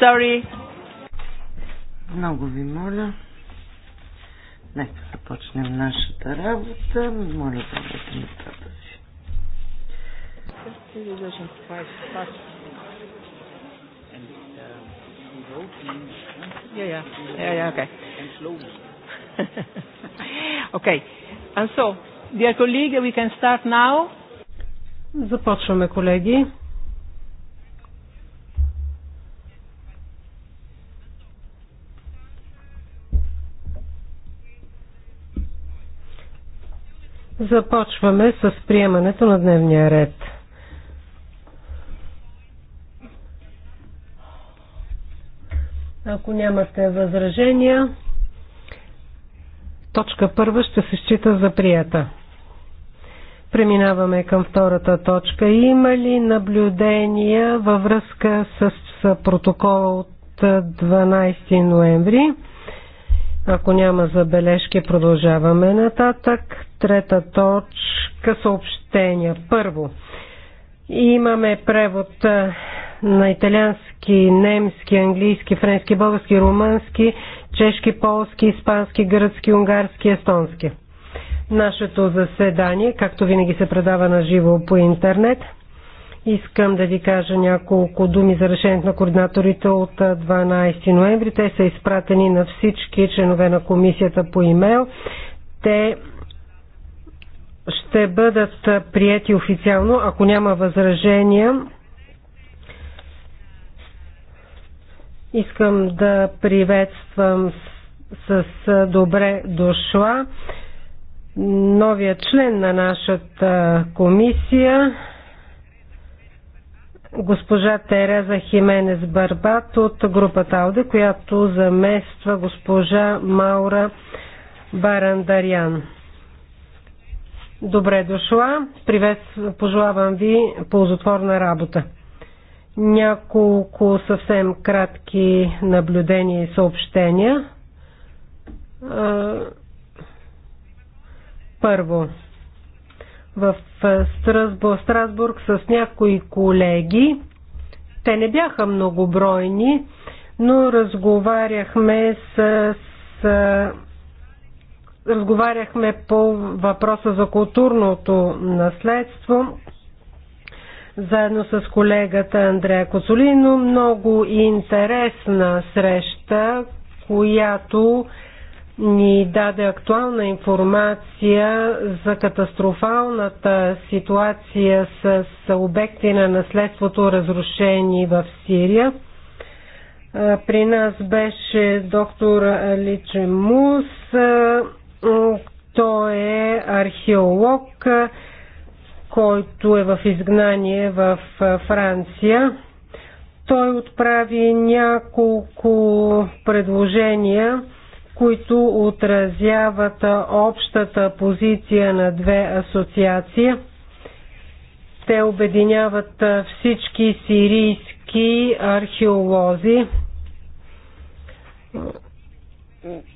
Sorry. Много ви моля. Нека започнем нашата работа. Моля, правете местата си. okay. And okay. so, dear colleague, we can start now. Започваме, колеги. Започваме с приемането на дневния ред. Ако нямате възражения, точка първа ще се счита за прията. Преминаваме към втората точка. Има ли наблюдения във връзка с протокола от 12 ноември? Ако няма забележки, продължаваме нататък. Трета точка съобщения. Първо, имаме превод на италиански, немски, английски, френски, български, румънски, чешки, полски, испански, гръцки, унгарски, естонски. Нашето заседание, както винаги се предава на живо по интернет, Искам да ви кажа няколко думи за решението на координаторите от 12 ноември. Те са изпратени на всички членове на комисията по имейл. Те ще бъдат прияти официално, ако няма възражения. Искам да приветствам с, с добре дошла новия член на нашата комисия, госпожа Тереза Хименес Барбат от групата Ауде, която замества госпожа Маура Барандарян. Добре дошла. Привет, пожелавам ви ползотворна работа. Няколко съвсем кратки наблюдения и съобщения. Първо, в Страсбург, Страсбург с някои колеги, те не бяха многобройни, но разговаряхме с, с разговаряхме по въпроса за културното наследство заедно с колегата Андрея Коцолино. Много интересна среща, която ни даде актуална информация за катастрофалната ситуация с обекти на наследството, разрушени в Сирия. При нас беше доктор Личемус. Мус, той е археолог, който е в изгнание в Франция. Той отправи няколко предложения, които отразяват общата позиция на две асоциации. Те обединяват всички сирийски археолози.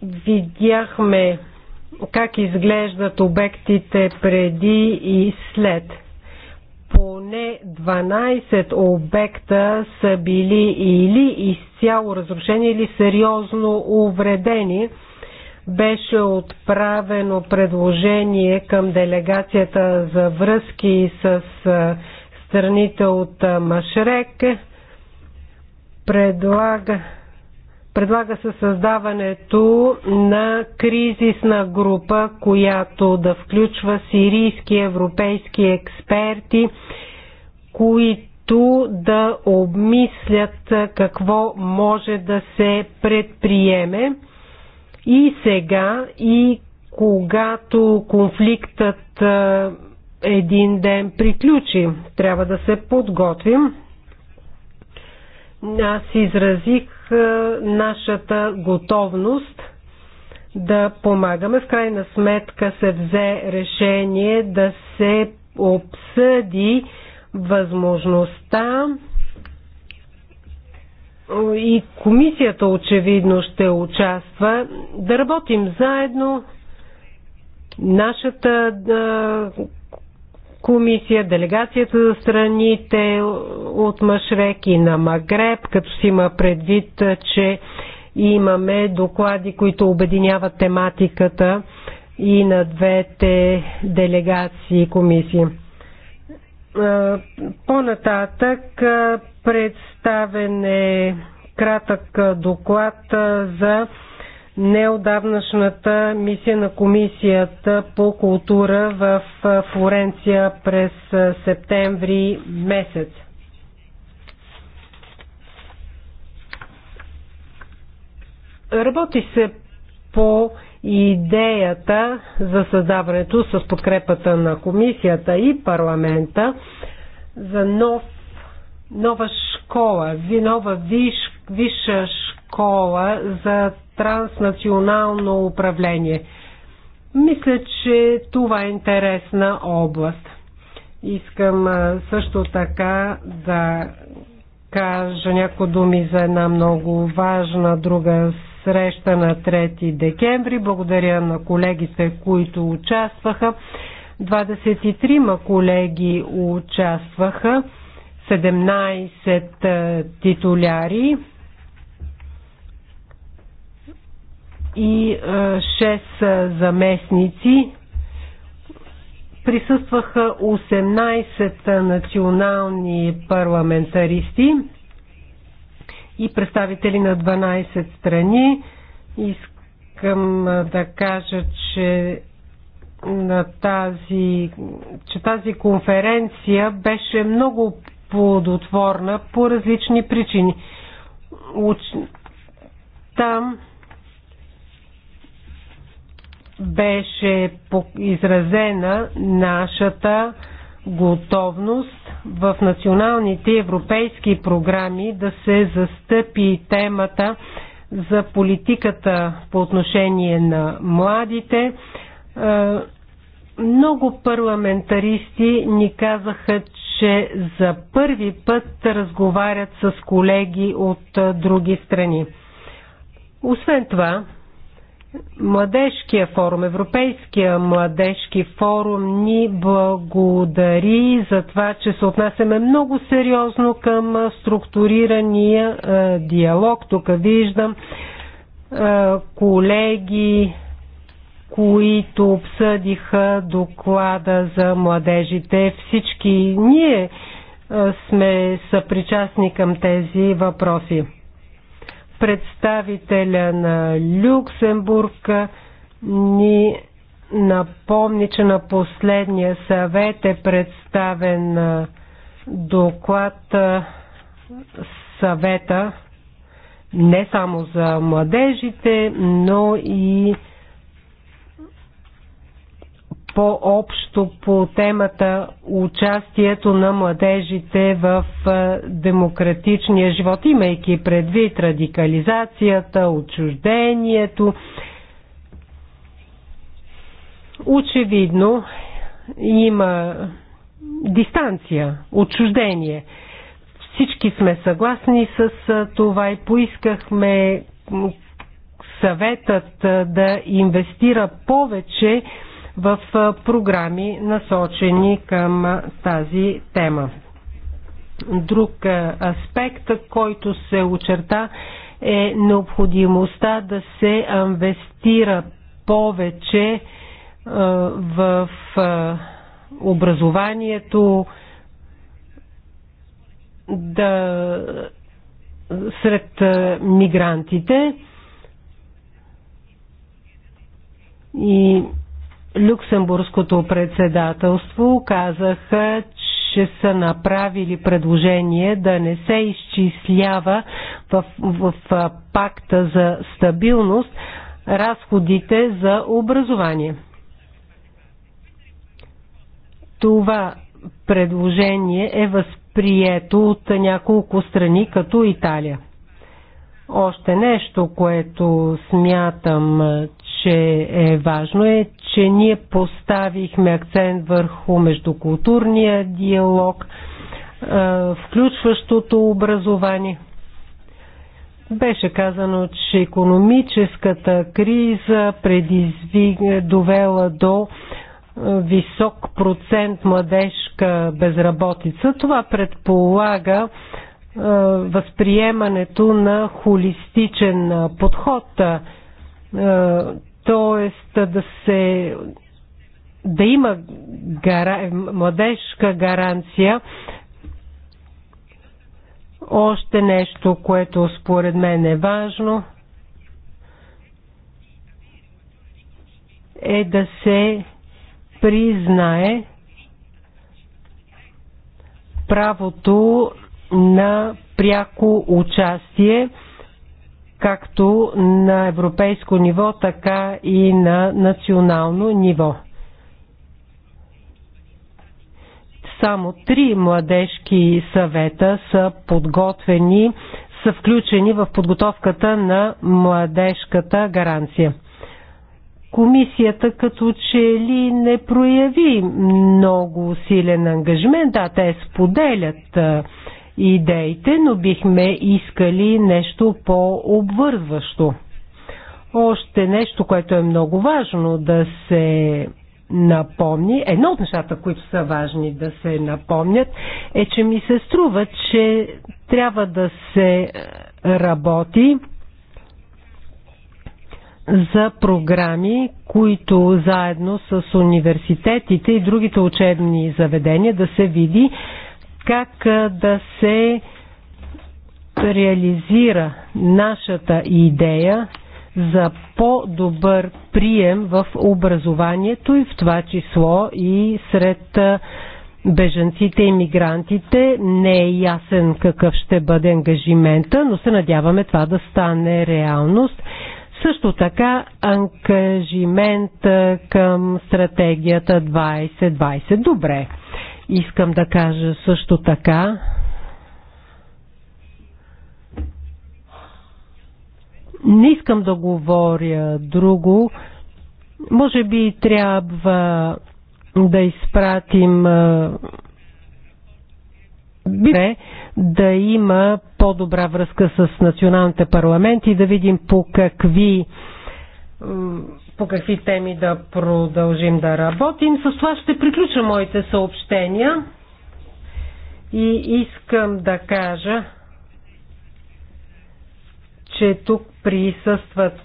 Видяхме как изглеждат обектите преди и след. Поне 12 обекта са били или изцяло разрушени, или сериозно увредени. Беше отправено предложение към делегацията за връзки с страните от Машрек. Предлага Предлага се създаването на кризисна група, която да включва сирийски европейски експерти, които да обмислят какво може да се предприеме. И сега, и когато конфликтът един ден приключи, трябва да се подготвим аз изразих е, нашата готовност да помагаме. В крайна сметка се взе решение да се обсъди възможността и комисията очевидно ще участва да работим заедно. Нашата е, комисия, делегацията за страните от Машрек и на Магреб, като си има предвид, че имаме доклади, които обединяват тематиката и на двете делегации и комисии. По-нататък представен е кратък доклад за неодавнашната мисия на Комисията по култура в Флоренция през септември месец. Работи се по идеята за създаването с подкрепата на комисията и парламента за нов, нова школа, нова виш, виша школа за транснационално управление. Мисля, че това е интересна област. Искам също така да кажа някои думи за една много важна друга среща на 3 декември. Благодаря на колегите, които участваха. 23 колеги участваха, 17 титуляри. и 6 е, е, заместници. Присъстваха 18 национални парламентаристи и представители на 12 страни. Искам е, да кажа, че на тази, че тази конференция беше много плодотворна по различни причини. Там беше изразена нашата готовност в националните европейски програми да се застъпи темата за политиката по отношение на младите. Е, много парламентаристи ни казаха, че за първи път разговарят с колеги от е, други страни. Освен това, Младежкия форум, Европейския младежки форум ни благодари за това, че се отнасяме много сериозно към структурирания диалог. Тук виждам колеги, които обсъдиха доклада за младежите. Всички ние сме съпричастни към тези въпроси. Представителя на Люксембург ни напомни, че на последния съвет е представен доклад съвета не само за младежите, но и по-общо по темата участието на младежите в демократичния живот, имайки предвид радикализацията, отчуждението. Очевидно има дистанция, отчуждение. Всички сме съгласни с това и поискахме съветът да инвестира повече в програми насочени към тази тема. Друг аспект, който се очерта е необходимостта да се инвестира повече в образованието, да сред мигрантите и Люксембургското председателство казаха, че са направили предложение да не се изчислява в, в, в пакта за стабилност разходите за образование. Това предложение е възприето от няколко страни, като Италия. Още нещо, което смятам, че е важно е, че ние поставихме акцент върху междукултурния диалог, включващото образование. Беше казано, че економическата криза предизвиг... довела до висок процент младежка безработица. Това предполага възприемането на холистичен подход т.е. да се да има гара, младежка гаранция още нещо, което според мен е важно, е да се признае правото на пряко участие както на европейско ниво, така и на национално ниво. Само три младежки съвета са подготвени, са включени в подготовката на младежката гаранция. Комисията като че ли не прояви много силен ангажмент, да, те споделят идеите, но бихме искали нещо по-обвързващо. Още нещо, което е много важно да се напомни, едно от нещата, които са важни да се напомнят, е, че ми се струва, че трябва да се е, работи за програми, които заедно с университетите и другите учебни заведения да се види как да се реализира нашата идея за по-добър прием в образованието и в това число и сред беженците и мигрантите. Не е ясен какъв ще бъде ангажимента, но се надяваме това да стане реалност. Също така ангажимент към стратегията 2020. Добре. Искам да кажа също така, не искам да говоря друго. Може би трябва да изпратим бире да има по-добра връзка с националните парламенти и да видим по какви по какви теми да продължим да работим. С това ще приключа моите съобщения и искам да кажа, че тук присъстват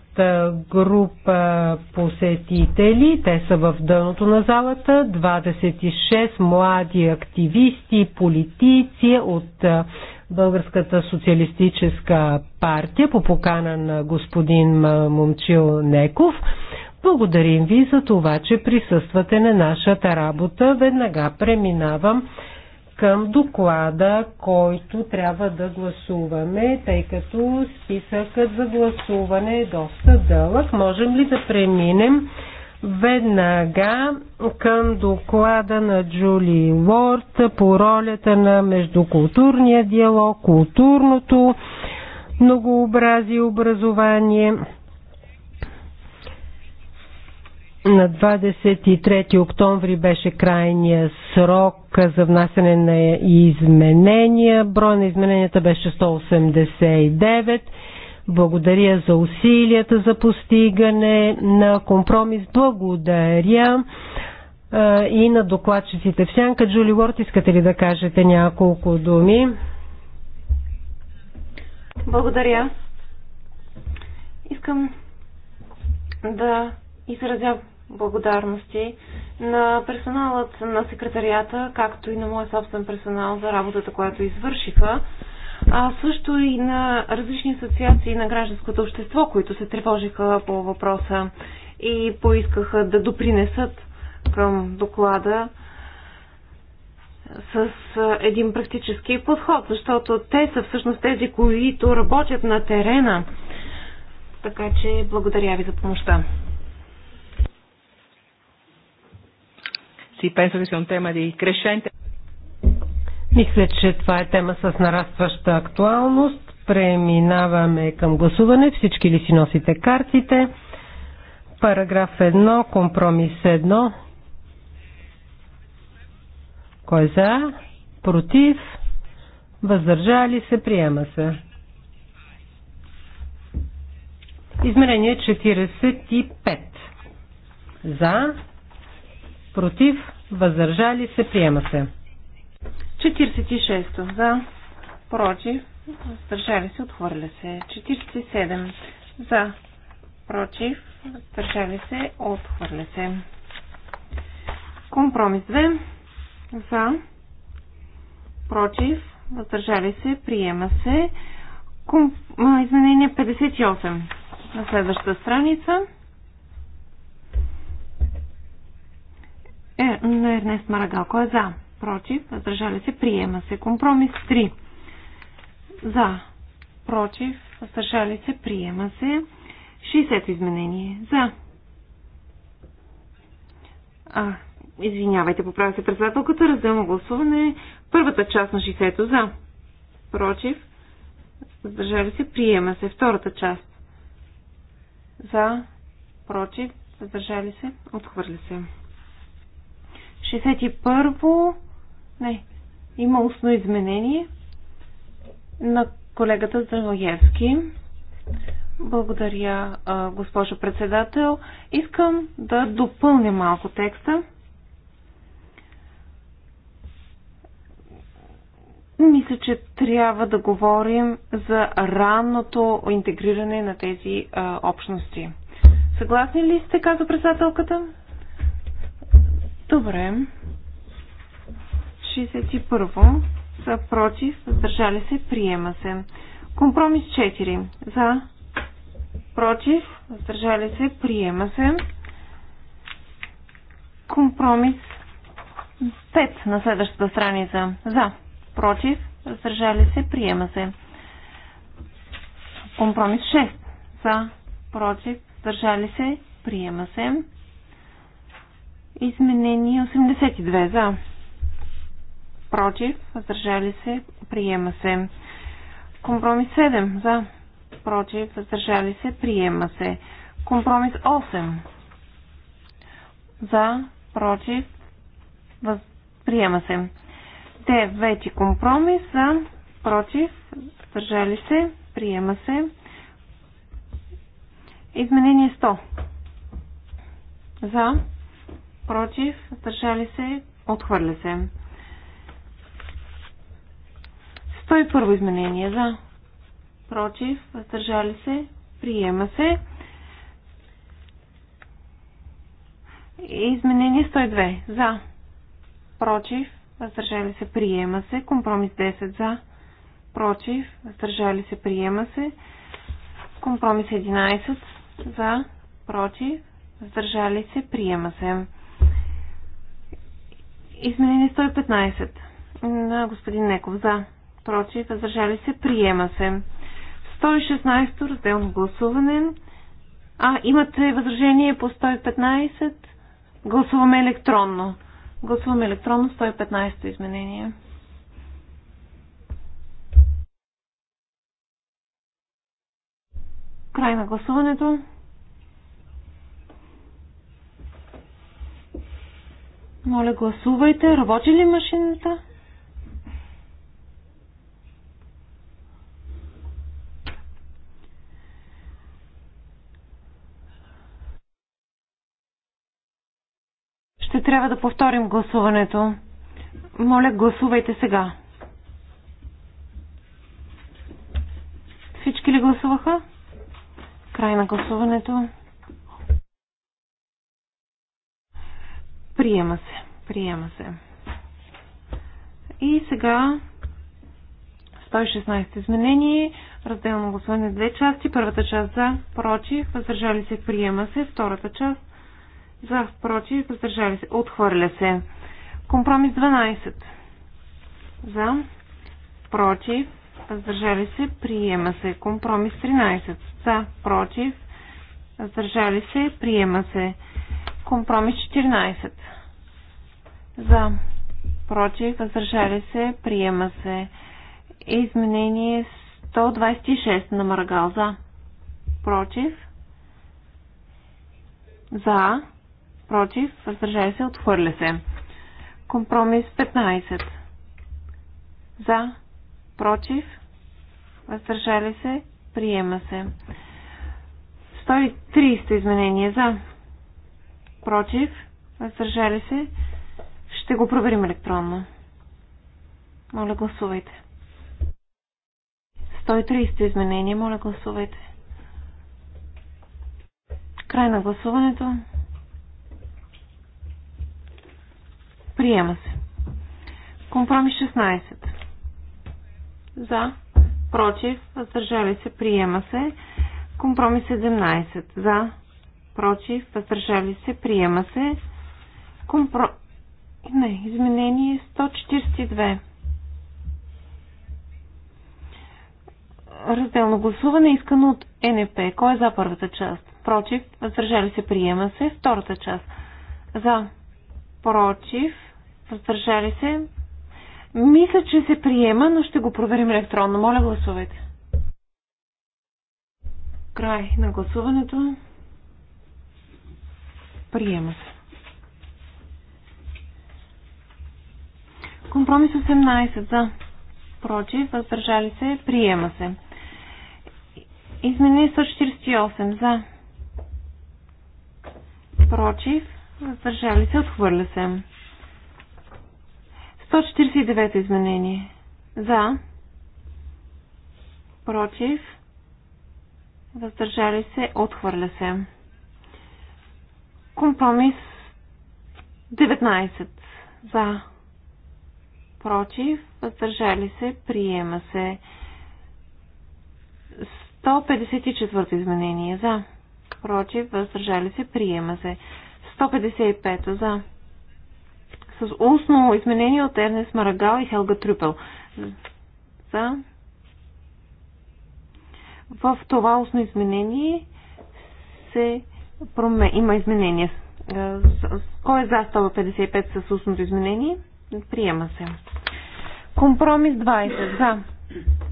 група посетители. Те са в дъното на залата. 26 млади активисти, политици от Българската социалистическа партия по покана на господин Момчил Неков. Благодарим ви за това, че присъствате на нашата работа. Веднага преминавам към доклада, който трябва да гласуваме, тъй като списъкът за гласуване е доста дълъг. Можем ли да преминем веднага към доклада на Джули Уорд по ролята на междукултурния диалог, културното многообразие и образование – на 23 октомври беше крайния срок за внасяне на изменения. Брой на измененията беше 189. Благодаря за усилията за постигане на компромис. Благодаря и на докладчиците. В сянка, Джули Уорд, искате ли да кажете няколко думи? Благодаря. Искам да изразя благодарности на персоналът на секретарията, както и на моя собствен персонал за работата, която извършиха, а също и на различни асоциации на гражданското общество, които се тревожиха по въпроса и поискаха да допринесат към доклада с един практически подход, защото те са всъщност тези, които работят на терена. Така че благодаря ви за помощта. anzi penso che sia тема tema крещенте. Мисля, че това е тема с нарастваща актуалност. Преминаваме към гласуване. Всички ли си носите картите? Параграф 1, компромис 1. Кой е за? Против? Въздържали се? Приема се. Измерение 45. За? против, въздържали се, приема се. 46. За, против, въздържали се, отхвърля се. 47. За, против, въздържали се, отхвърля се. Компромис 2. За, против, въздържали се, приема се. Изменение 58 на следващата страница. е, на Ернест Марагал. Кой е за? Против. Въздържали се. Приема се. Компромис 3. За. Против. Въздържали се. Приема се. 60 изменение. За. А, извинявайте, поправя се председателката. Разделно гласуване. Първата част на 60 за. Против. Въздържали се. Приема се. Втората част. За. Против. Въздържали се. Отхвърля се. 61 не, има устно изменение на колегата Здравоевски. Благодаря, госпожо председател. Искам да допълня малко текста. Мисля, че трябва да говорим за ранното интегриране на тези а, общности. Съгласни ли сте, каза председателката? Добре. 61 са против, въздържали се, приема се. Компромис 4 за, против, въздържали се, приема се. Компромис 5 на следващата страница за, против, въздържали се, приема се. Компромис 6 за, против, въздържали се, приема се. Изменение 82 за. Против. Въздържали се. Приема се. Компромис 7 за. Против. Въздържали се. Приема се. Компромис 8 за. Против. Въз... Приема се. Те вече компромис за. Против. Въздържали се. Приема се. Изменение 100 за против, въздържали се, отхвърля се. 101 изменение за, против, въздържали се, приема се. Изменение 102 за, против, въздържали се, приема се. Компромис 10 за, против, въздържали се, приема се. Компромис 11 за, против, въздържали се, приема се. Изменени 115 на господин Неков. За. Против. Въздържали се. Приема се. 116 разделно гласуване. А, имате възражение по 115. Гласуваме електронно. Гласуваме електронно 115 изменение. Край на гласуването. Моля, гласувайте. Работи ли машината? Ще трябва да повторим гласуването. Моля, гласувайте сега. Всички ли гласуваха? Край на гласуването. Приема се. Приема се. И сега 116 изменение. Разделно гласуване две части. Първата част за, против, въздържали се, приема се. Втората част за, против, въздържали се, отхвърля се. Компромис 12. За, против, въздържали се, приема се. Компромис 13. За, против, въздържали се, приема се. Компромис 14. За. Против. Въздържали се. Приема се. Изменение 126 на Маргал. За. Против. За. Против. Въздържали се. Отхвърля се. Компромис 15. За. Против. Въздържали се. Приема се. 130 изменение за Против? Въздържали се? Ще го проверим електронно. Моля, гласувайте. 130 изменения. Моля, гласувайте. Край на гласуването. Приема се. Компромис 16. За. Против. Въздържали се. Приема се. Компромис 17. За против, въздържали се, приема се. Компро... Не, изменение 142. Разделно гласуване искано от НП. Кой е за първата част? Против, въздържали се, приема се. Втората част. За, против, въздържали се. Мисля, че се приема, но ще го проверим електронно. Моля, гласувайте. Край на гласуването. Приема се. Компромис 18 за. Против. Въздържали се. Приема се. Изменение 148 за. Против. Въздържали се. Отхвърля се. 149 изменение. За. Против. Въздържали се. Отхвърля се. Компромис 19 за, против, въздържали се, приема се. 154 изменение за, против, въздържали се, приема се. 155 за, с устно изменение от Ернес Марагал и Хелга Трюпел. За, в това устно изменение се проме... има изменения. Е, кой е за 155 с устното изменение? Приема се. Компромис 20 за.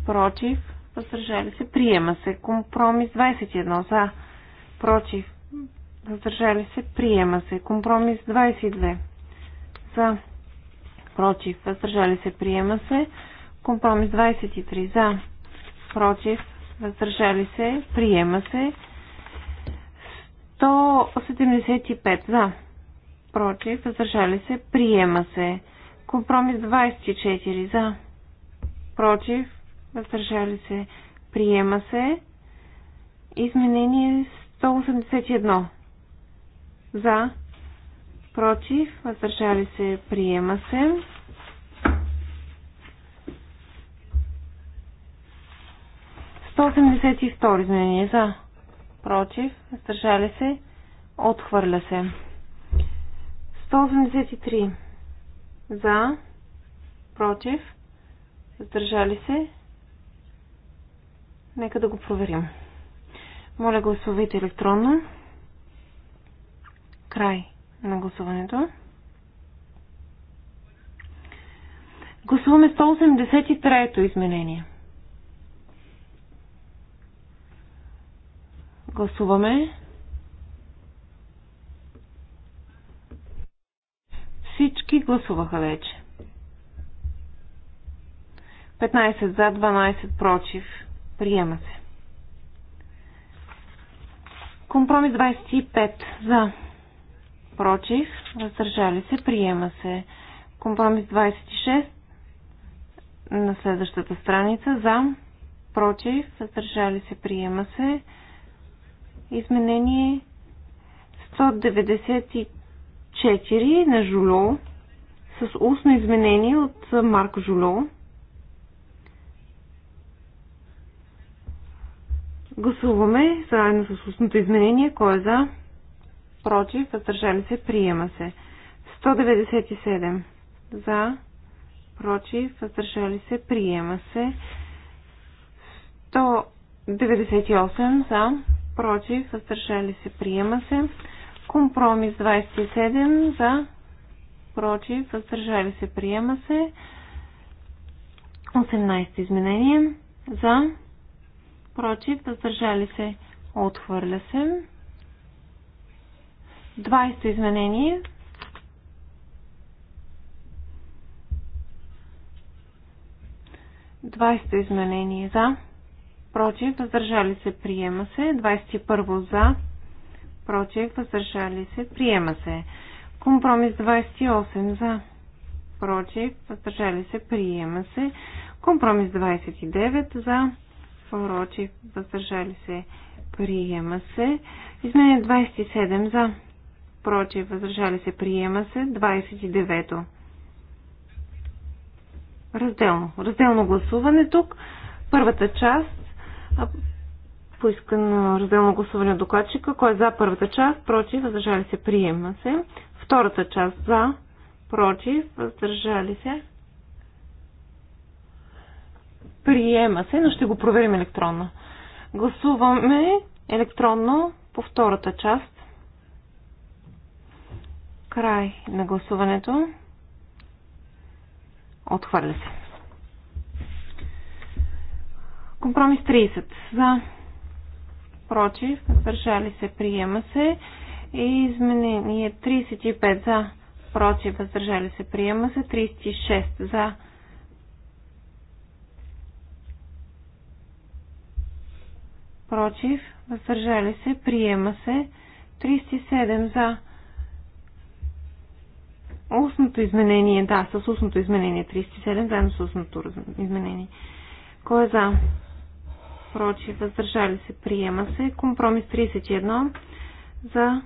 Против. Въздържали се. Приема се. Компромис 21 за. Против. Въздържали се. Приема се. Компромис 22 за. Против. Въздържали се. Приема се. Компромис 23 за. Против. Въздържали се. Приема се. 175 за. Против. Въздържали се. Приема се. Компромис 24 за. Против. Въздържали се. Приема се. Изменение 181 за. Против. Въздържали се. Приема се. Сто изменение за против, въздържали се, отхвърля се. 183 за, против, въздържали се. Нека да го проверим. Моля гласувайте електронно. Край на гласуването. Гласуваме 183-то изменение. Гласуваме. Всички гласуваха вече. 15 за, 12 против. Приема се. Компромис 25 за. Против. Въздържали се. Приема се. Компромис 26 на следващата страница за. Против. Въздържали се. Приема се. Изменение 194 на Жуло с устно изменение от Марко Жуло. Гласуваме заедно с устното изменение. Кой е за? Против. Въздържали се. Приема се. 197. За. Против. Въздържали се. Приема се. 198. За против, въздържали се, приема се. Компромис 27 за, против, въздържали се, приема се. 18 изменение за, против, въздържали се, отхвърля се. 20 изменение Двайсто изменение за против, въздържали се, приема се. 21 за, против, въздържали се, приема се. Компромис 28 за, против, въздържали се, приема се. Компромис 29 за, против, въздържали се, приема се. Изменение 27 за, против, въздържали се, приема се. 29 Разделно. Разделно гласуване тук. Първата част поискано разделно гласуване от докладчика. Кой е за първата част? Против. Въздържали се. Приема се. Втората част за. Против. Въздържали се. Приема се, но ще го проверим електронно. Гласуваме електронно по втората част. Край на гласуването. Отхвърля се. Компромис 30. За. Против. Въздържали се. Приема се. И изменение 35. За. Против. Въздържали се. Приема се. 36. За. Против. Въздържали се. Приема се. 37. За. Устното изменение, да, с устното изменение 37, заедно с устното изменение. Кой е за? против, въздържали се, приема се. Компромис 31 за,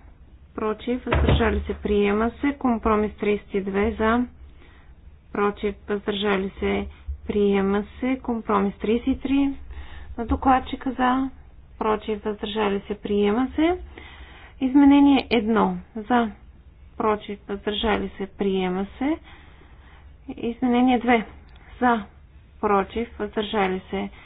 против, въздържали се, приема се. Компромис 32 за, против, въздържали се, приема се. Компромис 33 на докладчика за, против, въздържали се, приема се. Изменение 1 за, против, въздържали се, приема се. Изменение 2 за, против, въздържали се, приема се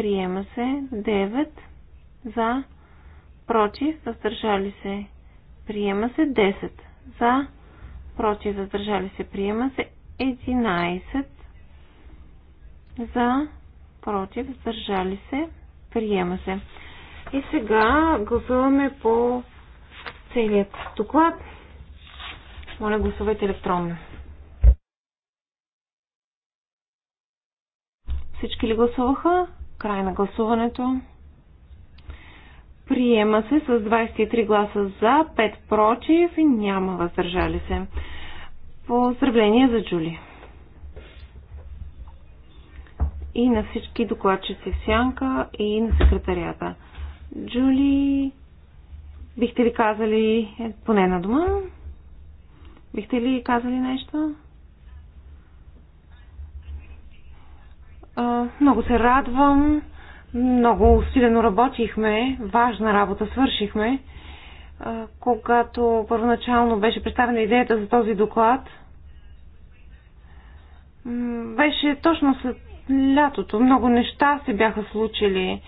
приема се 9 за, против, въздържали се, приема се 10 за, против, въздържали се, приема се 11 за, против, въздържали се, приема се. И сега гласуваме по целият доклад. Моля, гласувайте електронно. Всички ли гласуваха? Край на гласуването. Приема се с 23 гласа за, 5 против и няма въздържали се. Поздравление за Джули. И на всички докладчици в Сянка и на секретарията. Джули, бихте ли казали е, поне на дома? Бихте ли казали нещо? много се радвам. Много усилено работихме. Важна работа свършихме. Когато първоначално беше представена идеята за този доклад, беше точно след лятото. Много неща се бяха случили,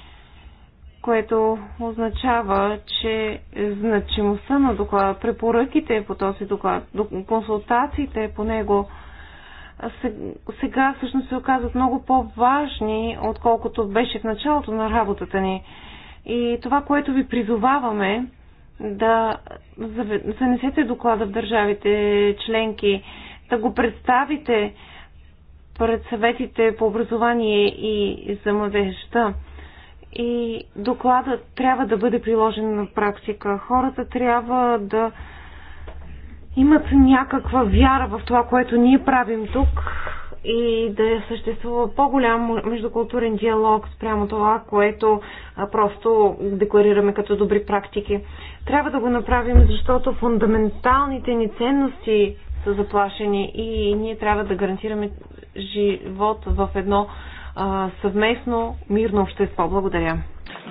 което означава, че значимостта на доклада, препоръките по този доклад, консултациите по него – сега всъщност се оказват много по-важни, отколкото беше в началото на работата ни. И това, което ви призоваваме да занесете доклада в държавите членки, да го представите пред съветите по образование и за младежта. И докладът трябва да бъде приложен на практика. Хората трябва да имат някаква вяра в това, което ние правим тук и да съществува по-голям междукултурен диалог спрямо това, което просто декларираме като добри практики. Трябва да го направим, защото фундаменталните ни ценности са заплашени и ние трябва да гарантираме живот в едно а, съвместно мирно общество. Благодаря.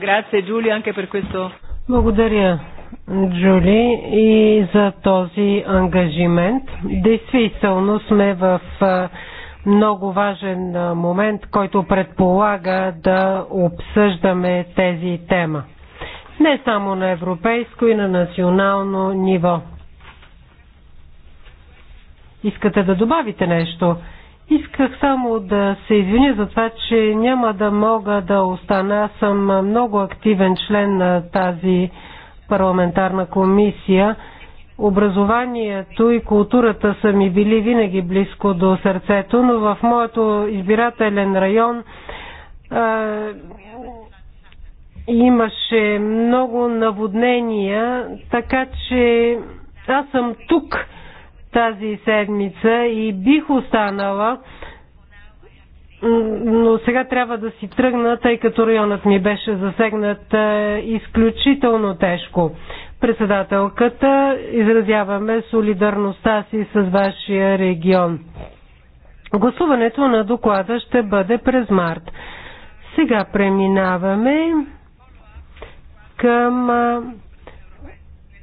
Грация, Джулия, anche per questo. Благодаря, Джули, и за този ангажимент. Действително сме в много важен момент, който предполага да обсъждаме тези тема. Не само на европейско и на национално ниво. Искате да добавите нещо? Исках само да се извиня за това, че няма да мога да остана. Аз съм много активен член на тази парламентарна комисия. Образованието и културата са ми били винаги близко до сърцето, но в моето избирателен район имаше много наводнения, така че аз съм тук тази седмица и бих останала, но сега трябва да си тръгна, тъй като районът ми беше засегнат е, изключително тежко. Председателката, изразяваме солидарността си с вашия регион. Гласуването на доклада ще бъде през март. Сега преминаваме към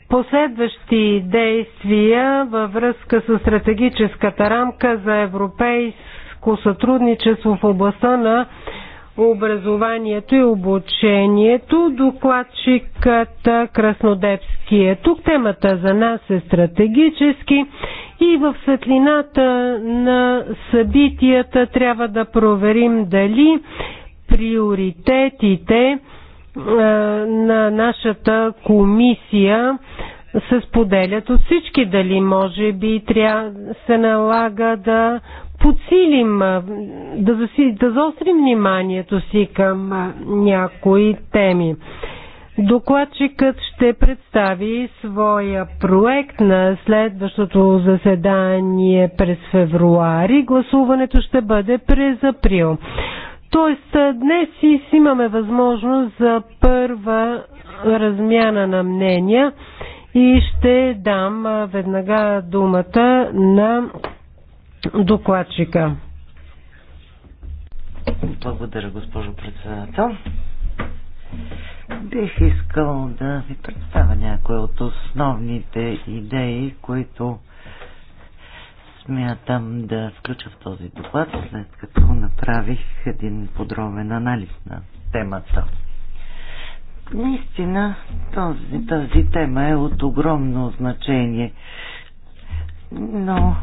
последващи действия във връзка с стратегическата рамка за европейски търговско сътрудничество в областта на образованието и обучението. Докладчикът Краснодепски е тук. Темата за нас е стратегически и в светлината на събитията трябва да проверим дали приоритетите на нашата комисия се споделят от всички. Дали може би трябва се налага да подсилим, да, заси, да заострим вниманието си към някои теми. Докладчикът ще представи своя проект на следващото заседание през февруари. Гласуването ще бъде през април. Тоест, днес си имаме възможност за първа размяна на мнения и ще дам веднага думата на докладчика. Благодаря, госпожо председател. Бих искал да ви представя някои от основните идеи, които смятам да включа в този доклад, след като направих един подробен анализ на темата. Наистина, този, тази тема е от огромно значение. Но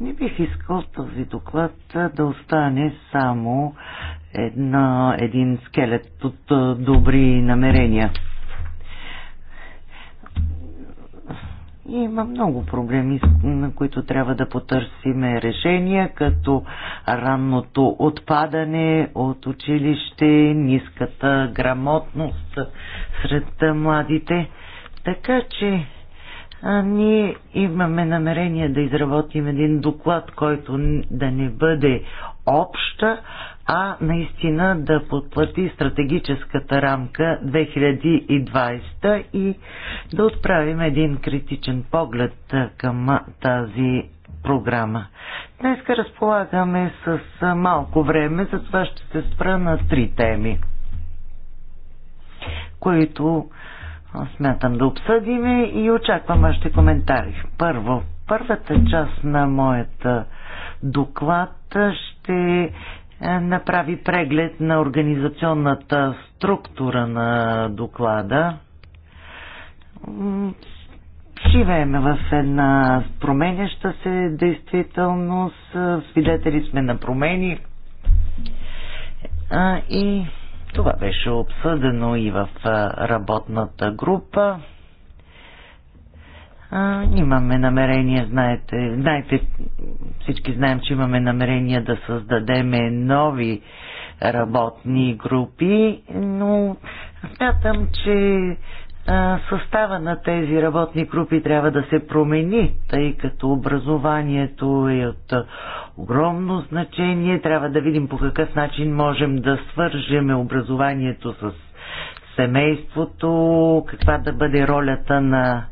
не бих искал този доклад да остане само една, един скелет от добри намерения. Има много проблеми, на които трябва да потърсиме решения, като ранното отпадане от училище, ниската грамотност сред младите. Така че а, ние имаме намерение да изработим един доклад, който да не бъде обща, а наистина да подплати стратегическата рамка 2020 и да отправим един критичен поглед към тази програма. Днес разполагаме с малко време, затова ще се спра на три теми, които смятам да обсъдим и очаквам вашите коментари. Първо, първата част на моята доклад ще е, направи преглед на организационната структура на доклада. Живееме в една променяща се действителност, свидетели сме на промени. И това беше обсъдено и в работната група. А, имаме намерение, знаете, знаете, всички знаем, че имаме намерение да създадеме нови работни групи, но смятам, че състава на тези работни групи трябва да се промени, тъй като образованието е от огромно значение. Трябва да видим по какъв начин можем да свържем образованието с семейството, каква да бъде ролята на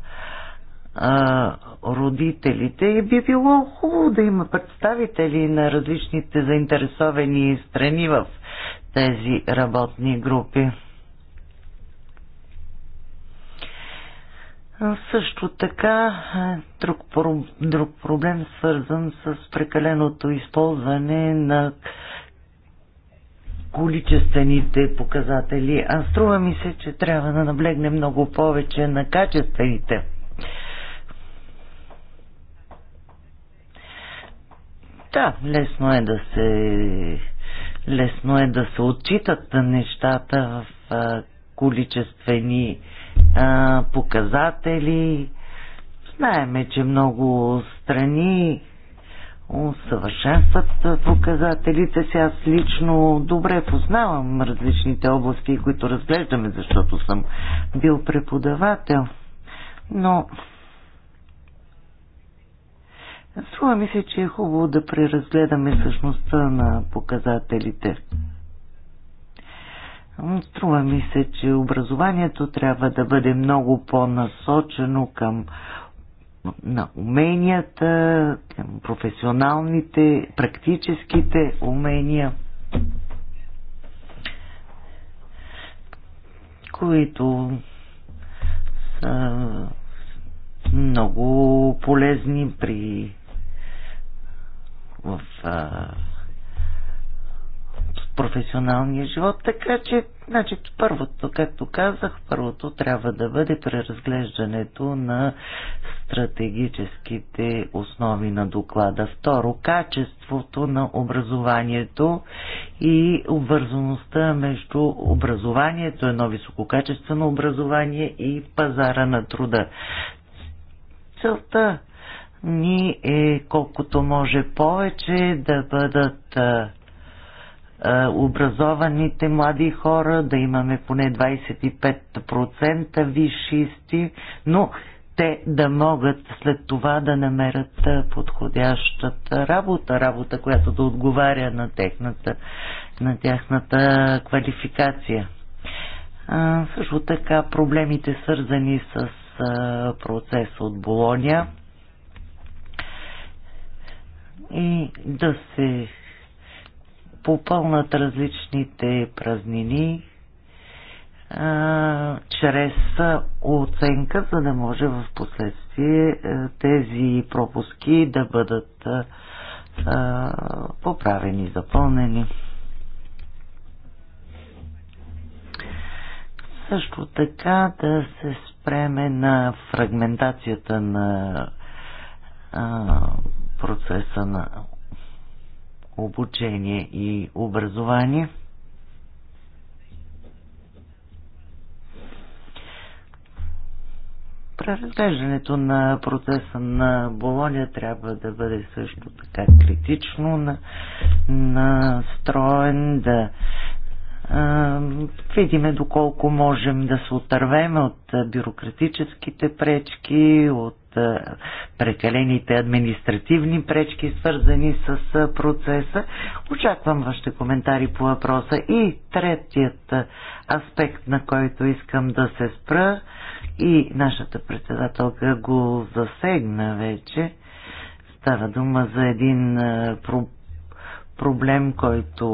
а, родителите и би било хубаво да има представители на различните заинтересовани страни в тези работни групи. Също така, друг, друг проблем свързан с прекаленото използване на количествените показатели, а струва ми се, че трябва да наблегне много повече на качествените. Да, лесно е да се лесно е да се отчитат нещата в а, количествени а, показатели. Знаеме, че много страни усъвършенстват показателите си. Аз лично добре познавам различните области, които разглеждаме, защото съм бил преподавател. Но Струва ми се, че е хубаво да преразгледаме същността на показателите. Струва ми се, че образованието трябва да бъде много по-насочено към на уменията, към професионалните, практическите умения, които са много полезни при в а, професионалния живот. Така че, значи, първото, както казах, първото трябва да бъде преразглеждането на стратегическите основи на доклада. Второ, качеството на образованието и обвързаността между образованието, едно висококачествено образование и пазара на труда. Целта ни е колкото може повече да бъдат а, а, образованите млади хора, да имаме поне 25% висшисти, но те да могат след това да намерят подходящата работа, работа, която да отговаря на техната, на тяхната квалификация. А, също така проблемите свързани с процес от Болония и да се попълнат различните празнини а, чрез оценка, за да може в последствие тези пропуски да бъдат а, поправени, запълнени. Също така да се спреме на фрагментацията на а, процеса на обучение и образование. Преразглеждането на процеса на Болония трябва да бъде също така критично настроен, да видиме доколко можем да се отървеме от бюрократическите пречки, от прекалените административни пречки, свързани с процеса. Очаквам вашите коментари по въпроса. И третият аспект, на който искам да се спра, и нашата председателка го засегна вече, става дума за един проблем, който,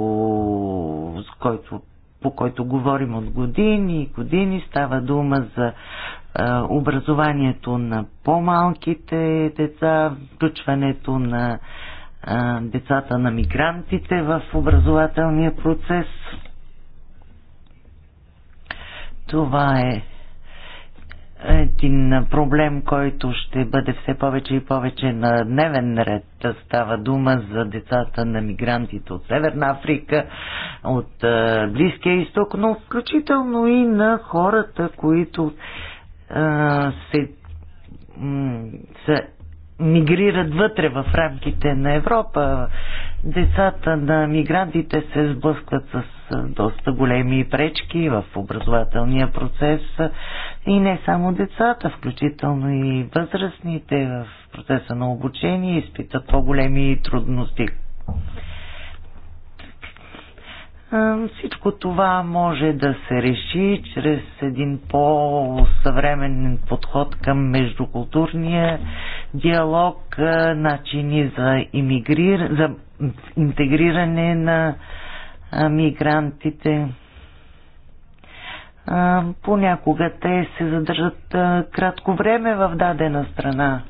с който по който говорим от години и години. Става дума за образованието на по-малките деца, включването на децата на мигрантите в образователния процес. Това е един проблем, който ще бъде все повече и повече на дневен ред. Става дума за децата на мигрантите от Северна Африка, от Близкия изток, но включително и на хората, които се, се мигрират вътре в рамките на Европа. Децата на мигрантите се сблъскват с доста големи пречки в образователния процес и не само децата, включително и възрастните в процеса на обучение изпитат по-големи трудности. Всичко това може да се реши чрез един по-съвременен подход към междукултурния диалог, начини за, иммигрир... за интегриране на мигрантите. Понякога те се задържат кратко време в дадена страна.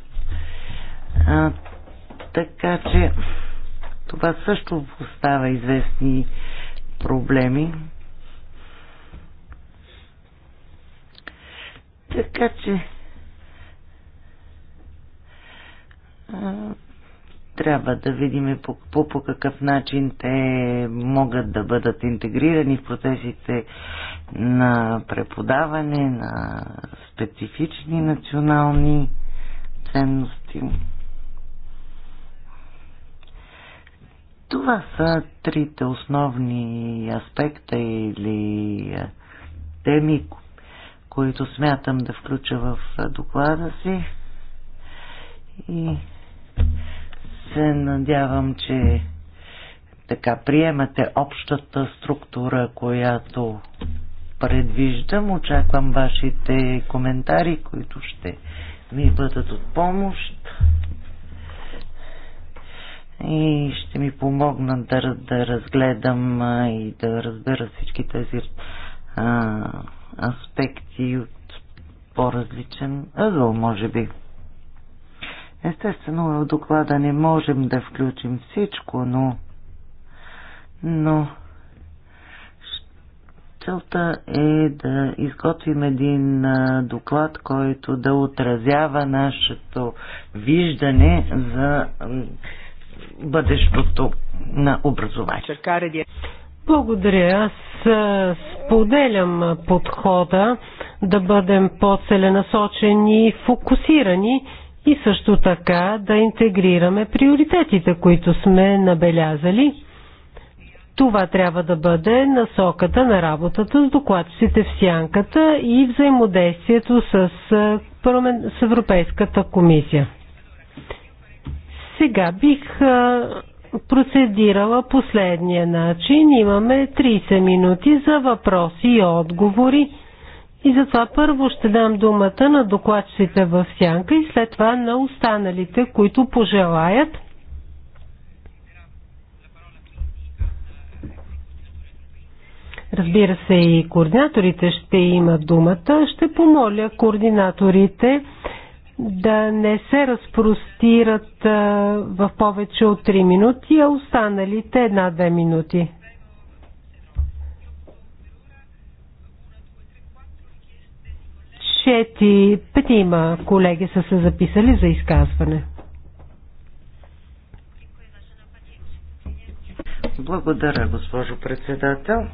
Така че това също поставя известни проблеми. Така че трябва да видим по, по, по какъв начин те могат да бъдат интегрирани в процесите на преподаване на специфични национални ценности. Това са трите основни аспекта или е, теми, които смятам да включа в е, доклада си и се надявам, че така приемате общата структура, която предвиждам. Очаквам вашите коментари, които ще ми бъдат от помощ и ще ми помогнат да, да разгледам и да разбера всички тези а, аспекти от по-различен ъгъл, може би. Естествено, в доклада не можем да включим всичко, но... Но... Целта е да изготвим един доклад, който да отразява нашето виждане за бъдещото на образование. Благодаря. Аз споделям подхода да бъдем по-целенасочени и фокусирани и също така да интегрираме приоритетите, които сме набелязали. Това трябва да бъде насоката на работата с докладците в сянката и взаимодействието с, с Европейската комисия. Сега бих процедирала последния начин. Имаме 30 минути за въпроси и отговори. И затова първо ще дам думата на докладчите в сянка и след това на останалите, които пожелаят. Разбира се, и координаторите ще имат думата. Ще помоля координаторите да не се разпростират в повече от 3 минути, а останалите една-две минути. Чети, петима колеги са се записали за изказване. Благодаря, госпожо председател.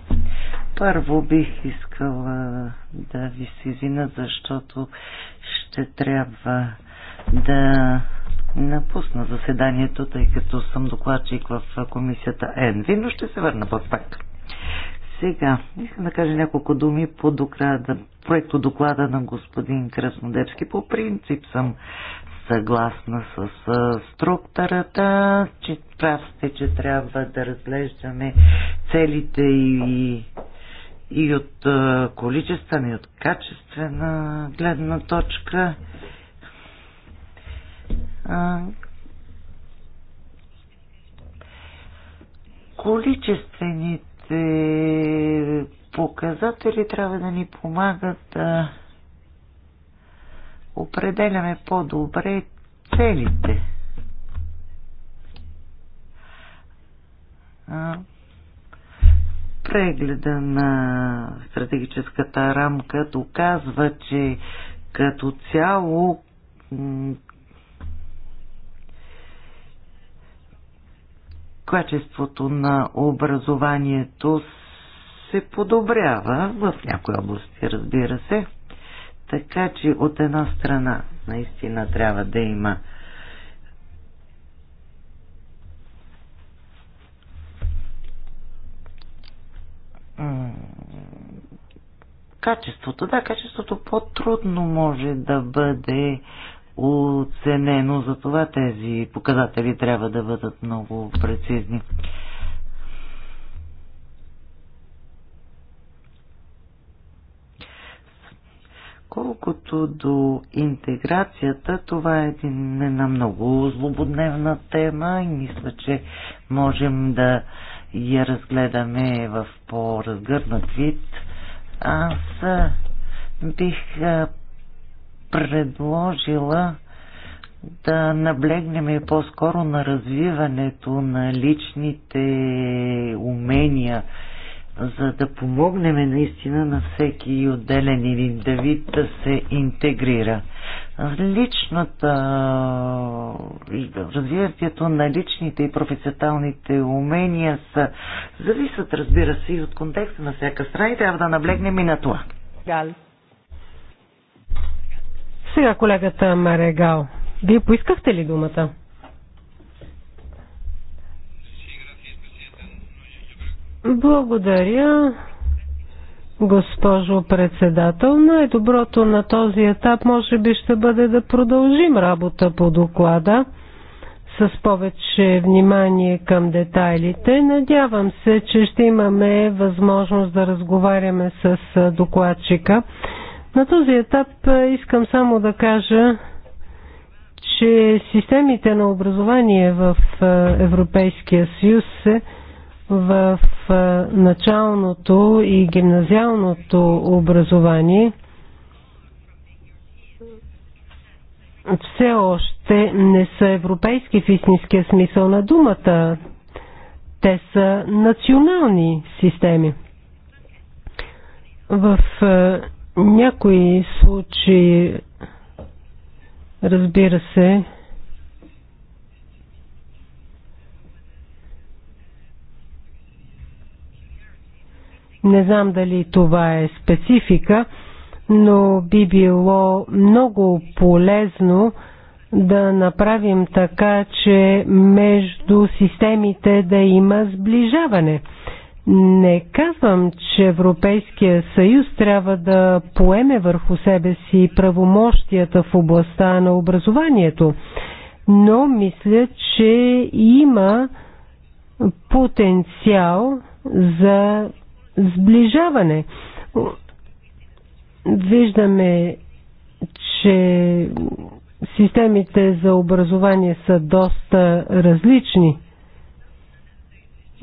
Първо бих искала да ви се извина, защото ще трябва да напусна заседанието, тъй като съм докладчик в комисията ЕНВИ, но ще се върна пак. Сега, искам да кажа няколко думи по доклада, проекто доклада на господин Краснодепски. По принцип съм съгласна с структурата, че прав сте, че трябва да разглеждаме целите и и от количествена, и от качествена гледна точка. Количествените показатели трябва да ни помагат да определяме по-добре целите. Прегледа на стратегическата рамка доказва, че като цяло качеството на образованието се подобрява в някои области, разбира се. Така че от една страна наистина трябва да има качеството. Да, качеството по-трудно може да бъде оценено, затова тези показатели трябва да бъдат много прецизни. Колкото до интеграцията, това е един, една много злободневна тема и мисля, че можем да я разгледаме в по-разгърнат вид, аз бих предложила да наблегнем по-скоро на развиването на личните умения, за да помогнем наистина на всеки отделен индивид да се интегрира личната развитието на личните и професионалните умения са, зависят, разбира се, и от контекста на всяка страна и трябва да наблегнем и на това. Гал. Сега колегата Гал. Вие поискахте ли думата? Благодаря. Госпожо председател, най-доброто на този етап може би ще бъде да продължим работа по доклада с повече внимание към детайлите. Надявам се, че ще имаме възможност да разговаряме с докладчика. На този етап искам само да кажа, че системите на образование в Европейския съюз се в началното и гимназиалното образование все още не са европейски в истинския смисъл на думата. Те са национални системи. В някои случаи, разбира се, Не знам дали това е специфика, но би било много полезно да направим така, че между системите да има сближаване. Не казвам, че Европейския съюз трябва да поеме върху себе си правомощията в областта на образованието, но мисля, че има потенциал за сближаване. Виждаме, че системите за образование са доста различни.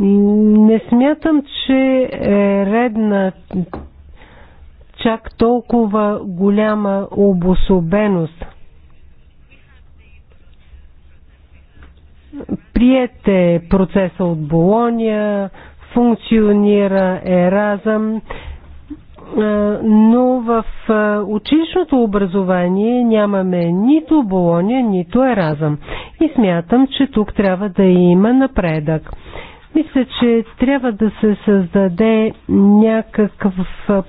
Не смятам, че е редна чак толкова голяма обособеност. Приете процеса от Болония, функционира еразъм, е, но в е, училищното образование нямаме нито Болония, нито еразъм. И смятам, че тук трябва да има напредък. Мисля, че трябва да се създаде някакъв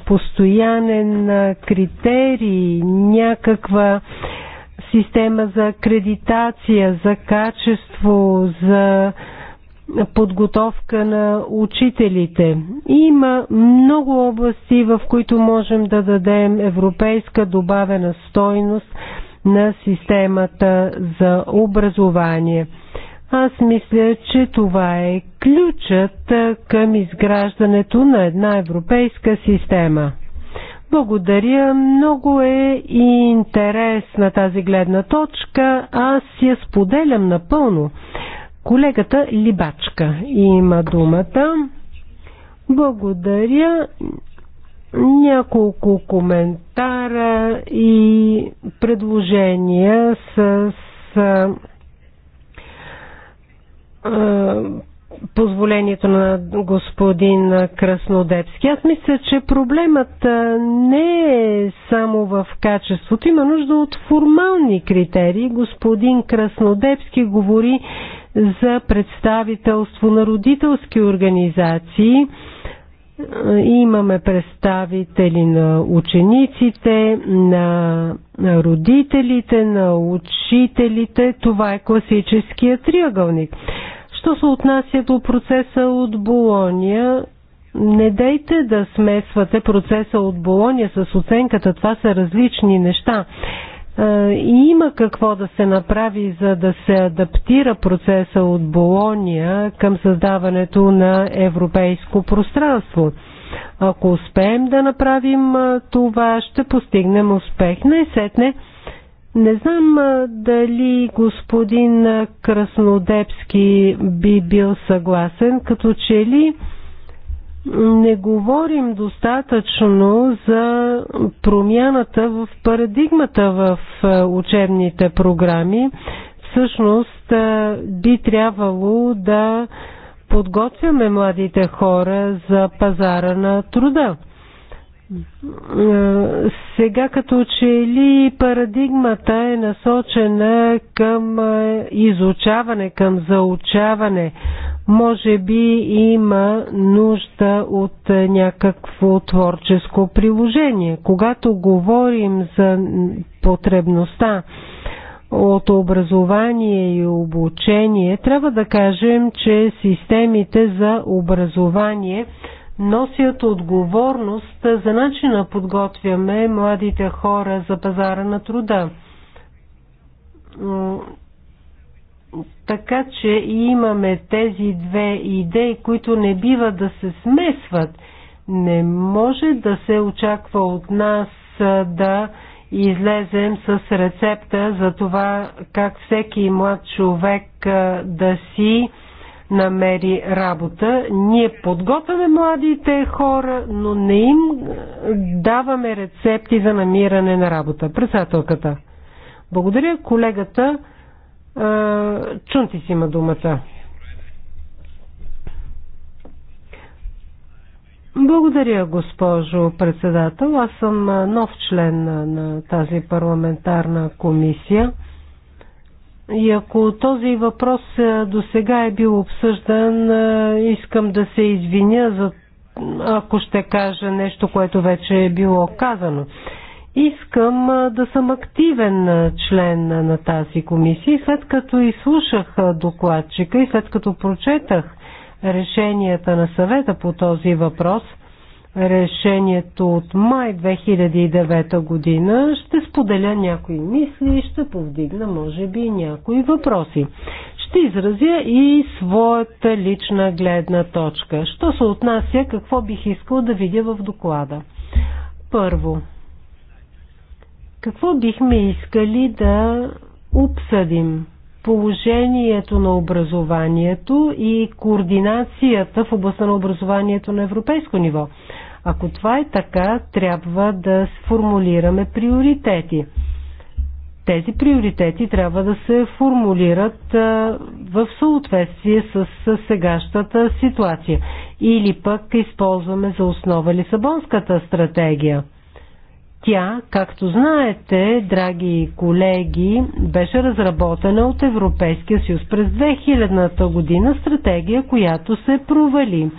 постоянен е, критерий, някаква система за акредитация, за качество, за подготовка на учителите. Има много области, в които можем да дадем европейска добавена стойност на системата за образование. Аз мисля, че това е ключът към изграждането на една европейска система. Благодаря, много е и интерес на тази гледна точка. Аз я споделям напълно. Колегата Либачка има думата. Благодаря. Няколко коментара и предложения с, с позволението на господин Краснодепски. Аз мисля, че проблемът не е само в качеството. Има нужда от формални критерии. Господин Краснодепски говори за представителство на родителски организации. Имаме представители на учениците, на родителите, на учителите. Това е класическия триъгълник. Що се отнася до процеса от Болония, не дейте да смесвате процеса от Болония с оценката. Това са различни неща. Е, и има какво да се направи, за да се адаптира процеса от Болония към създаването на европейско пространство. Ако успеем да направим е, това, ще постигнем успех. Най-сетне, не знам е, дали господин Краснодепски би бил съгласен, като че ли не говорим достатъчно за промяната в парадигмата в е, учебните програми. Всъщност е, би трябвало да подготвяме младите хора за пазара на труда. Е, сега като че ли парадигмата е насочена към изучаване, към заучаване, може би има нужда от някакво творческо приложение. Когато говорим за потребността от образование и обучение, трябва да кажем, че системите за образование носят отговорност за начина подготвяме младите хора за пазара на труда. Така че имаме тези две идеи, които не бива да се смесват. Не може да се очаква от нас да излезем с рецепта за това как всеки млад човек да си намери работа. Ние подготвяме младите хора, но не им даваме рецепти за намиране на работа. Председателката. Благодаря колегата. Чунти си има думата. Благодаря, госпожо председател. Аз съм нов член на тази парламентарна комисия. И ако този въпрос до сега е бил обсъждан, искам да се извиня за ако ще кажа нещо, което вече е било казано. Искам да съм активен член на тази комисия и след като изслушах докладчика и след като прочетах решенията на съвета по този въпрос, решението от май 2009 година, ще споделя някои мисли и ще повдигна, може би, някои въпроси. Ще изразя и своята лична гледна точка. Що се отнася, какво бих искал да видя в доклада? Първо, какво бихме искали да обсъдим? Положението на образованието и координацията в областта на образованието на европейско ниво. Ако това е така, трябва да сформулираме приоритети. Тези приоритети трябва да се формулират в съответствие с сегащата ситуация. Или пък използваме за основа Лисабонската стратегия – тя, както знаете, драги колеги, беше разработена от Европейския съюз през 2000-та година стратегия, която се провали.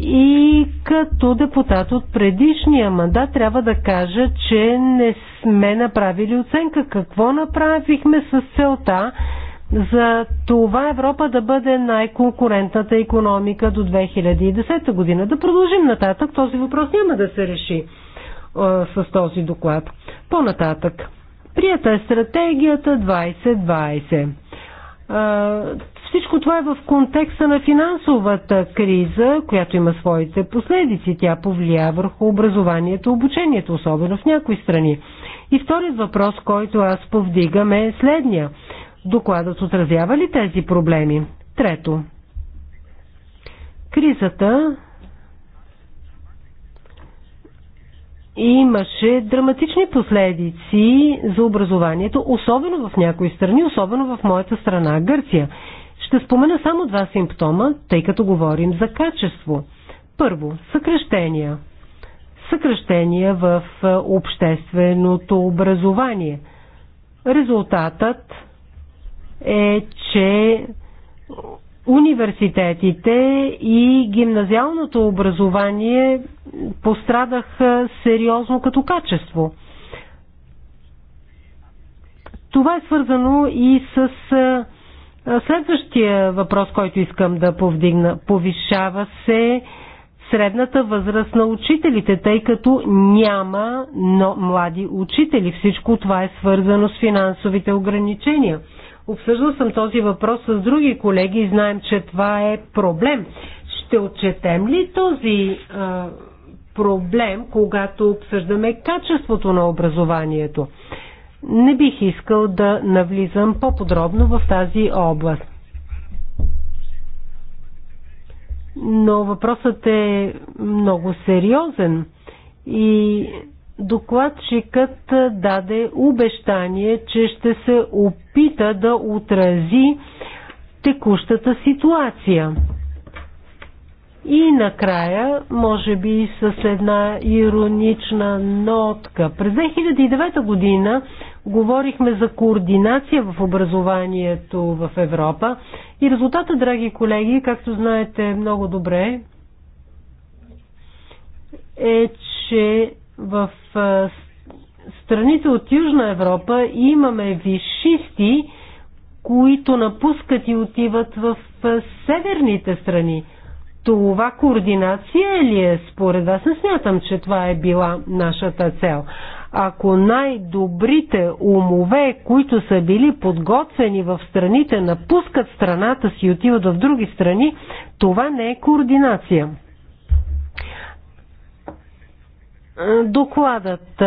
И като депутат от предишния мандат трябва да кажа, че не сме направили оценка какво направихме с целта за това Европа да бъде най-конкурентната економика до 2010 година. Да продължим нататък, този въпрос няма да се реши с този доклад. По-нататък. Прията е стратегията 2020. Всичко това е в контекста на финансовата криза, която има своите последици. Тя повлия върху образованието, обучението, особено в някои страни. И вторият въпрос, който аз повдигам е следния. Докладът отразява ли тези проблеми? Трето. Кризата имаше драматични последици за образованието, особено в някои страни, особено в моята страна Гърция. Ще спомена само два симптома, тъй като говорим за качество. Първо, съкръщения. Съкръщения в е, общественото образование. Резултатът е, че университетите и гимназиалното образование пострадаха сериозно като качество. Това е свързано и с следващия въпрос, който искам да повдигна. Повишава се средната възраст на учителите, тъй като няма но млади учители. Всичко това е свързано с финансовите ограничения – Обсъждал съм този въпрос с други колеги и знаем, че това е проблем. Ще отчетем ли този а, проблем, когато обсъждаме качеството на образованието? Не бих искал да навлизам по-подробно в тази област. Но въпросът е много сериозен и Докладчикът даде обещание, че ще се опита да отрази текущата ситуация. И накрая, може би с една иронична нотка. През 2009 година говорихме за координация в образованието в Европа и резултата, драги колеги, както знаете много добре, е, че в страните от Южна Европа имаме вишисти, които напускат и отиват в северните страни. Това координация ли е според вас? Не смятам, че това е била нашата цел. Ако най-добрите умове, които са били подготвени в страните, напускат страната си и отиват в други страни, това не е координация. Докладът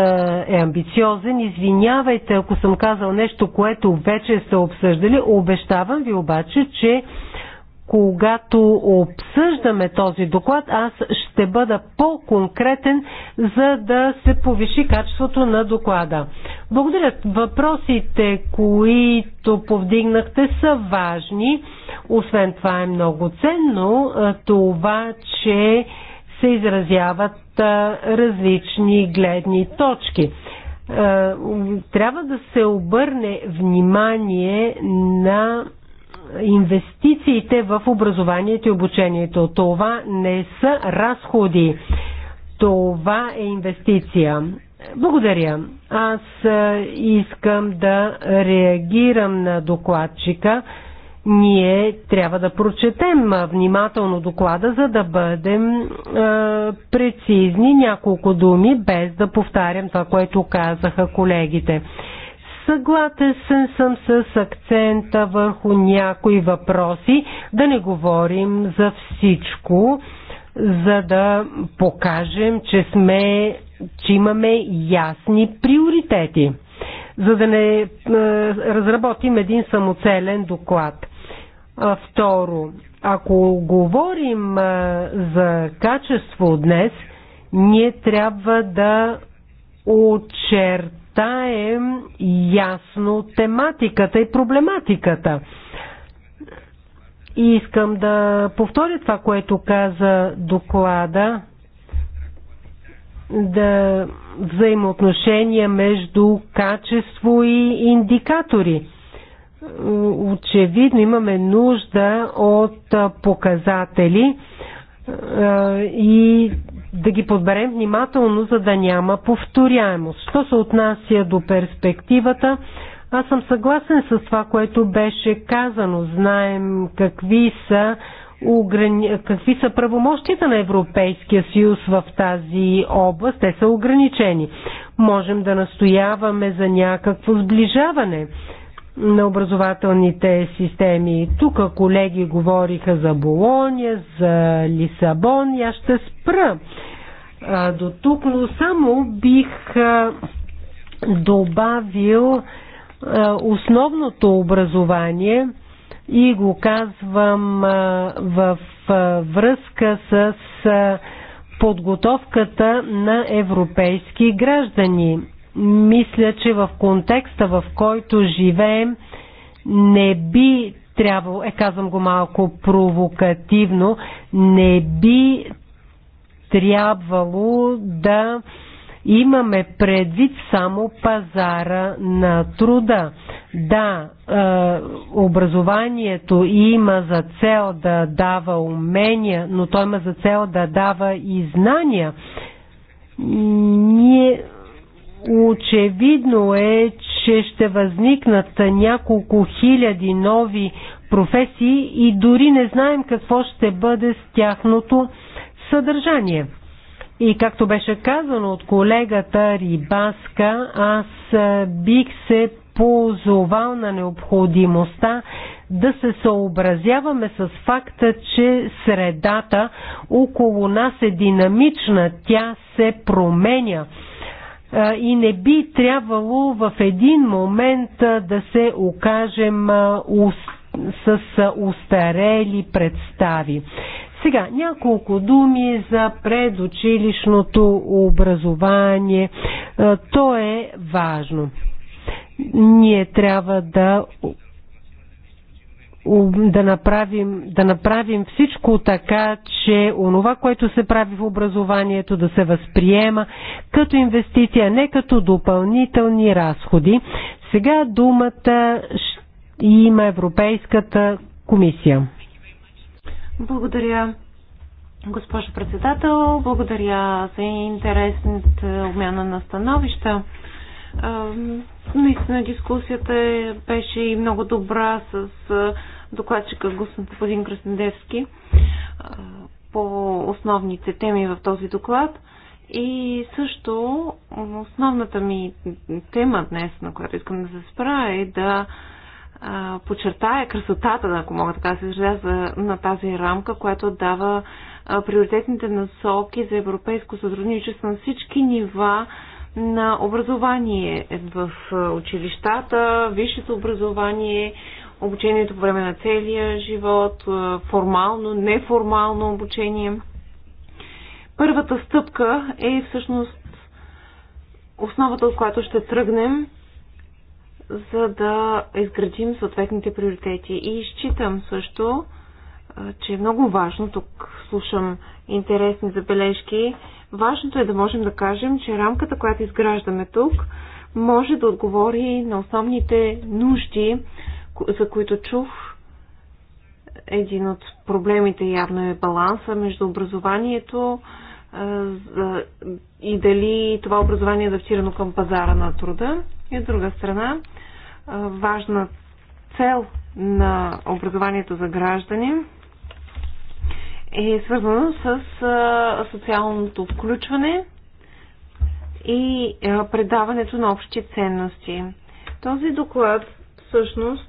е амбициозен. Извинявайте, ако съм казал нещо, което вече са обсъждали. Обещавам ви обаче, че когато обсъждаме този доклад, аз ще бъда по-конкретен, за да се повиши качеството на доклада. Благодаря. Въпросите, които повдигнахте, са важни. Освен това е много ценно това, че се изразяват различни гледни точки. Трябва да се обърне внимание на инвестициите в образованието и обучението. Това не са разходи. Това е инвестиция. Благодаря. Аз искам да реагирам на докладчика ние трябва да прочетем внимателно доклада, за да бъдем е, прецизни няколко думи, без да повтарям това, което казаха колегите. Съгласен съм с акцента върху някои въпроси, да не говорим за всичко, за да покажем, че сме, че имаме ясни приоритети за да не разработим един самоцелен доклад. Второ, ако говорим за качество днес, ние трябва да очертаем ясно тематиката и проблематиката. И искам да повторя това, което каза доклада, да взаимоотношения между качество и индикатори очевидно имаме нужда от показатели и да ги подберем внимателно, за да няма повторяемост. Що се отнася до перспективата, аз съм съгласен с това, което беше казано. Знаем какви са, ограни... какви са правомощите на Европейския съюз в тази област. Те са ограничени. Можем да настояваме за някакво сближаване на образователните системи. Тук колеги говориха за Болония, за Лисабон и аз ще спра а, до тук, но само бих а, добавил а, основното образование и го казвам а, в а, връзка с а, подготовката на европейски граждани мисля, че в контекста, в който живеем, не би трябвало, е казвам го малко провокативно, не би трябвало да имаме предвид само пазара на труда. Да, е, образованието има за цел да дава умения, но то има за цел да дава и знания. Ние Очевидно е, че ще възникнат няколко хиляди нови професии и дори не знаем какво ще бъде с тяхното съдържание. И както беше казано от колегата Рибаска, аз бих се позовал на необходимостта да се съобразяваме с факта, че средата около нас е динамична, тя се променя и не би трябвало в един момент да се окажем с устарели представи. Сега няколко думи за предучилищното образование. То е важно. Ние трябва да да направим, да направим всичко така, че онова, което се прави в образованието, да се възприема като инвестиция, не като допълнителни разходи. Сега думата има Европейската комисия. Благодаря, госпожо председател. Благодаря за интересната обмяна на становища. Наистина дискусията е, беше и много добра с докладчика господин Краснодевски по основните теми в този доклад. И също основната ми тема днес, на която искам да се спра, е да подчертая красотата, ако мога така да се изразя, на тази рамка, която дава приоритетните насоки за европейско сътрудничество на всички нива на образование в училищата, висшето образование, обучението по време на целия живот, формално, неформално обучение. Първата стъпка е всъщност основата, от която ще тръгнем, за да изградим съответните приоритети. И изчитам също, че е много важно, тук слушам интересни забележки, важното е да можем да кажем, че рамката, която изграждаме тук, може да отговори на основните нужди за които чух, един от проблемите явно е баланса между образованието и дали това образование е адаптирано към пазара на труда. И от друга страна, важна цел на образованието за граждани е свързано с социалното включване и предаването на общи ценности. Този доклад всъщност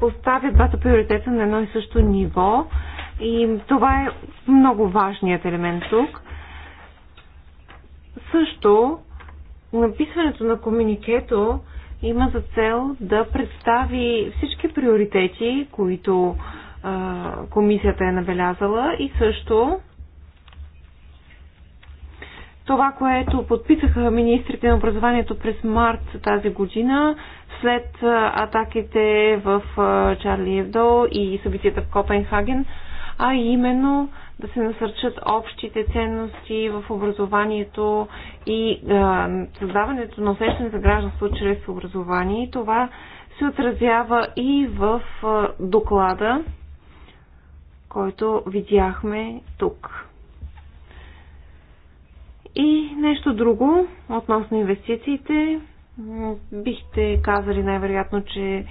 поставя двата приоритета на едно и също ниво и това е много важният елемент тук. Също написването на комуникето има за цел да представи всички приоритети, които а, комисията е набелязала и също това, което подписаха министрите на образованието през март тази година, след атаките в Чарли Евдо и събитията в Копенхаген, а именно да се насърчат общите ценности в образованието и а, създаването на усещане за гражданство чрез образование. И това се отразява и в доклада, който видяхме тук. И нещо друго относно инвестициите. Бихте казали най-вероятно, че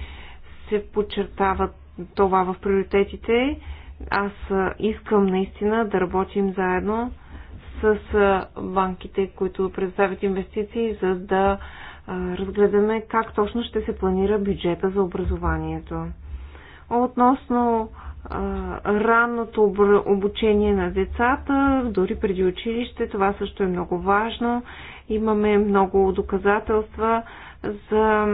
се подчертава това в приоритетите. Аз искам наистина да работим заедно с банките, които представят инвестиции, за да разгледаме как точно ще се планира бюджета за образованието. Относно ранното обучение на децата, дори преди училище, това също е много важно. Имаме много доказателства за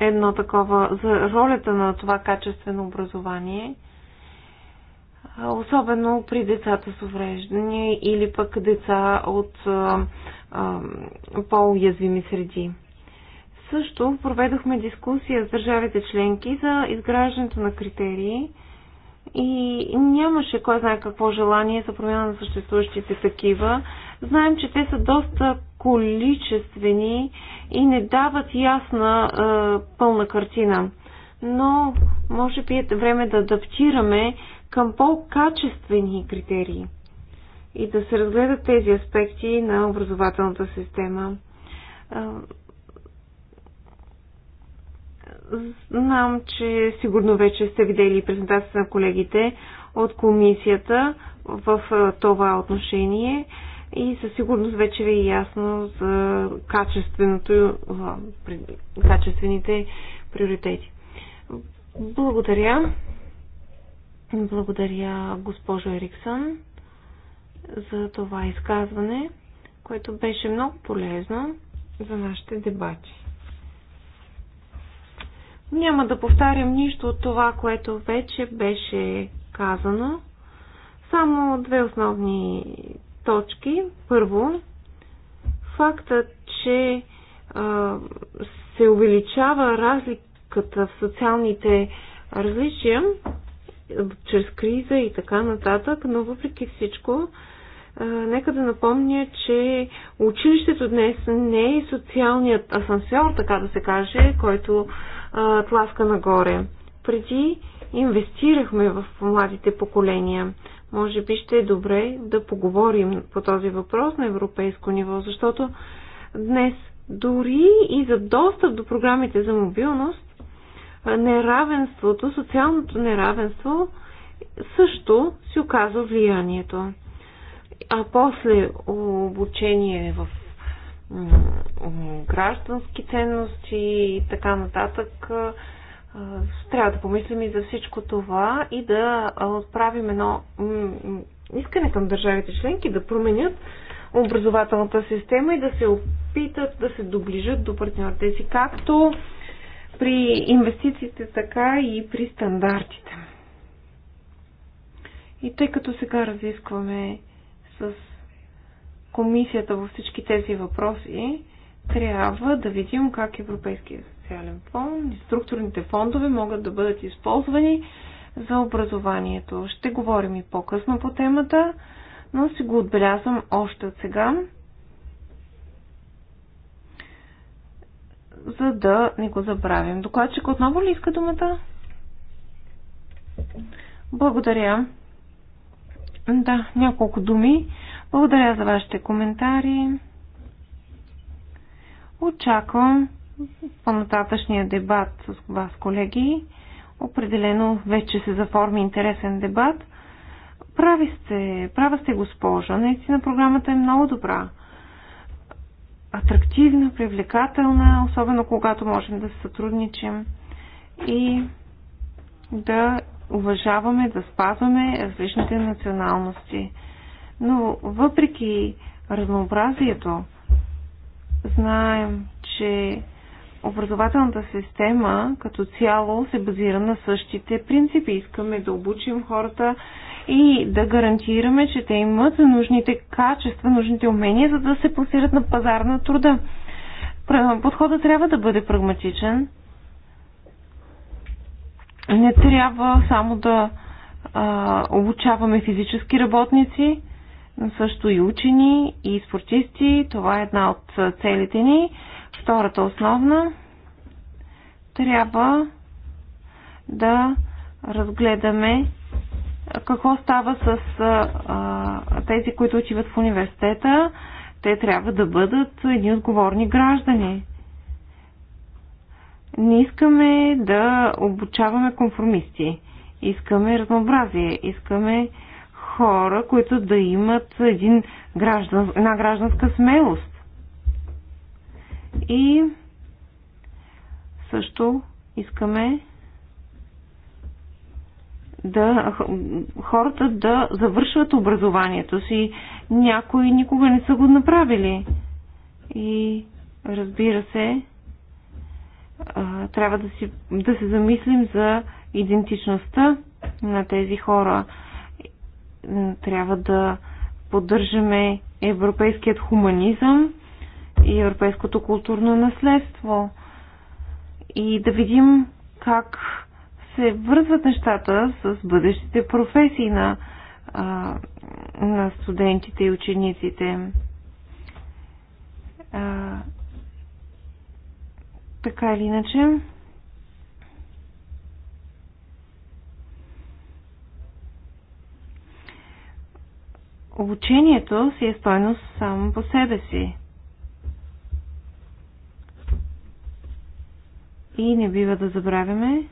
едно такова, за ролята на това качествено образование, особено при децата с увреждания или пък деца от по-уязвими среди. Също проведохме дискусия с държавите членки за изграждането на критерии, и нямаше кой знае какво желание за промяна на съществуващите такива. Знаем, че те са доста количествени и не дават ясна е, пълна картина. Но може би е време да адаптираме към по-качествени критерии и да се разгледат тези аспекти на образователната система. Е, Знам, че сигурно вече сте видели презентацията на колегите от комисията в това отношение и със сигурност вече ви е ясно за качественото, качествените приоритети. Благодаря. Благодаря, госпожо Ериксън, за това изказване, което беше много полезно за нашите дебати. Няма да повтарям нищо от това, което вече беше казано. Само две основни точки. Първо, фактът, че а, се увеличава разликата в социалните различия чрез криза и така нататък, но въпреки всичко, а, нека да напомня, че училището днес не е социалният асансьор, така да се каже, който а, тласка нагоре. Преди инвестирахме в младите поколения. Може би ще е добре да поговорим по този въпрос на европейско ниво, защото днес дори и за достъп до програмите за мобилност, неравенството, социалното неравенство също си оказва влиянието. А после обучение в граждански ценности и така нататък. Трябва да помислим и за всичко това и да отправим едно искане към държавите членки да променят образователната система и да се опитат да се доближат до партньорите си, както при инвестициите, така и при стандартите. И тъй като сега разискваме с комисията във всички тези въпроси, трябва да видим как Европейския социален фонд и структурните фондове могат да бъдат използвани за образованието. Ще говорим и по-късно по темата, но си го отбелязвам още от сега, за да не го забравим. Докладчик отново ли иска думата? Благодаря. Да, няколко думи. Благодаря за вашите коментари. Очаквам по-нататъчния дебат с вас, колеги. Определено вече се заформи интересен дебат. Прави сте, права сте госпожа. Наистина програмата е много добра. Атрактивна, привлекателна, особено когато можем да се сътрудничим и да уважаваме, да спазваме различните националности. Но въпреки разнообразието, знаем, че образователната система като цяло се базира на същите принципи. Искаме да обучим хората и да гарантираме, че те имат нужните качества, нужните умения, за да се пласират на пазар на труда. Подходът трябва да бъде прагматичен. Не трябва само да а, обучаваме физически работници, също и учени, и спортисти. Това е една от целите ни. Втората основна трябва да разгледаме какво става с а, тези, които отиват в университета. Те трябва да бъдат едни отговорни граждани. Не искаме да обучаваме конформисти. Искаме разнообразие. Искаме хора, които да имат един граждан, една гражданска смелост. И също искаме да, хората да завършват образованието си. Някои никога не са го направили. И разбира се, трябва да, си, да се замислим за идентичността на тези хора трябва да поддържаме европейският хуманизъм и европейското културно наследство. И да видим как се връзват нещата с бъдещите професии на, а, на студентите и учениците. А, така или иначе. обучението си е стойност само по себе си. И не бива да забравяме,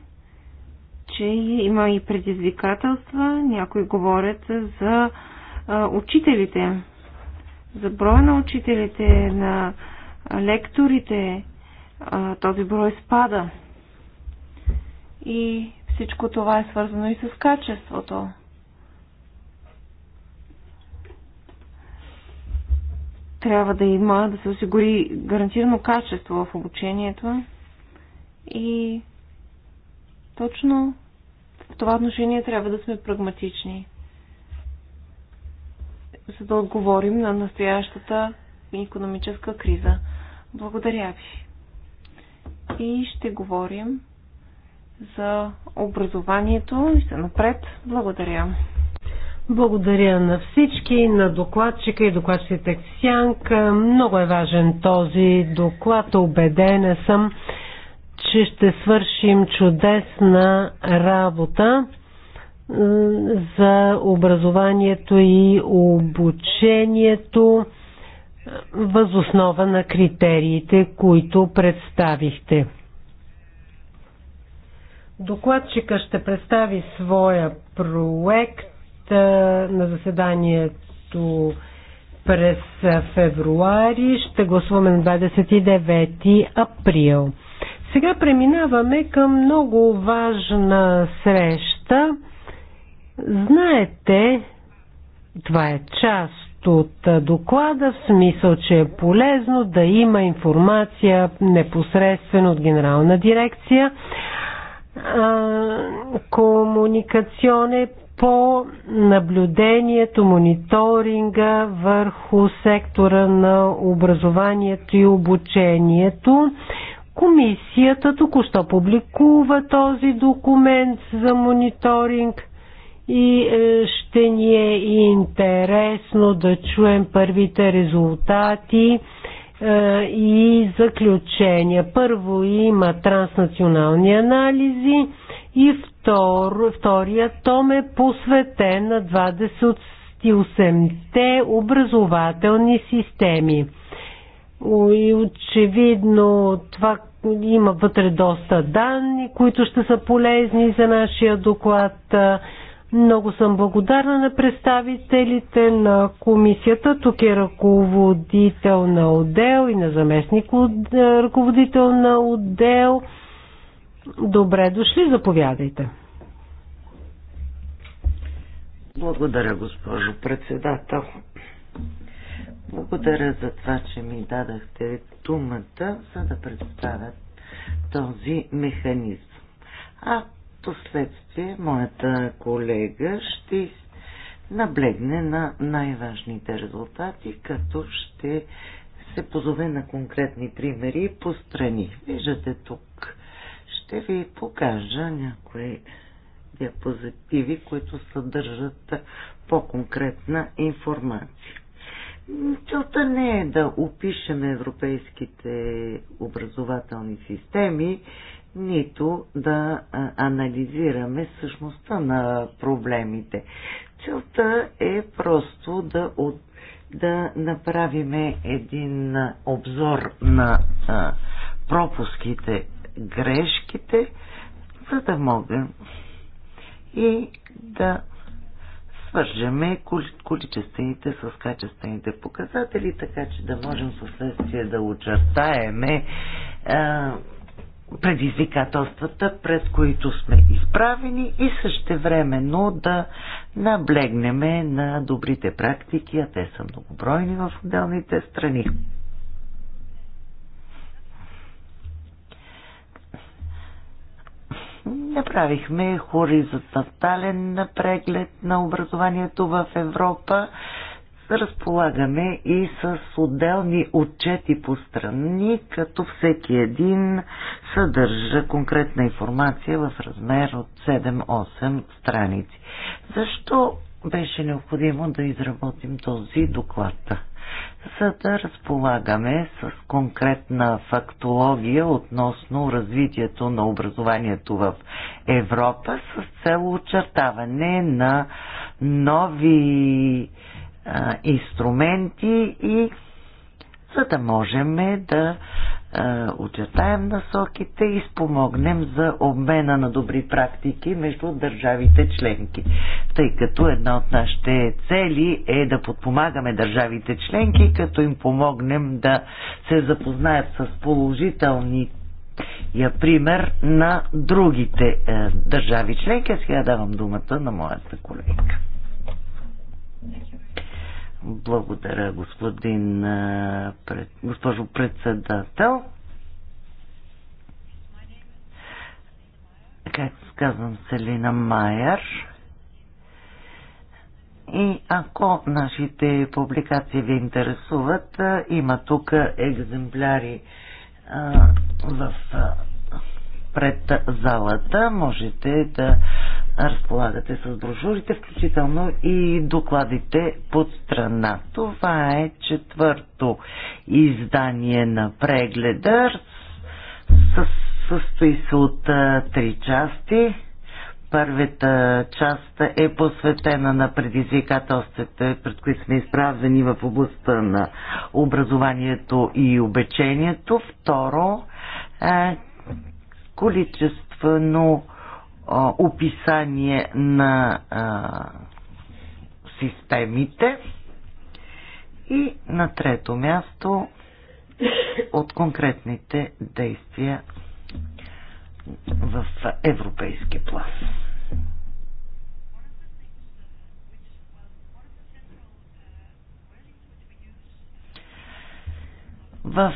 че има и предизвикателства. Някои говорят за а, учителите, за броя на учителите, на лекторите. А, този брой спада. И всичко това е свързано и с качеството. трябва да има, да се осигури гарантирано качество в обучението и точно в това отношение трябва да сме прагматични, за да отговорим на настоящата економическа криза. Благодаря ви. И ще говорим за образованието и за напред. Благодаря. Благодаря на всички, на докладчика и докладчите Сянка. Много е важен този доклад. Обедена съм, че ще свършим чудесна работа за образованието и обучението възоснова на критериите, които представихте. Докладчика ще представи своя проект на заседанието през февруари. Ще гласуваме на 29 април. Сега преминаваме към много важна среща. Знаете, това е част от доклада, в смисъл, че е полезно да има информация непосредствено от генерална дирекция. комуникационен по наблюдението, мониторинга върху сектора на образованието и обучението. Комисията току-що публикува този документ за мониторинг и е, ще ни е интересно да чуем първите резултати е, и заключения. Първо има транснационални анализи и втор, втория том е посветен на 28-те образователни системи. И очевидно това има вътре доста данни, които ще са полезни за нашия доклад. Много съм благодарна на представителите на комисията. Тук е ръководител на отдел и на заместник ръководител на отдел. Добре дошли, заповядайте. Благодаря, госпожо председател. Благодаря за това, че ми дадахте думата, за да представят този механизъм. А последствие моята колега ще наблегне на най-важните резултати, като ще се позове на конкретни примери по страни. Виждате тук ще ви покажа някои диапозитиви, които съдържат по-конкретна информация. Целта не е да опишем европейските образователни системи, нито да анализираме същността на проблемите. Целта е просто да, от, да направим един обзор на а, пропуските грешките, за да мога и да свържеме количествените с качествените показатели, така че да можем в следствие да очертаеме е, предизвикателствата, пред които сме изправени и също времено да наблегнеме на добрите практики, а те са многобройни в отделните страни. направихме хоризонтален преглед на образованието в Европа. Разполагаме и с отделни отчети по страни, като всеки един съдържа конкретна информация в размер от 7-8 страници. Защо беше необходимо да изработим този доклад? за да разполагаме с конкретна фактология относно развитието на образованието в Европа с цел очертаване на нови а, инструменти и за да можем да е, очертаем насоките и спомогнем за обмена на добри практики между държавите членки. Тъй като една от нашите цели е да подпомагаме държавите членки, като им помогнем да се запознаят с положителни я пример на другите е, държави членки. Сега давам думата на моята колега. Благодаря, господин, пред, госпожо председател. Как казвам Селина Майер. И ако нашите публикации ви интересуват, има тук екземпляри а, в а, пред залата. Можете да разполагате с брошурите, включително и докладите под страна. Това е четвърто издание на прегледа. състои се от три части. Първата част е посветена на предизвикателствата, пред които сме изправени в областта на образованието и обечението. Второ, е, количествено описание на системите и на трето място от конкретните действия в Европейски план. В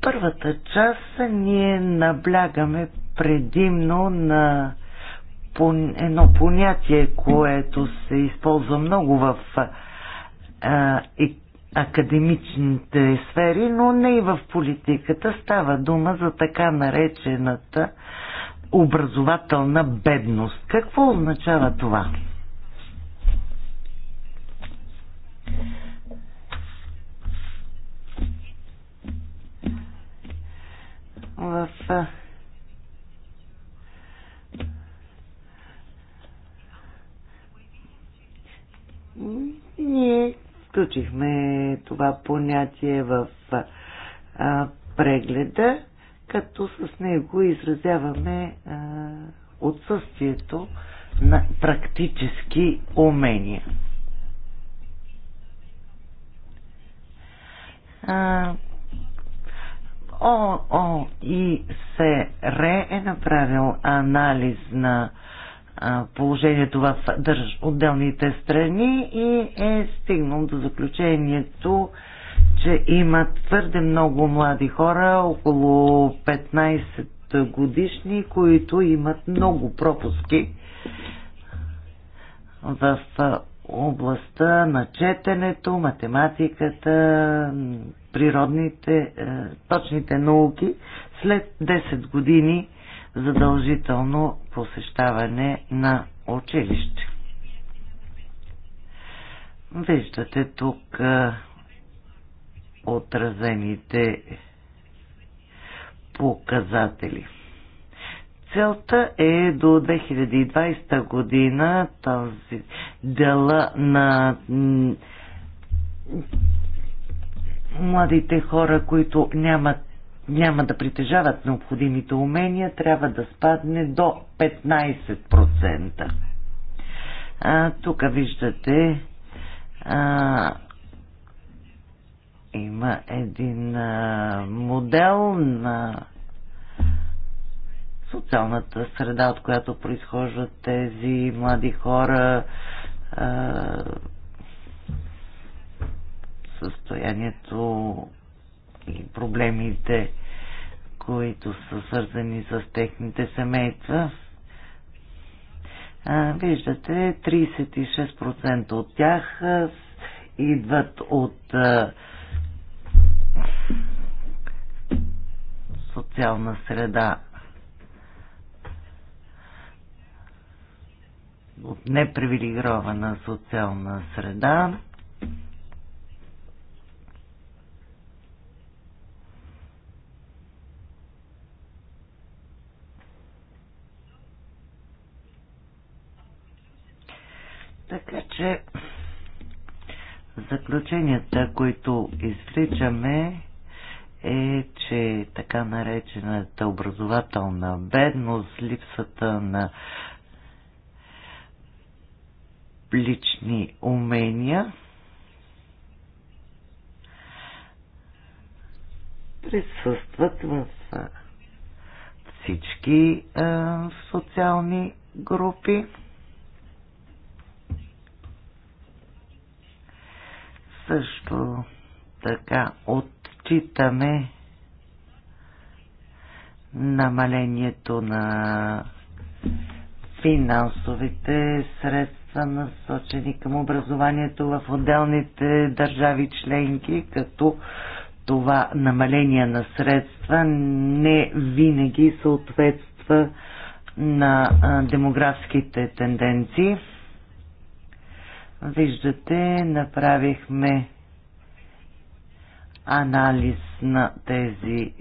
първата част ние наблягаме предимно на едно понятие, което се използва много в а, и, академичните сфери, но не и в политиката. Става дума за така наречената образователна бедност. Какво означава това? В ние включихме това понятие в а, прегледа, като с него изразяваме а, отсъствието на практически умения. А, ООИСР е направил анализ на а, положението в държ... отделните страни и е стигнал до заключението, че има твърде много млади хора, около 15 годишни, които имат много пропуски в областта на четенето, математиката, природните, точните науки. След 10 години задължително посещаване на училище. Виждате тук отразените показатели. Целта е до 2020 година този дела на младите хора, които нямат няма да притежават необходимите умения, трябва да спадне до 15%. А, тук виждате а, има един а, модел на социалната среда, от която произхождат тези млади хора, а, състоянието и проблемите които са свързани с техните семейства. Виждате, 36% от тях идват от социална среда от непривилегирована социална среда. Така че заключенията, които изличаме, е, че така наречената образователна бедност, липсата на лични умения, присъстват в всички а, социални групи. Също така отчитаме намалението на финансовите средства, насочени към образованието в отделните държави членки, като това намаление на средства не винаги съответства на демографските тенденции. Виждате, направихме анализ на тези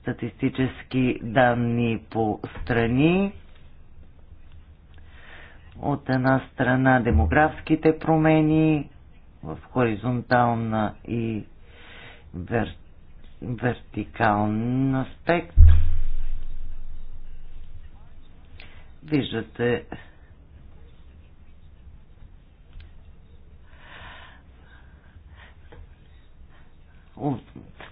статистически данни по страни. От една страна демографските промени в хоризонтална и вер... вертикален аспект. Виждате от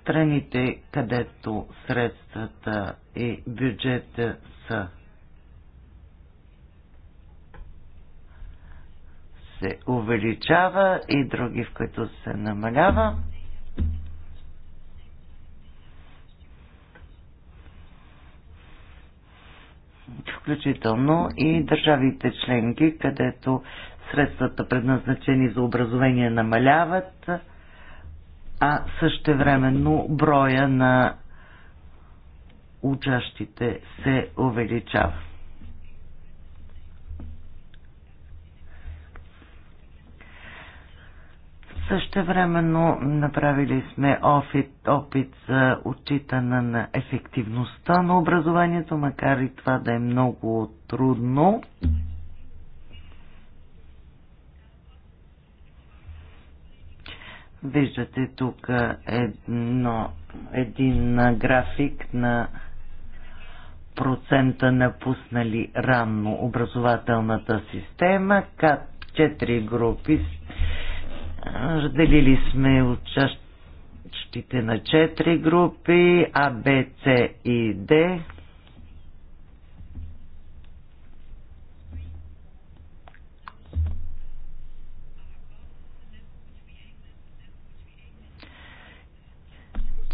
страните, където средствата и бюджета са се увеличава и други, в които се намалява. Включително и държавите членки, където средствата предназначени за образование намаляват а същевременно броя на учащите се увеличава. Същевременно направили сме опит, опит за отчитане на ефективността на образованието, макар и това да е много трудно. Виждате тук едно, един график на процента напуснали ранно образователната система, как четири групи. Разделили сме учащите на четири групи А, Б, С и Д.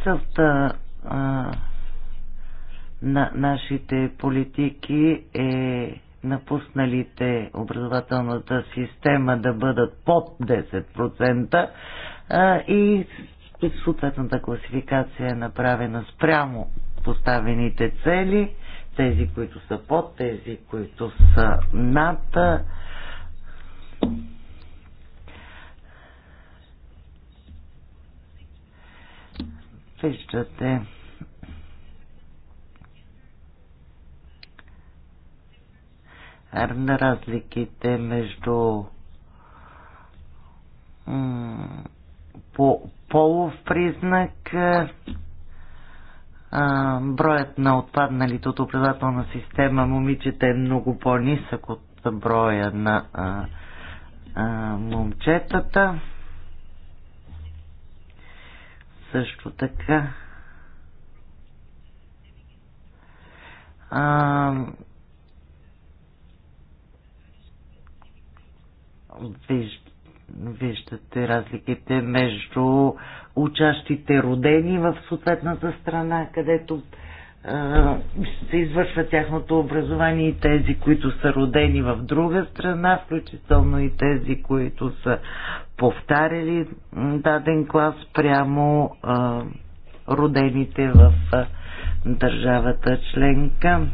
Целта а, на нашите политики е напусналите образователната система да бъдат под 10% а, и съответната класификация е направена спрямо поставените цели, тези, които са под, тези, които са над. виждате на разликите между по полов признак, а, броят на отпадналите от оправдателна система момичета е много по-нисък от броя на а, а, момчетата също така а, виж, виждате разликите между учащите родени в съответната страна, където се извършва тяхното образование и тези, които са родени в друга страна, включително и тези, които са повтаряли даден клас прямо а, родените в а, държавата членка.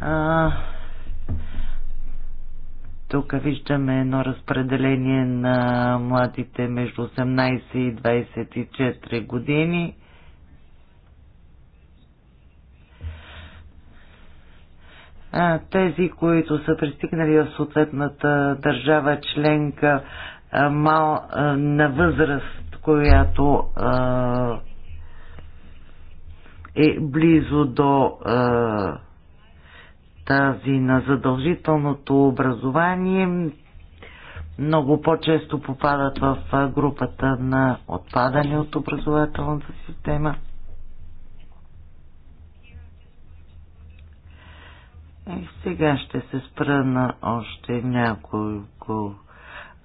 А, тук виждаме едно разпределение на младите между 18 и 24 години тези, които са пристигнали в съответната държава членка мал, на възраст, която е близо до тази на задължителното образование, много по-често попадат в групата на отпадане от образователната система. И сега ще се спра на още няколко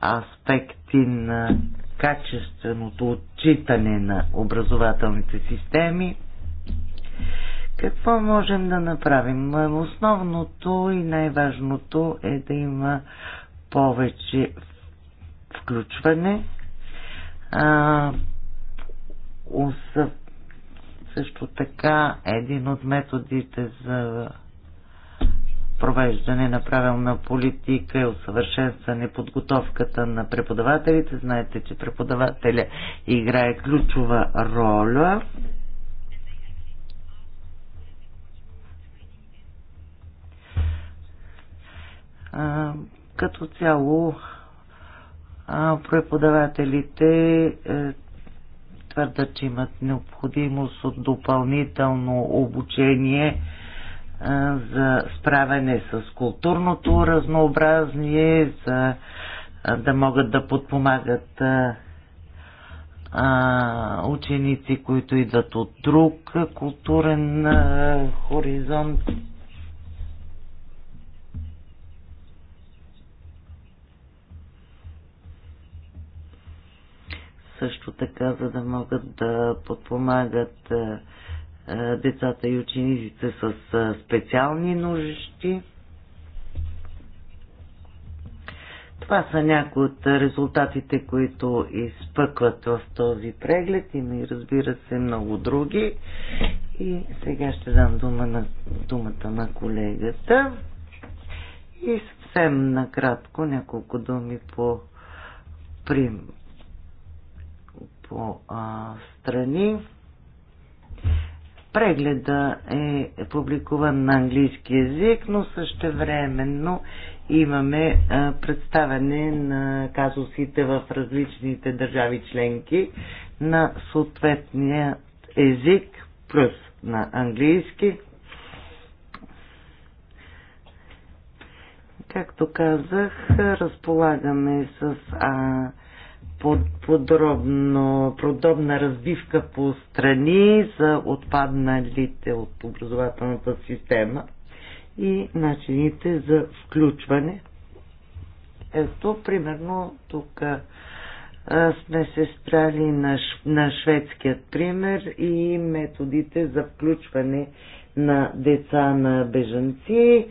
аспекти на качественото отчитане на образователните системи. Какво можем да направим? Основното и най-важното е да има повече включване, а, също така един от методите за провеждане на правилна политика и усъвършенстване подготовката на преподавателите. Знаете, че преподавателя играе ключова роля. като цяло преподавателите е, твърдат, че имат необходимост от допълнително обучение за справяне с културното разнообразие, за да могат да подпомагат ученици, които идват от друг културен хоризонт. Също така, за да могат да подпомагат децата и учениците с специални нужди. Това са някои от резултатите, които изпъкват в този преглед. Има и разбира се много други. И сега ще дам дума на, думата на колегата. И съвсем накратко няколко думи по, прим, по а, страни. Прегледа е публикуван на английски язик, но също временно имаме представяне на казусите в различните държави членки на съответния език плюс на английски. Както казах, разполагаме с а, подробно, подробна разбивка по страни за отпадналите от образователната система и начините за включване. Ето, примерно, тук сме се спряли на, на шведският пример и методите за включване на деца на бежанци.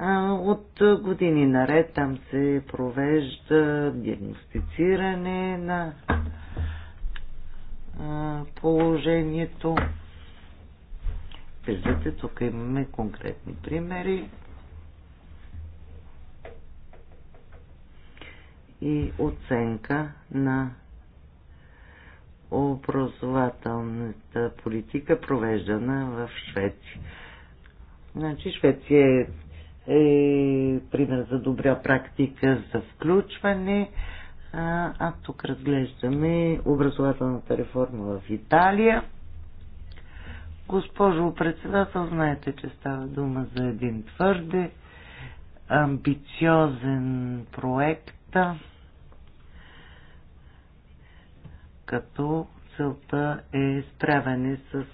От години наред там се провежда диагностициране на положението. Виждате, тук имаме конкретни примери. И оценка на образователната политика, провеждана в Швеция. Значи Швеция е е пример за добра практика за включване. А, а тук разглеждаме образователната реформа в Италия. Госпожо председател, знаете, че става дума за един твърде амбициозен проект, като целта е справяне с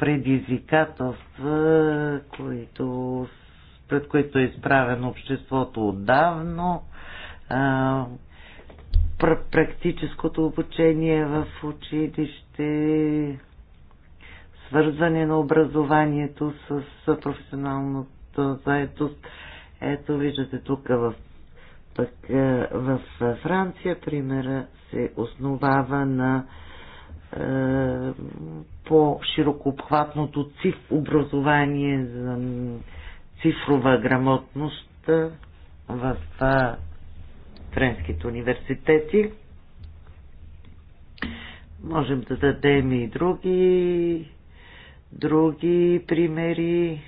предизвикателства, които, пред които е изправено обществото отдавно, а, практическото обучение в училище, свързване на образованието с професионалната заедост. Ето, виждате тук в, пък, в Франция примера се основава на е, по-широкообхватното циф образование за цифрова грамотност е, в е, френските университети. Можем да дадем и други, други примери.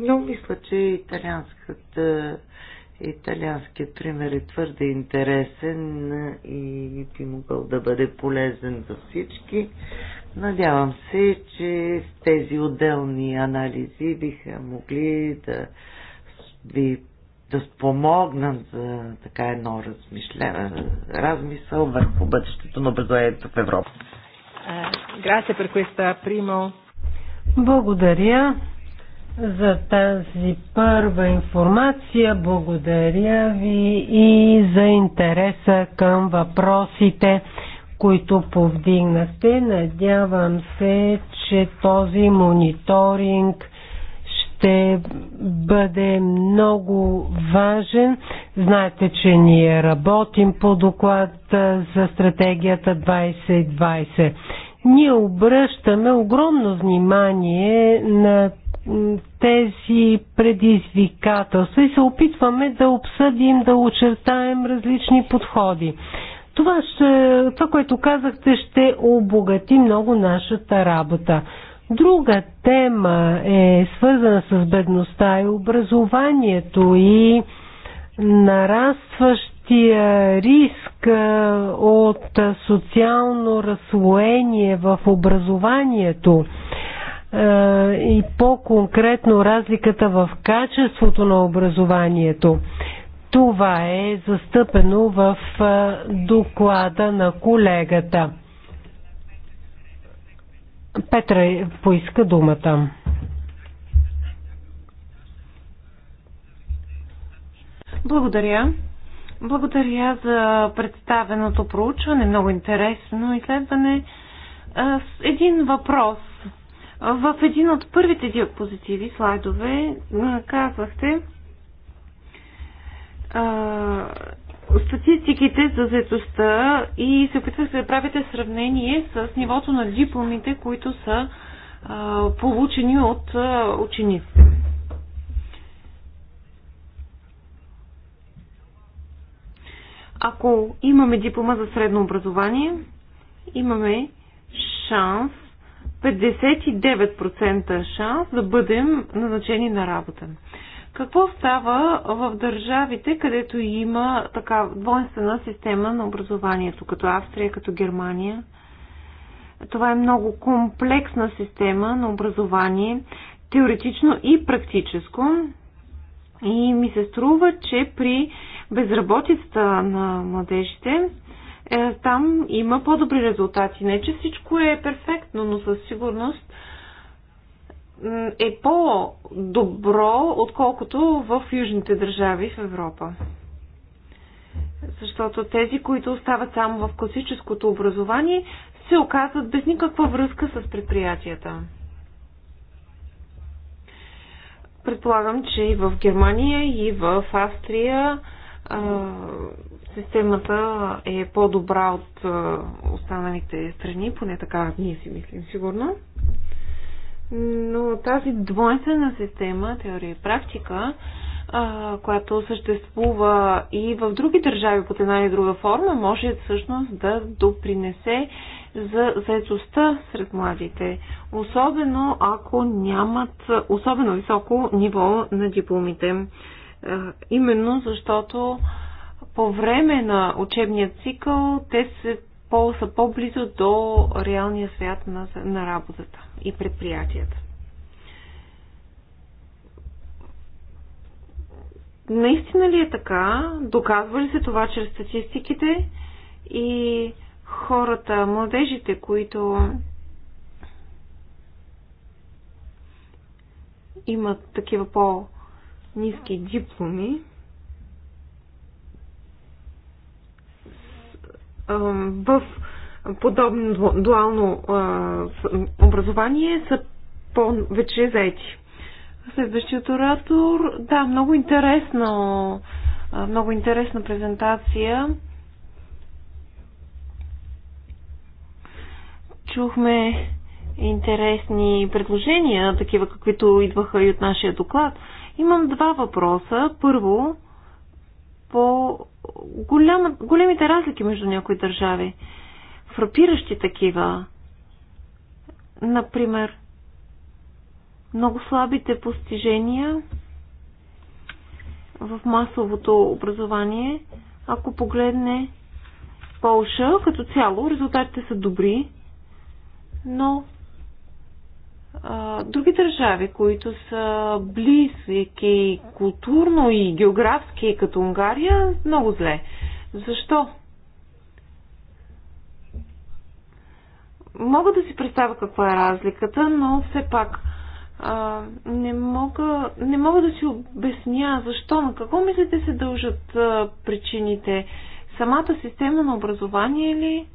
Но мисля, че италианската италианският пример е твърде интересен и би могъл да бъде полезен за всички. Надявам се, че с тези отделни анализи биха могли да ви да спомогнат за така едно размишля... размисъл върху бъдещето на образованието в Европа. Е, Благодаря за тази първа информация. Благодаря ви и за интереса към въпросите, които повдигнахте. Надявам се, че този мониторинг ще бъде много важен. Знаете, че ние работим по доклад за стратегията 2020. Ние обръщаме огромно внимание на тези предизвикателства и се опитваме да обсъдим, да очертаем различни подходи. Това, ще, това, което казахте, ще обогати много нашата работа. Друга тема е свързана с бедността и образованието и нарастващия риск от социално разслоение в образованието. Е, и по-конкретно разликата в качеството на образованието. Това е застъпено в е, доклада на колегата. Петра поиска думата. Благодаря. Благодаря за представеното проучване, много интересно изследване. Е, един въпрос в един от първите диапозитиви, слайдове, казвахте, статистиките за заедостта и се опитвахте да правите сравнение с нивото на дипломите, които са получени от учениците. Ако имаме диплома за средно образование, имаме шанс 59% шанс да бъдем назначени на работа. Какво става в държавите, където има така двойнствена система на образованието, като Австрия, като Германия? Това е много комплексна система на образование, теоретично и практическо. И ми се струва, че при безработицата на младежите е, там има по-добри резултати. Не, че всичко е перфектно, но със сигурност е по-добро, отколкото в южните държави в Европа. Защото тези, които остават само в класическото образование, се оказват без никаква връзка с предприятията. Предполагам, че и в Германия, и в Австрия системата е по-добра от останалите страни, поне така ние си мислим сигурно. Но тази двойствена система, теория и практика, която съществува и в други държави под една или друга форма, може всъщност да допринесе за заедостта сред младите, особено ако нямат особено високо ниво на дипломите. Именно защото по време на учебния цикъл те се по, са по-близо до реалния свят на, на работата и предприятията. Наистина ли е така? Доказва ли се това чрез статистиките? И хората, младежите, които имат такива по-низки дипломи, в подобно дуално образование са повече заети. Следващият оратор. Да, много интересно. Много интересна презентация. Чухме интересни предложения, такива каквито идваха и от нашия доклад. Имам два въпроса. Първо, по голяма, големите разлики между някои държави. Фрапиращи такива. Например, много слабите постижения в масовото образование. Ако погледне Полша, като цяло резултатите са добри, но други държави, които са близки културно и географски като Унгария, много зле. Защо? Мога да си представя каква е разликата, но все пак а, не, мога, не мога да си обясня защо, на какво мислите се дължат а, причините. Самата система на образование ли?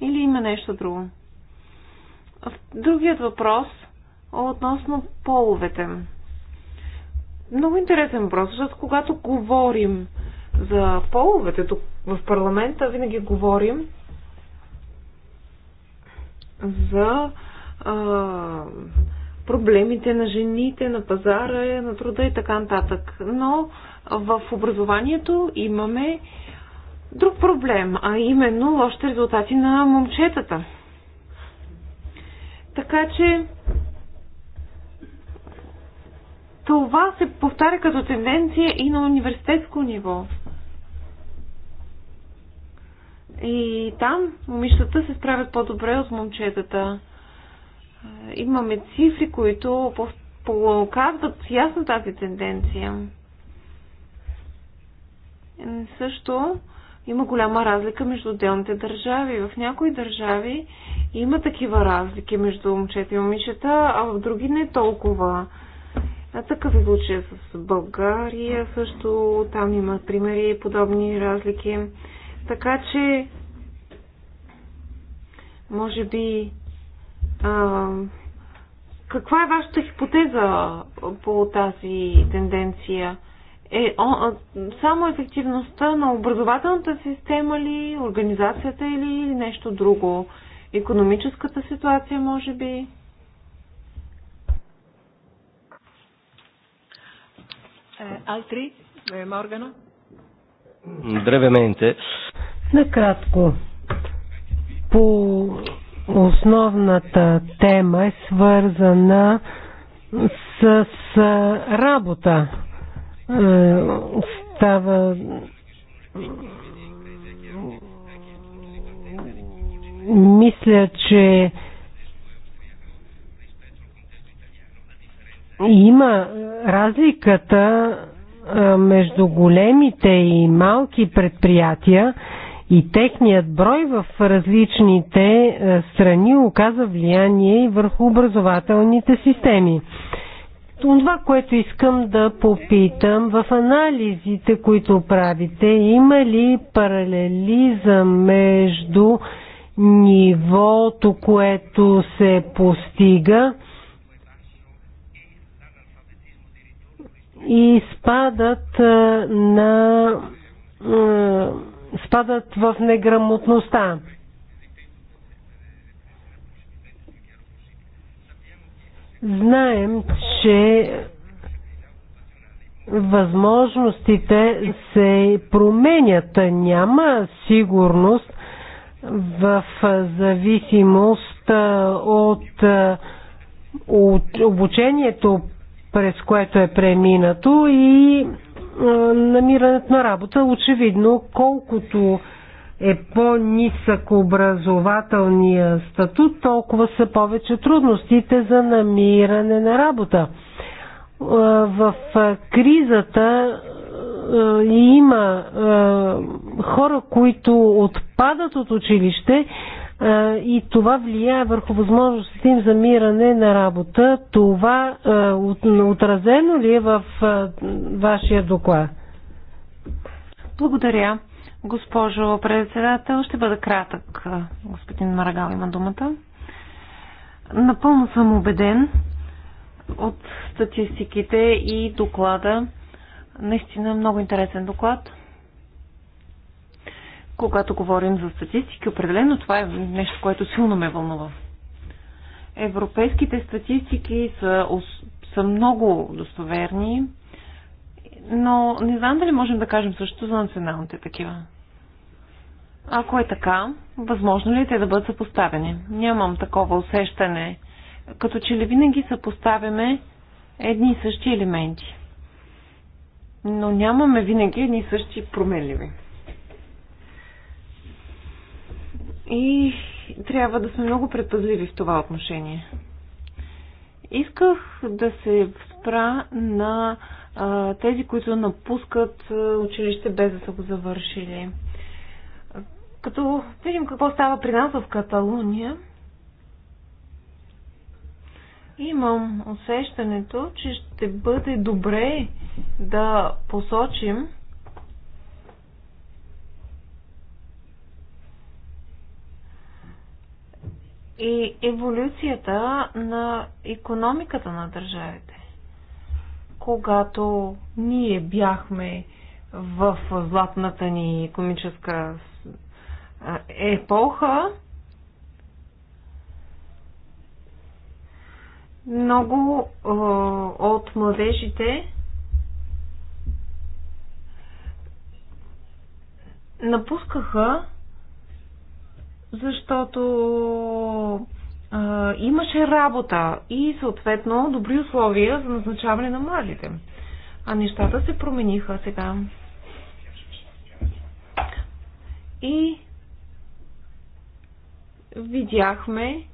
Или има нещо друго? Другият въпрос – относно половете. Много интересен въпрос, защото когато говорим за половете тук в парламента, винаги говорим за а, проблемите на жените, на пазара, на труда и така нататък. Но в образованието имаме друг проблем, а именно лошите резултати на момчетата. Така че това се повтаря като тенденция и на университетско ниво. И там момичетата се справят по-добре от момчетата. Имаме цифри, които показват ясно тази тенденция. Също има голяма разлика между отделните държави. В някои държави има такива разлики между момчета и момичета, а в други не толкова. А такъв е случая с България също. Там има примери подобни разлики. Така че, може би, а, каква е вашата хипотеза по тази тенденция? Е, о, само ефективността на образователната система ли, организацията или нещо друго? Економическата ситуация, може би? Eh, altri? Eh, Morgano? Brevemente. Накратко. По основната тема е свързана с, с работа. Е, става мисля, че Има разликата между големите и малки предприятия и техният брой в различните страни оказа влияние и върху образователните системи. Това, което искам да попитам, в анализите, които правите, има ли паралелизъм между нивото, което се постига и спадат е, на е, спадат в неграмотността. Знаем, че възможностите се променят. Няма сигурност в зависимост е, от обучението през което е преминато и намирането на работа. Очевидно, колкото е по-нисък образователния статут, толкова са повече трудностите за намиране на работа. В кризата има хора, които отпадат от училище, и това влияе върху възможностите им за миране на работа. Това отразено ли е в вашия доклад? Благодаря. Госпожо председател, ще бъда кратък. Господин Марагал има думата. Напълно съм убеден от статистиките и доклада. Наистина много интересен доклад когато говорим за статистики, определено това е нещо, което силно ме вълнува. Европейските статистики са, са много достоверни, но не знам дали можем да кажем също за националните такива. Ако е така, възможно ли е те да бъдат съпоставени? Нямам такова усещане, като че ли винаги съпоставяме едни и същи елементи. Но нямаме винаги едни и същи променливи. И трябва да сме много предпазливи в това отношение. Исках да се спра на а, тези, които напускат училище без да са го завършили. Като видим какво става при нас в Каталуния, имам усещането, че ще бъде добре да посочим и еволюцията на економиката на държавите. Когато ние бяхме в златната ни економическа епоха, много от младежите напускаха защото а, имаше работа и съответно добри условия за назначаване на младите. А нещата се промениха сега. И видяхме,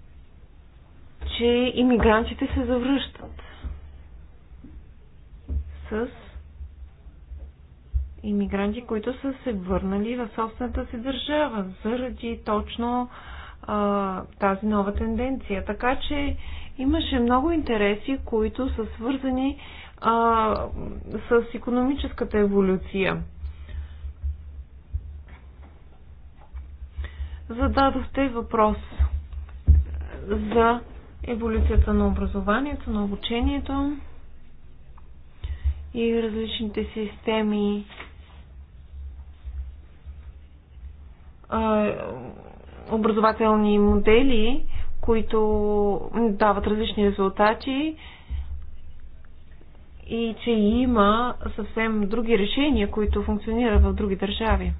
че иммигрантите се завръщат с иммигранти, които са се върнали в собствената си държава заради точно а, тази нова тенденция. Така че имаше много интереси, които са свързани а, с економическата еволюция. Зададохте въпрос за еволюцията на образованието, на обучението и различните системи образователни модели, които дават различни резултати и че има съвсем други решения, които функционират в други държави.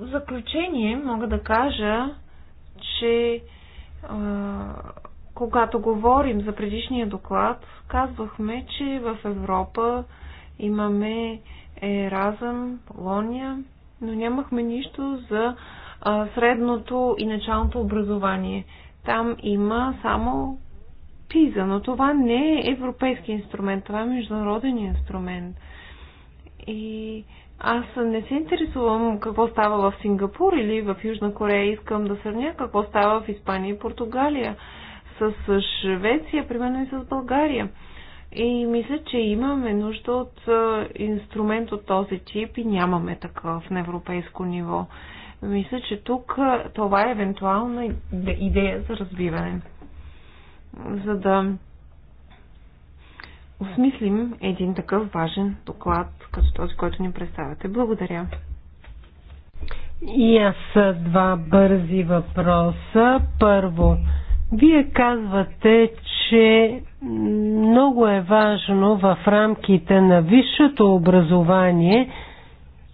В заключение мога да кажа, че а, когато говорим за предишния доклад, казвахме, че в Европа имаме е Еразъм, Полония, но нямахме нищо за а, средното и началното образование. Там има само ПИЗа, но това не е европейски инструмент, това е международен инструмент. И аз не се интересувам какво става в Сингапур или в Южна Корея. Искам да сравня какво става в Испания и Португалия, с Швеция, примерно и с България. И мисля, че имаме нужда от инструмент от този тип и нямаме такъв на европейско ниво. Мисля, че тук това е евентуална идея за разбиване. За да осмислим един такъв важен доклад, като този, който ни представяте. Благодаря. И аз два бързи въпроса. Първо, вие казвате, че много е важно в рамките на висшето образование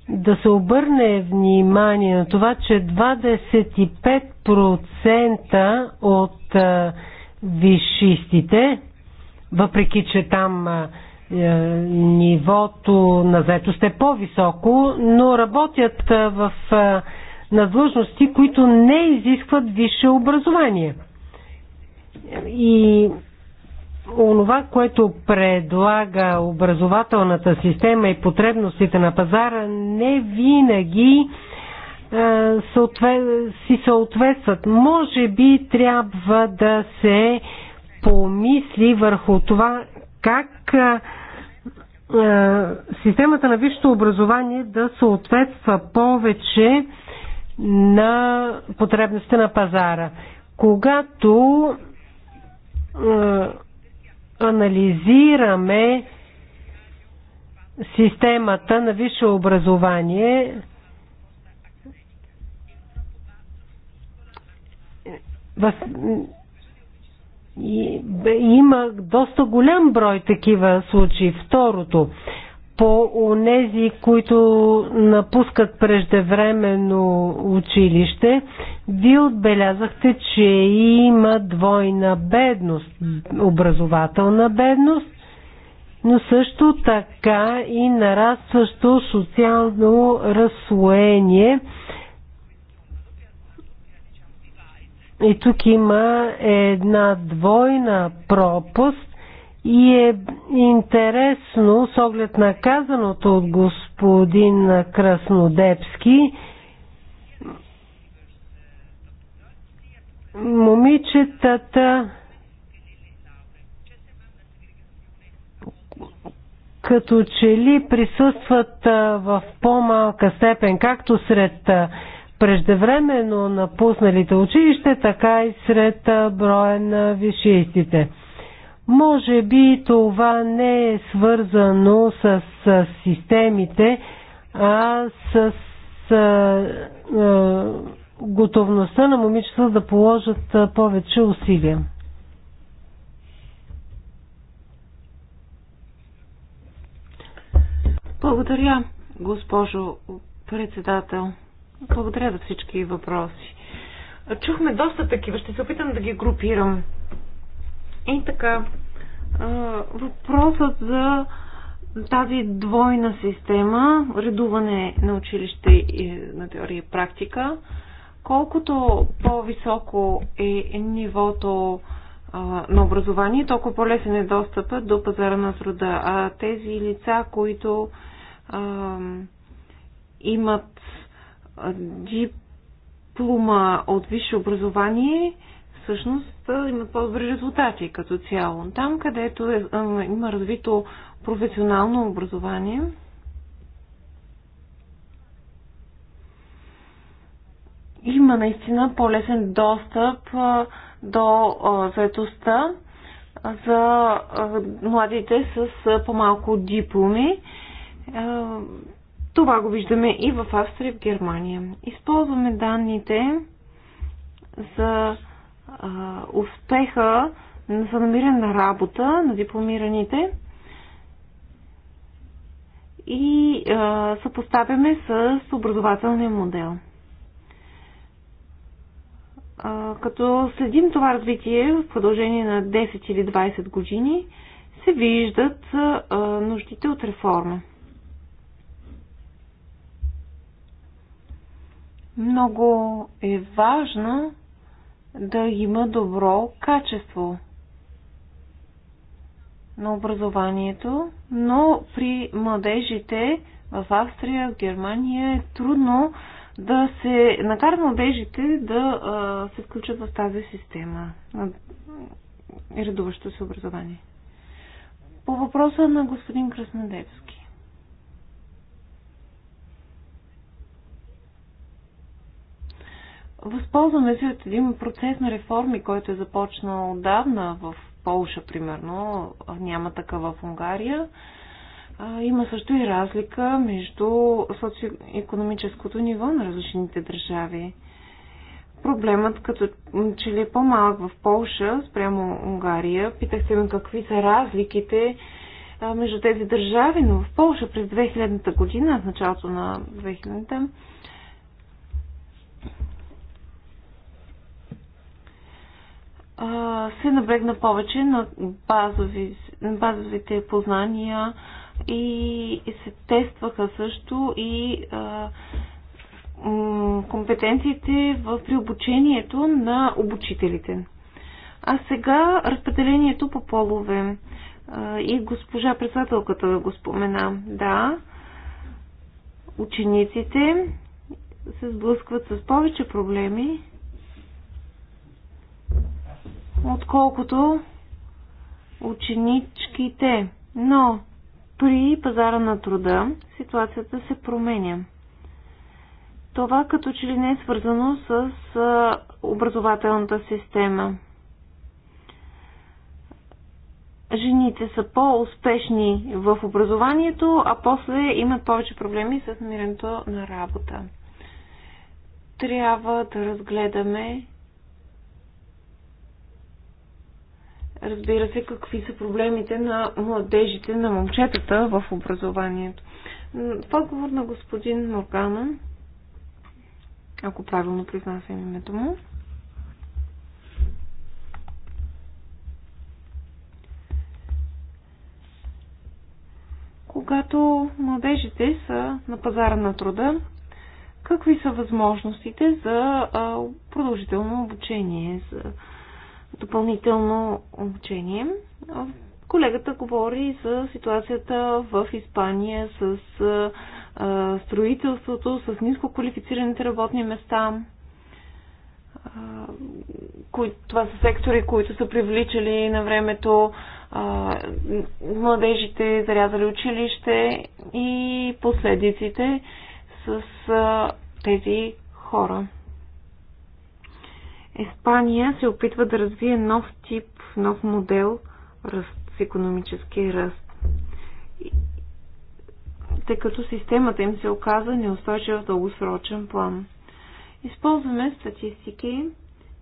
да се обърне внимание на това, че 25% от висшистите, въпреки че там е, нивото на заетост е по-високо, но работят в, на длъжности, които не изискват висше образование – и онова, което предлага образователната система и потребностите на пазара, не винаги си съответстват. Може би трябва да се помисли върху това как системата на висшето образование да съответства повече на потребностите на пазара. Когато е, анализираме системата на висше образование в... И, има доста голям брой такива случаи. Второто, по онези, които напускат преждевременно училище, вие отбелязахте, че има двойна бедност, образователна бедност, но също така и нарастващо социално разслоение. И тук има една двойна пропуст, и е интересно, с оглед на казаното от господин Краснодепски, момичетата като че ли присъстват в по-малка степен, както сред преждевременно напусналите училище, така и сред броя на вишистите. Може би това не е свързано с, с системите, а с, с с готовността на момичета да положат повече усилия. Благодаря, госпожо председател. Благодаря за всички въпроси. Чухме доста такива. Ще се опитам да ги групирам. И така, въпросът за тази двойна система, редуване на училище и на теория и практика, колкото по-високо е нивото на образование, толкова по-лесен е достъпа до пазара на труда. А тези лица, които а, имат диплома от висше образование, всъщност има по-добри резултати като цяло. Там, където е, има развито професионално образование, има наистина по-лесен достъп до заетостта за младите с по-малко дипломи. Това го виждаме и в Австрия, и в Германия. Използваме данните за успеха за намиране на работа на дипломираните и а, съпоставяме с образователния модел. А, като следим това развитие в продължение на 10 или 20 години, се виждат а, нуждите от реформа. Много е важно да има добро качество на образованието, но при младежите в Австрия, в Германия е трудно да се накарат младежите да а, се включат в тази система на редуващо се образование. По въпроса на господин Краснодевски. Възползваме се от един процес на реформи, който е започнал отдавна в Полша, примерно. Няма такава в Унгария. Има също и разлика между социо-економическото ниво на различните държави. Проблемът като че ли е по-малък в Полша спрямо Унгария. Питах се ми какви са разликите между тези държави, но в Полша през 2000-та година, в началото на 2000-та, се наблегна повече на базови, базовите познания и, и се тестваха също и а, компетенциите в, при обучението на обучителите. А сега разпределението по полове. А, и госпожа председателката да го спомена. Да, учениците се сблъскват с повече проблеми отколкото ученичките. Но при пазара на труда ситуацията се променя. Това като че ли не е свързано с образователната система. Жените са по-успешни в образованието, а после имат повече проблеми с намирането на работа. Трябва да разгледаме разбира се, какви са проблемите на младежите, на момчетата в образованието. В отговор на господин Моргана, ако правилно признавам името му, когато младежите са на пазара на труда, какви са възможностите за продължително обучение, за допълнително обучение. Колегата говори за ситуацията в Испания с а, строителството, с ниско квалифицираните работни места. А, това са сектори, които са привличали на времето младежите, зарязали училище и последиците с а, тези хора. Испания се опитва да развие нов тип, нов модел ръст, с економически ръст. Тъй като системата им се оказа неустойчива в дългосрочен план. Използваме статистики.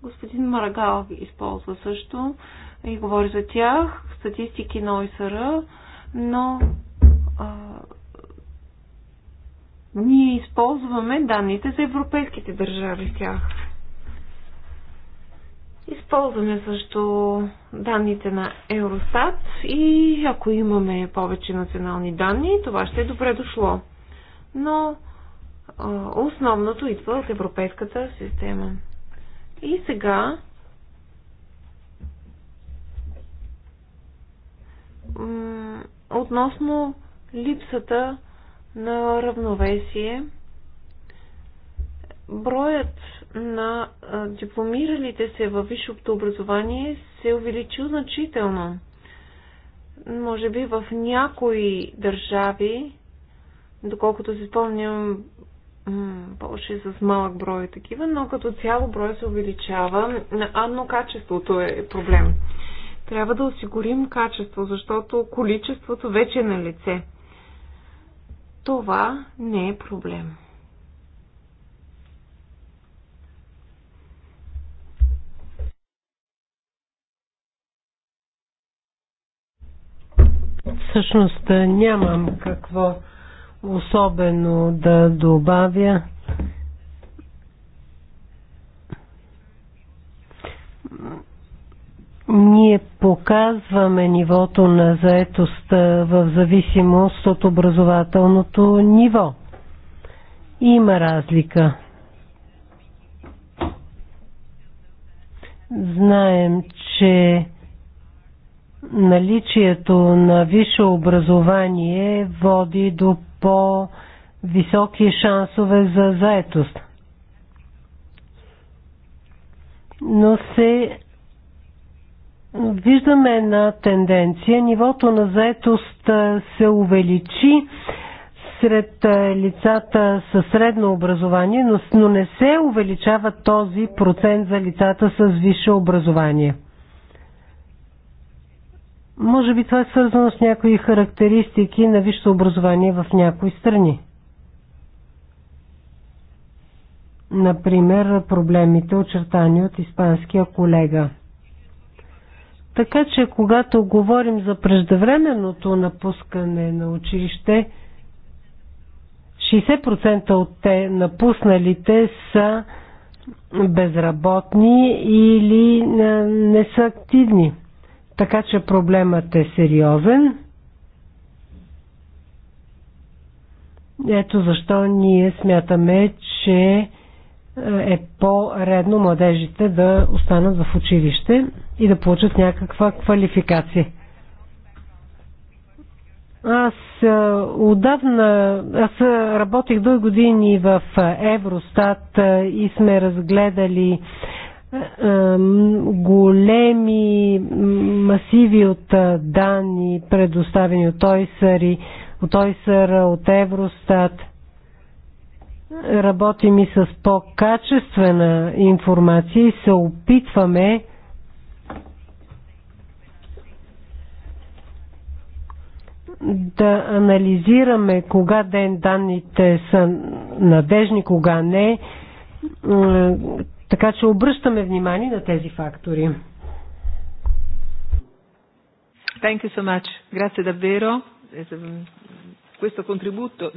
Господин Марагал използва също и говори за тях. Статистики на ОСР, но а, ние използваме данните за европейските държави в тях. Ползваме също данните на Евростат и ако имаме повече национални данни, това ще е добре дошло. Но основното идва от европейската система. И сега относно липсата на равновесие, броят на дипломиралите се във висшето образование се е увеличил значително. Може би в някои държави, доколкото си спомням, повече с малък брой такива, но като цяло брой се увеличава, а но качеството е проблем. Трябва да осигурим качество, защото количеството вече е на лице. Това не е проблем. Всъщност е, нямам какво особено да добавя. Ние показваме нивото на заетост е, в зависимост от образователното ниво. Има разлика. Знаем, че наличието на висше образование води до по-високи шансове за заетост. Но се виждаме една тенденция. Нивото на заетост се увеличи сред лицата със средно образование, но не се увеличава този процент за лицата с висше образование. Може би това е свързано с някои характеристики на висше образование в някои страни. Например, проблемите, очертани от испанския колега. Така че, когато говорим за преждевременното напускане на училище, 60% от те напусналите са безработни или не са активни. Така че проблемът е сериозен. Ето защо ние смятаме, че е, е по-редно младежите да останат в училище и да получат някаква квалификация. Аз е, отдавна, аз е, работих дълго години в Евростат и сме разгледали големи масиви от данни, предоставени от ОИСР, и, от, ОИСР, от Евростат. Работим и с по-качествена информация и се опитваме да анализираме кога ден данните са надежни, кога не, така че обръщаме внимание на тези фактори. Thank you so much. Grazie davvero. Questo contributo.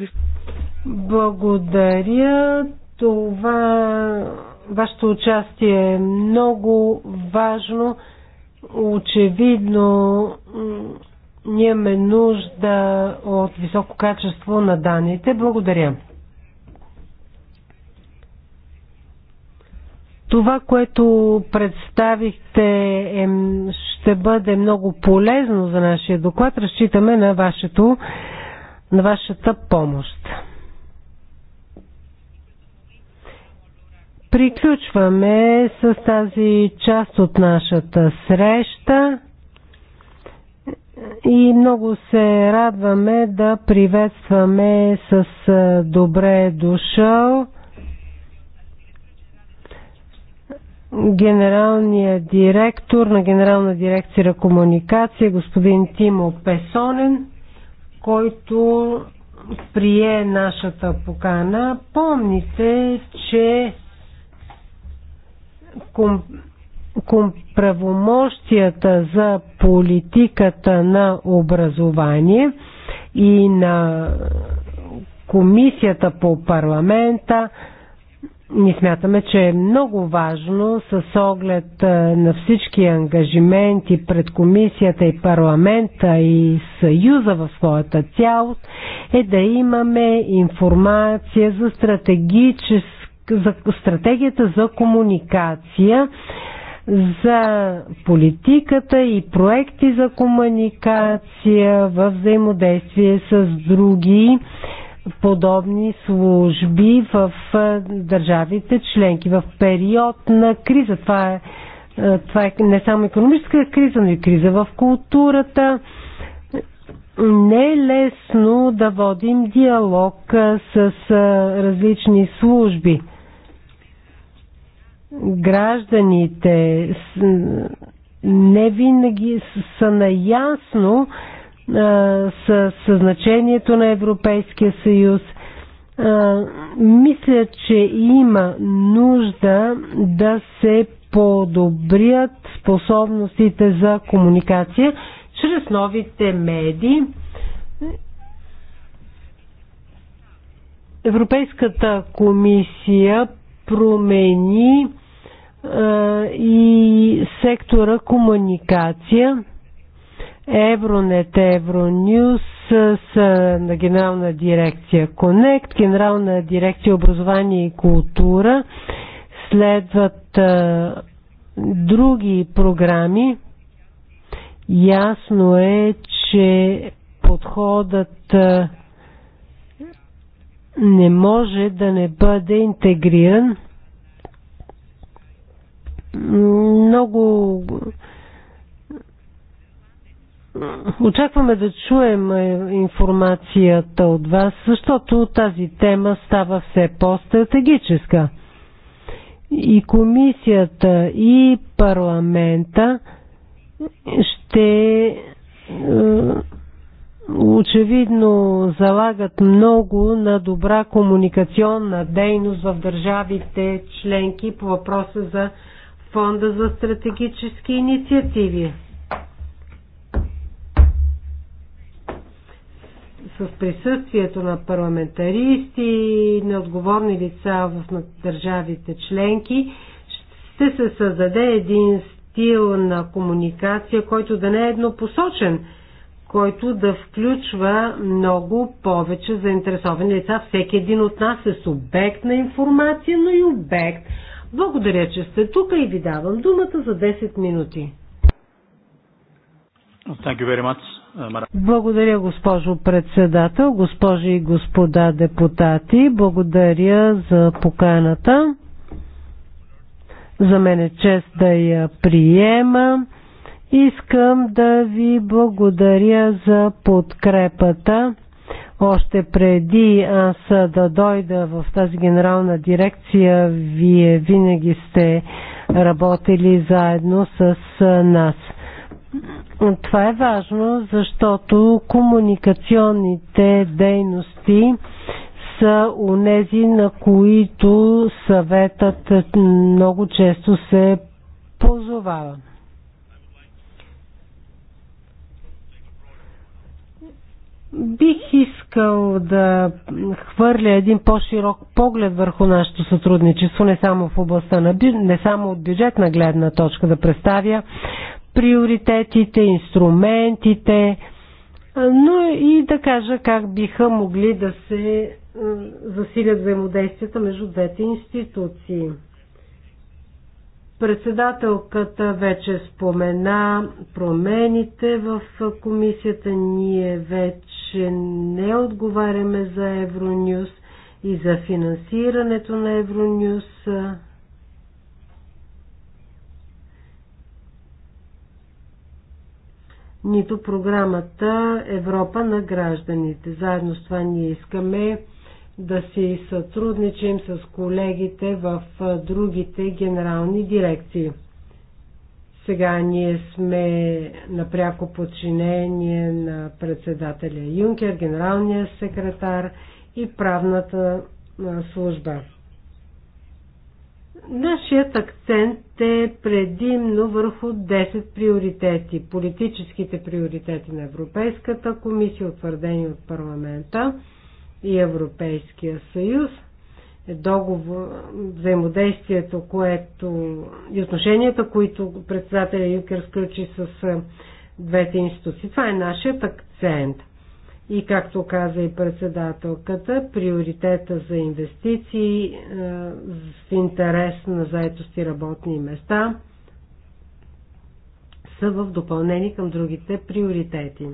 Благодаря. Това вашето участие е много важно. Очевидно ние имаме нужда от високо качество на данните. Благодаря. Това, което представихте, е, ще бъде много полезно за нашия доклад. Разчитаме на, вашето, на вашата помощ. Приключваме с тази част от нашата среща и много се радваме да приветстваме с е, добре е дошъл генералния директор на Генерална дирекция комуникация, господин Тимо Песонен, който прие нашата покана. Помните, че ком, ком, правомощията за политиката на образование и на Комисията по парламента ние смятаме, че е много важно с оглед на всички ангажименти пред комисията и парламента и съюза в своята цялост е да имаме информация за, за стратегията за комуникация за политиката и проекти за комуникация в взаимодействие с други подобни служби в държавите членки в период на криза. Това е, това е не само економическа криза, но и криза в културата. Не е лесно да водим диалог с различни служби. Гражданите не винаги са наясно, с, значението на Европейския съюз. Мисля, че има нужда да се подобрят способностите за комуникация чрез новите медии. Европейската комисия промени и сектора комуникация Евронет, Евронюс с на генерална дирекция Конект, генерална дирекция Образование и култура. Следват а, други програми. Ясно е, че подходът а, не може да не бъде интегриран. Много очакваме да чуем е, информацията от вас, защото тази тема става все по-стратегическа. И комисията, и парламента ще е, очевидно залагат много на добра комуникационна дейност в държавите членки по въпроса за фонда за стратегически инициативи. с присъствието на парламентаристи, на отговорни лица в държавите членки, ще се създаде един стил на комуникация, който да не е еднопосочен, който да включва много повече заинтересовани лица. Всеки един от нас е субект на информация, но и обект. Благодаря, че сте тук и ви давам думата за 10 минути. Thank you very much. Благодаря, госпожо председател, госпожи и господа депутати. Благодаря за поканата. За мен е чест да я приема. Искам да ви благодаря за подкрепата. Още преди аз да дойда в тази генерална дирекция, вие винаги сте работили заедно с нас. Това е важно, защото комуникационните дейности са унези, на които съветът много често се позовава. Бих искал да хвърля един по-широк поглед върху нашето сътрудничество, не само в областта на не само от бюджетна гледна точка, да представя приоритетите, инструментите, но и да кажа как биха могли да се засилят взаимодействията между двете институции. Председателката вече спомена промените в комисията. Ние вече не отговаряме за Евронюс и за финансирането на Евронюс. нито програмата Европа на гражданите. Заедно с това ние искаме да си сътрудничим с колегите в другите генерални дирекции. Сега ние сме напряко подчинение на председателя Юнкер, генералния секретар и правната служба. Нашият акцент е предимно върху 10 приоритети. Политическите приоритети на Европейската комисия, утвърдени от парламента и Европейския съюз, е договор, взаимодействието, което и отношенията, които председателя Юкер сключи с е, двете институции. Това е нашият акцент – и както каза и председателката, приоритета за инвестиции в е, интерес на заетости работни места са в допълнение към другите приоритети.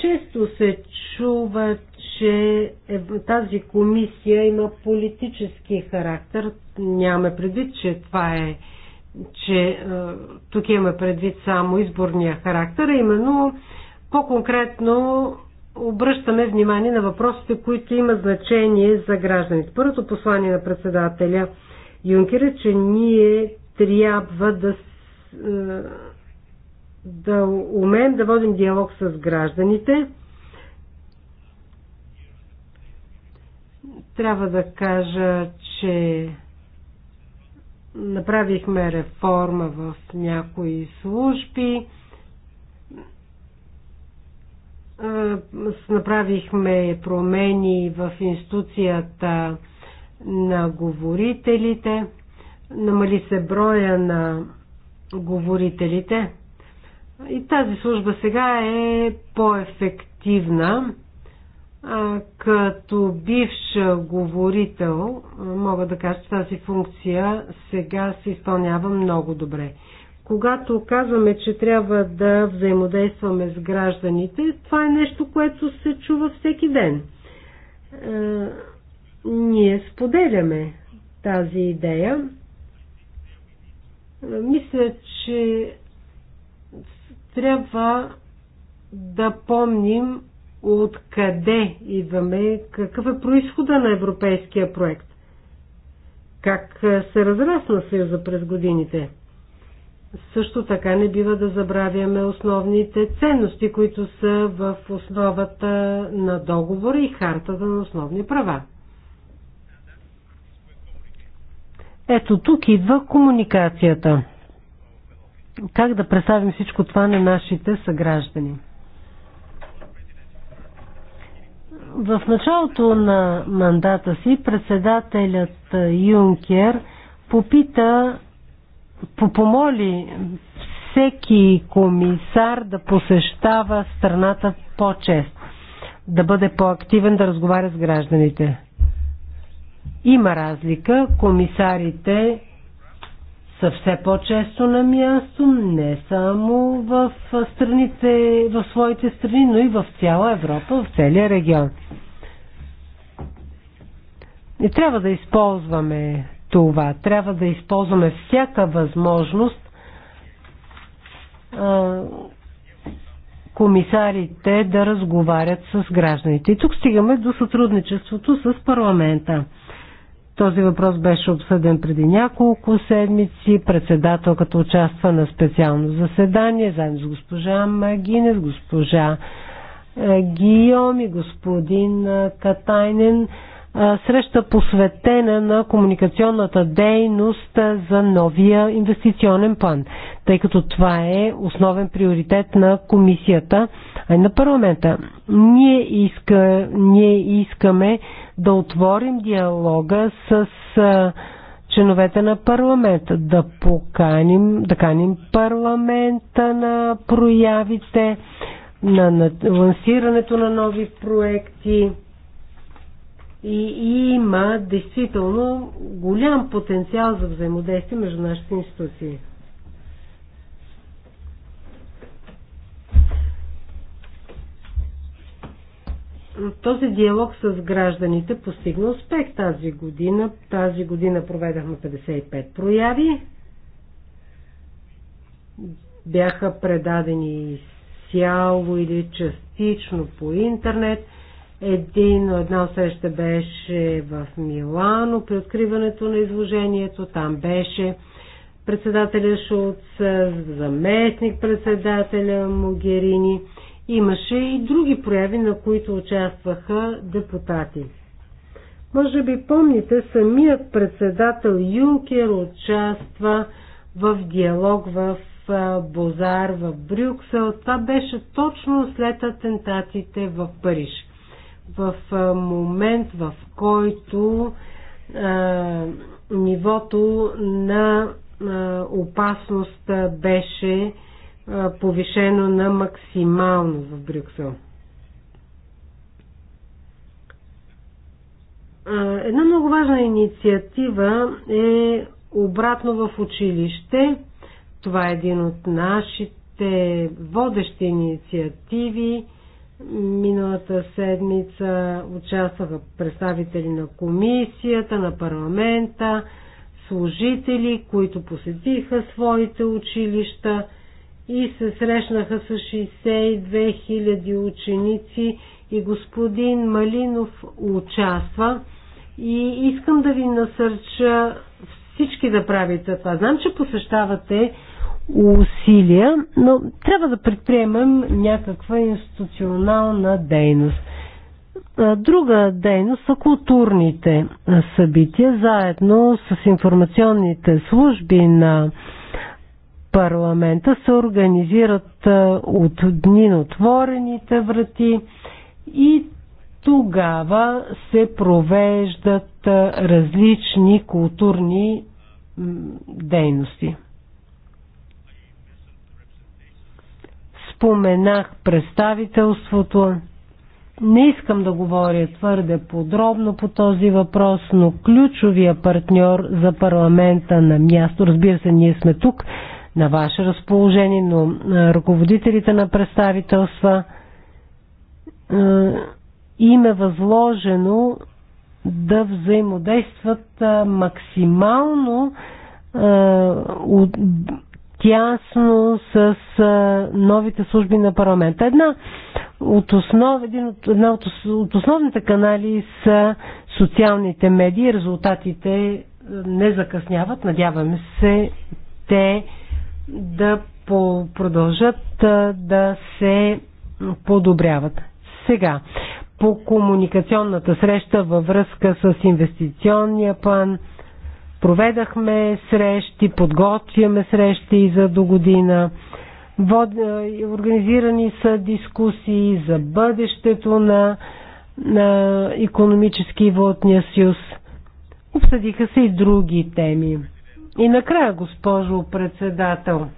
Често се чува, че е, тази комисия има политически характер. Нямаме предвид, че това е че е, тук имаме предвид само изборния характер, а именно по-конкретно обръщаме внимание на въпросите, които имат значение за гражданите. Първото послание на председателя Юнкер е, че ние трябва да, е, да умеем да водим диалог с гражданите. Трябва да кажа, че направихме реформа в някои служби, направихме промени в институцията на говорителите, намали се броя на говорителите и тази служба сега е по-ефективна като бивш говорител мога да кажа, че тази функция сега се изпълнява много добре. Когато казваме, че трябва да взаимодействаме с гражданите, това е нещо, което се чува всеки ден. Ние споделяме тази идея. Мисля, че трябва да помним откъде идваме, какъв е происхода на европейския проект, как е, се разрасна Съюза през годините. Също така не бива да забравяме основните ценности, които са в основата на договора и хартата на основни права. Ето тук идва комуникацията. Как да представим всичко това на нашите съграждани? В началото на мандата си председателят Юнкер попита, попомоли всеки комисар да посещава страната по-чест, да бъде по-активен, да разговаря с гражданите. Има разлика. Комисарите са все по-често на място, не само в страните, в своите страни, но и в цяла Европа, в целия регион. И трябва да използваме това, трябва да използваме всяка възможност комисарите да разговарят с гражданите. И тук стигаме до сътрудничеството с парламента. Този въпрос беше обсъден преди няколко седмици. Председател като участва на специално заседание, заедно с госпожа Магинес, госпожа е, Гиом и господин е, Катайнен е, среща посветена на комуникационната дейност за новия инвестиционен план, тъй като това е основен приоритет на комисията, а и на парламента. Ние, иска, ние искаме да отворим диалога с чиновете на парламента, да поканим, да каним парламента на проявите, на, на лансирането на нови проекти. И, и има действително голям потенциал за взаимодействие между нашите институции. този диалог с гражданите постигна успех тази година. Тази година проведахме 55 прояви. Бяха предадени цяло или частично по интернет. Един, една среща беше в Милано при откриването на изложението. Там беше председателя Шулц, заместник председателя Могерини Имаше и други прояви, на които участваха депутати. Може би помните, самият председател Юнкер участва в диалог в Бозар, в Брюксел. Това беше точно след атентатите в Париж. В момент, в който а, нивото на а, опасност беше повишено на максимално в Брюксел. Една много важна инициатива е обратно в училище. Това е един от нашите водещи инициативи. Миналата седмица участваха представители на комисията, на парламента, служители, които посетиха своите училища и се срещнаха с 62 000 ученици и господин Малинов участва. И искам да ви насърча всички да правите това. Знам, че посещавате усилия, но трябва да предприемем някаква институционална дейност. Друга дейност са културните събития, заедно с информационните служби на парламента се организират от дни на отворените врати и тогава се провеждат различни културни дейности. Споменах представителството. Не искам да говоря твърде подробно по този въпрос, но ключовия партньор за парламента на място, разбира се, ние сме тук, на ваше разположение, но ръководителите на представителства им е възложено да взаимодействат максимално тясно с новите служби на парламента. Една от, основ, един от, една от, от основните канали са социалните медии. Резултатите не закъсняват. Надяваме се те да продължат да се подобряват. Сега, по комуникационната среща във връзка с инвестиционния план, проведахме срещи, подготвяме срещи за до година. Вод, организирани са дискусии за бъдещето на, на економически и съюз. Обсъдиха се и други теми. И накрая, госпожо председател,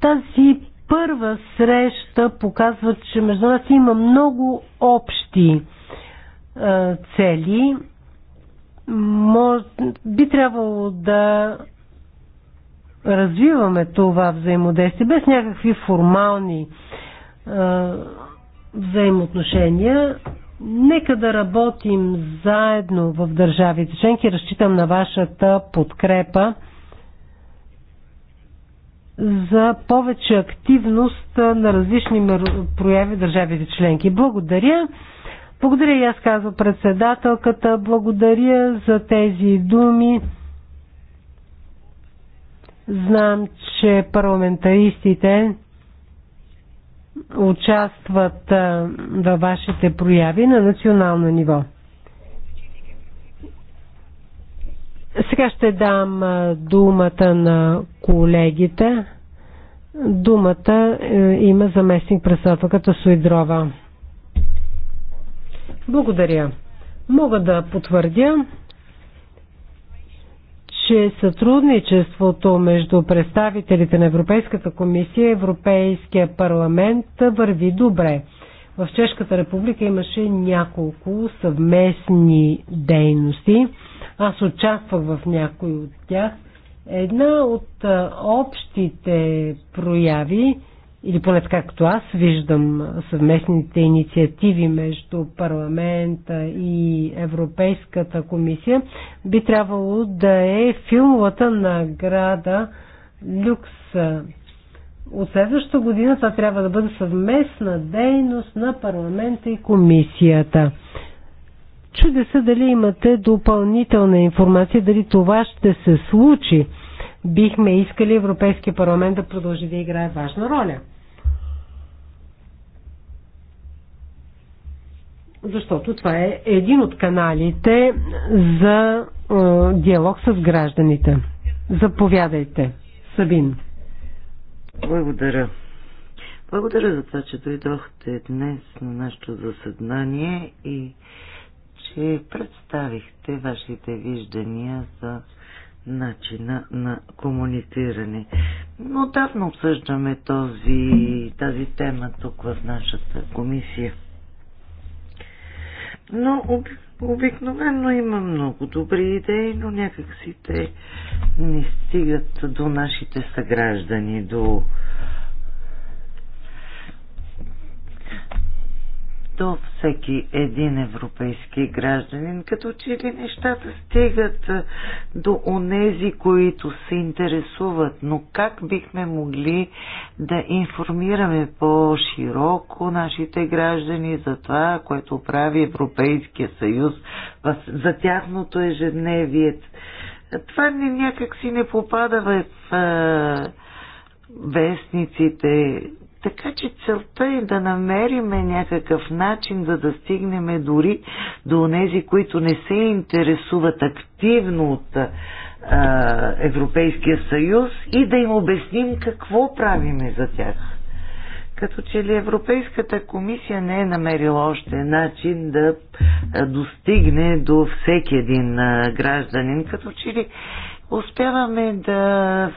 тази първа среща показва, че между нас има много общи е, цели. Мож, би трябвало да развиваме това взаимодействие без някакви формални е, взаимоотношения. Нека да работим заедно в държавите членки. Разчитам на вашата подкрепа за повече активност на различни прояви държавите членки. Благодаря. Благодаря и аз казва председателката. Благодаря за тези думи. Знам, че парламентаристите участват във вашите прояви на национално ниво. Сега ще дам думата на колегите. Думата е, има заместник председателката Суидрова. Благодаря. Мога да потвърдя, че сътрудничеството между представителите на Европейската комисия и Европейския парламент върви добре. В Чешката република имаше няколко съвместни дейности. Аз участвах в някои от тях. Една от общите прояви или поне както аз виждам съвместните инициативи между парламента и Европейската комисия, би трябвало да е филмовата награда Люкс. От следващата година това трябва да бъде съвместна дейност на парламента и комисията. чудеса се дали имате допълнителна информация, дали това ще се случи бихме искали Европейския парламент да продължи да играе важна роля. Защото това е един от каналите за е, диалог с гражданите. Заповядайте, Сабин. Благодаря. Благодаря за това, че дойдохте днес на нашето заседание и че представихте вашите виждания за начина на комунициране. Но давно обсъждаме този, тази тема тук в нашата комисия. Но об, обикновено има много добри идеи, но някакси те не стигат до нашите съграждани, до до всеки един европейски гражданин, като че ли нещата стигат до онези, които се интересуват, но как бихме могли да информираме по-широко нашите граждани за това, което прави Европейския съюз, за тяхното ежедневие. Това не, някак си не попада в вестниците, така че целта е да намериме някакъв начин, да стигнем дори до тези, които не се интересуват активно от а, Европейския съюз и да им обясним какво правиме за тях. Като че ли Европейската комисия не е намерила още начин да достигне до всеки един гражданин, като че ли успяваме да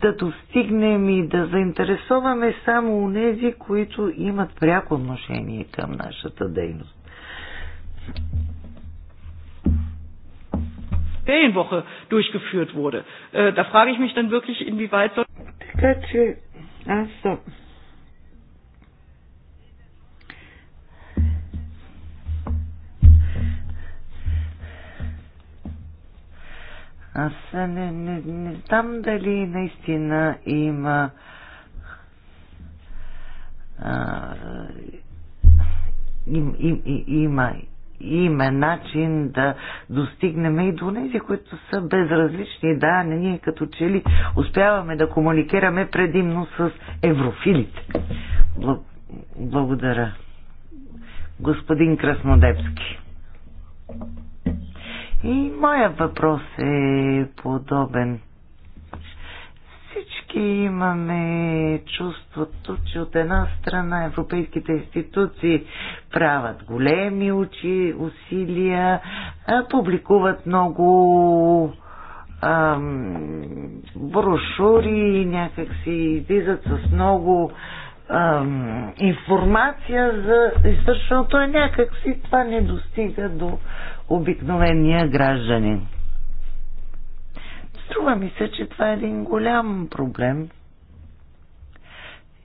да достигнем и да заинтересоваме само онези, които имат пряко отношение към нашата дейност. Пейнвоха durchgeführt wurde. Äh, da frage ich mich dann wirklich, Така че аз съм. Аз не, не, не знам дали наистина има а, им, им, им, има има начин да достигнем и до нези, които са безразлични. Да, не ние като че ли успяваме да комуникираме предимно с еврофилите. Благодаря. Господин Краснодепски. И моя въпрос е подобен. Всички имаме чувството, че от една страна европейските институции правят големи очи, усилия, публикуват много ам, брошури, някакси излизат с много информация за извършеното е си това не достига до обикновения гражданин. Струва ми се, че това е един голям проблем.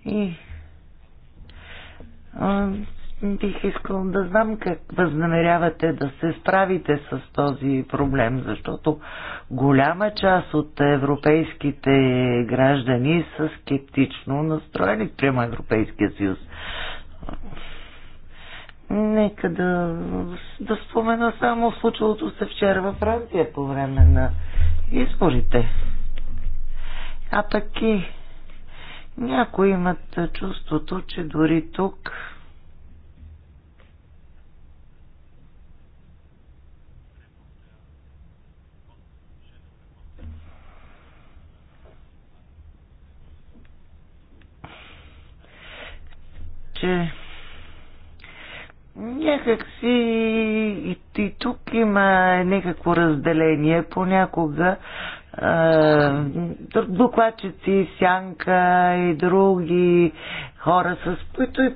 И бих искал да знам как възнамерявате да се справите с този проблем, защото голяма част от европейските граждани са скептично настроени прямо Европейския съюз. Нека да, да спомена само случилото се вчера във Франция по време на изборите. А пък и някои имат чувството, че дори тук че някакси и, и тук има някакво разделение. Понякога А, докладчици, сянка и други хора, с които и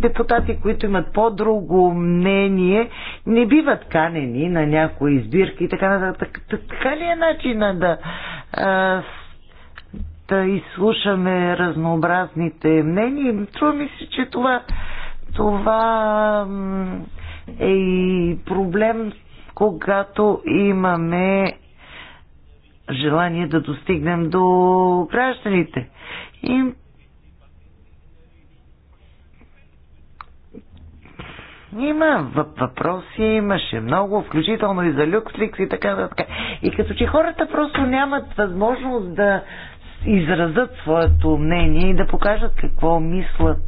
депутати, които имат по-друго мнение, не биват канени на някои избирки и така нататък. Така ли е начина да да изслушаме разнообразните мнения. Трудно ми се, че това, това е и проблем, когато имаме желание да достигнем до гражданите. И Има въпроси, имаше много, включително и за люксликс и така нататък. И като че хората просто нямат възможност да, изразят своето мнение и да покажат какво мислят.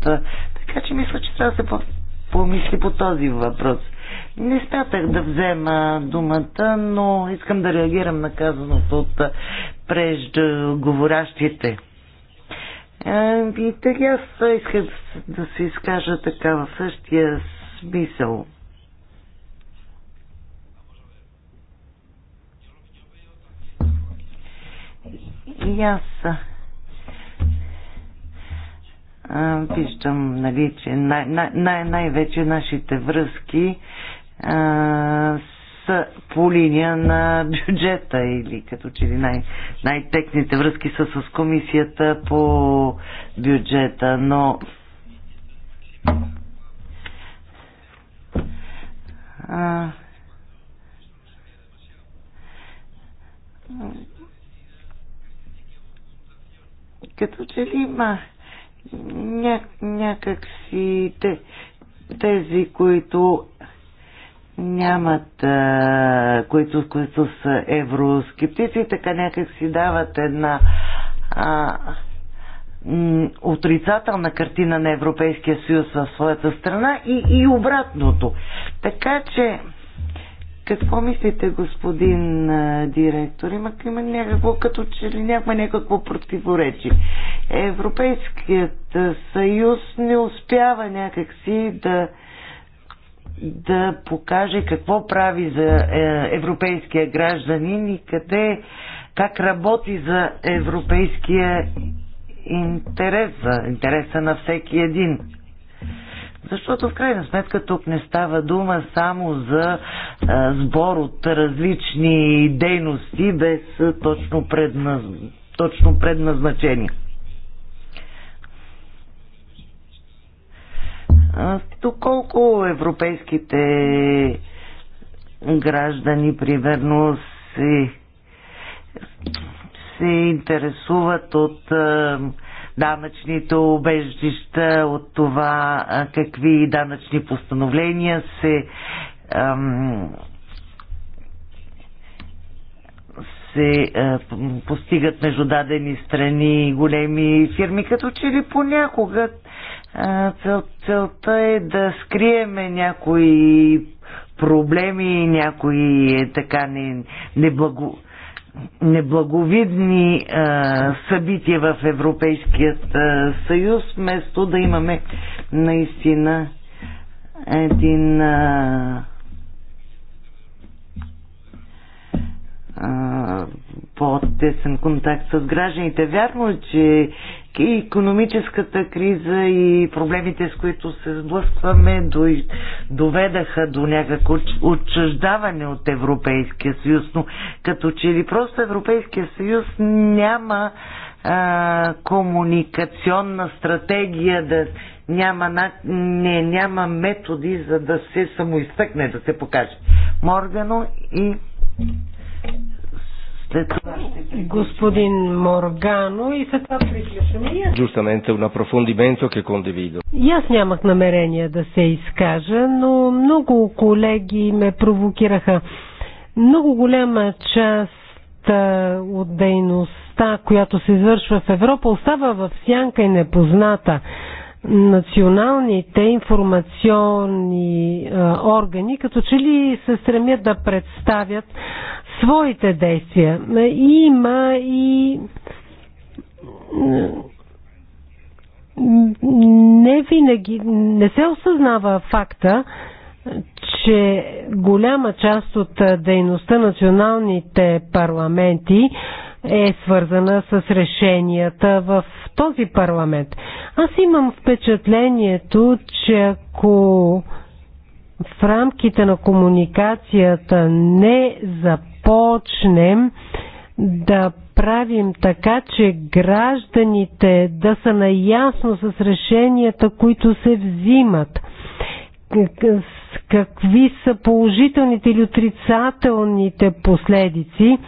Така че мисля, че трябва да се помисли по този въпрос. Не смятах да взема думата, но искам да реагирам на казаното от преждоговорящите. И така аз исках да се изкажа така в същия смисъл. И аз а, виждам, нали, че най- най- най- най-вече нашите връзки а, са по линия на бюджета или като че ли най- най-текните връзки са с комисията по бюджета, но а, Като че ли има ня, някакси те, тези, които нямат, а, които, които са евроскептици, така някак си дават една а, отрицателна картина на Европейския съюз в своята страна и, и обратното. Така че какво мислите, господин директор? Има, има някакво, като че ли няма някакво противоречие. Европейският съюз не успява някакси да да покаже какво прави за е, европейския гражданин и къде, как работи за европейския интерес, за интереса на всеки един. Защото в крайна сметка тук не става дума само за а, сбор от различни дейности без точно, предназ... точно предназначение. доколко европейските граждани, примерно, се, се интересуват от а, данъчните обеждища, от това какви данъчни постановления се ам, се постигат между дадени страни и големи фирми, като че ли понякога цел, целта е да скриеме някои проблеми, някои е, така не, неблаго, неблаговидни а, е, събития в Европейският а, е, съюз, вместо да имаме наистина един а, е, по-тесен контакт с гражданите. Вярно е, че и економическата криза и проблемите, с които се сблъскваме, доведаха до някакво отчуждаване от Европейския съюз, но като че ли просто Европейския съюз няма а, комуникационна стратегия, да няма, не, няма методи за да се самоизтъкне, да се покаже. Моргано и след това ще господин Моргано и след това приключваме. Giustamente на профундименто ке кондивидо. И аз нямах намерение да се изкажа, но много колеги ме провокираха. Много голяма част от дейността, която се извършва в Европа, остава в сянка и непозната националните информационни органи като че ли се стремят да представят своите действия. Има и не винаги не се осъзнава факта, че голяма част от дейността националните парламенти е свързана с решенията в този парламент. Аз имам впечатлението, че ако в рамките на комуникацията не започнем да правим така, че гражданите да са наясно с решенията, които се взимат. Какви са положителните или отрицателните последици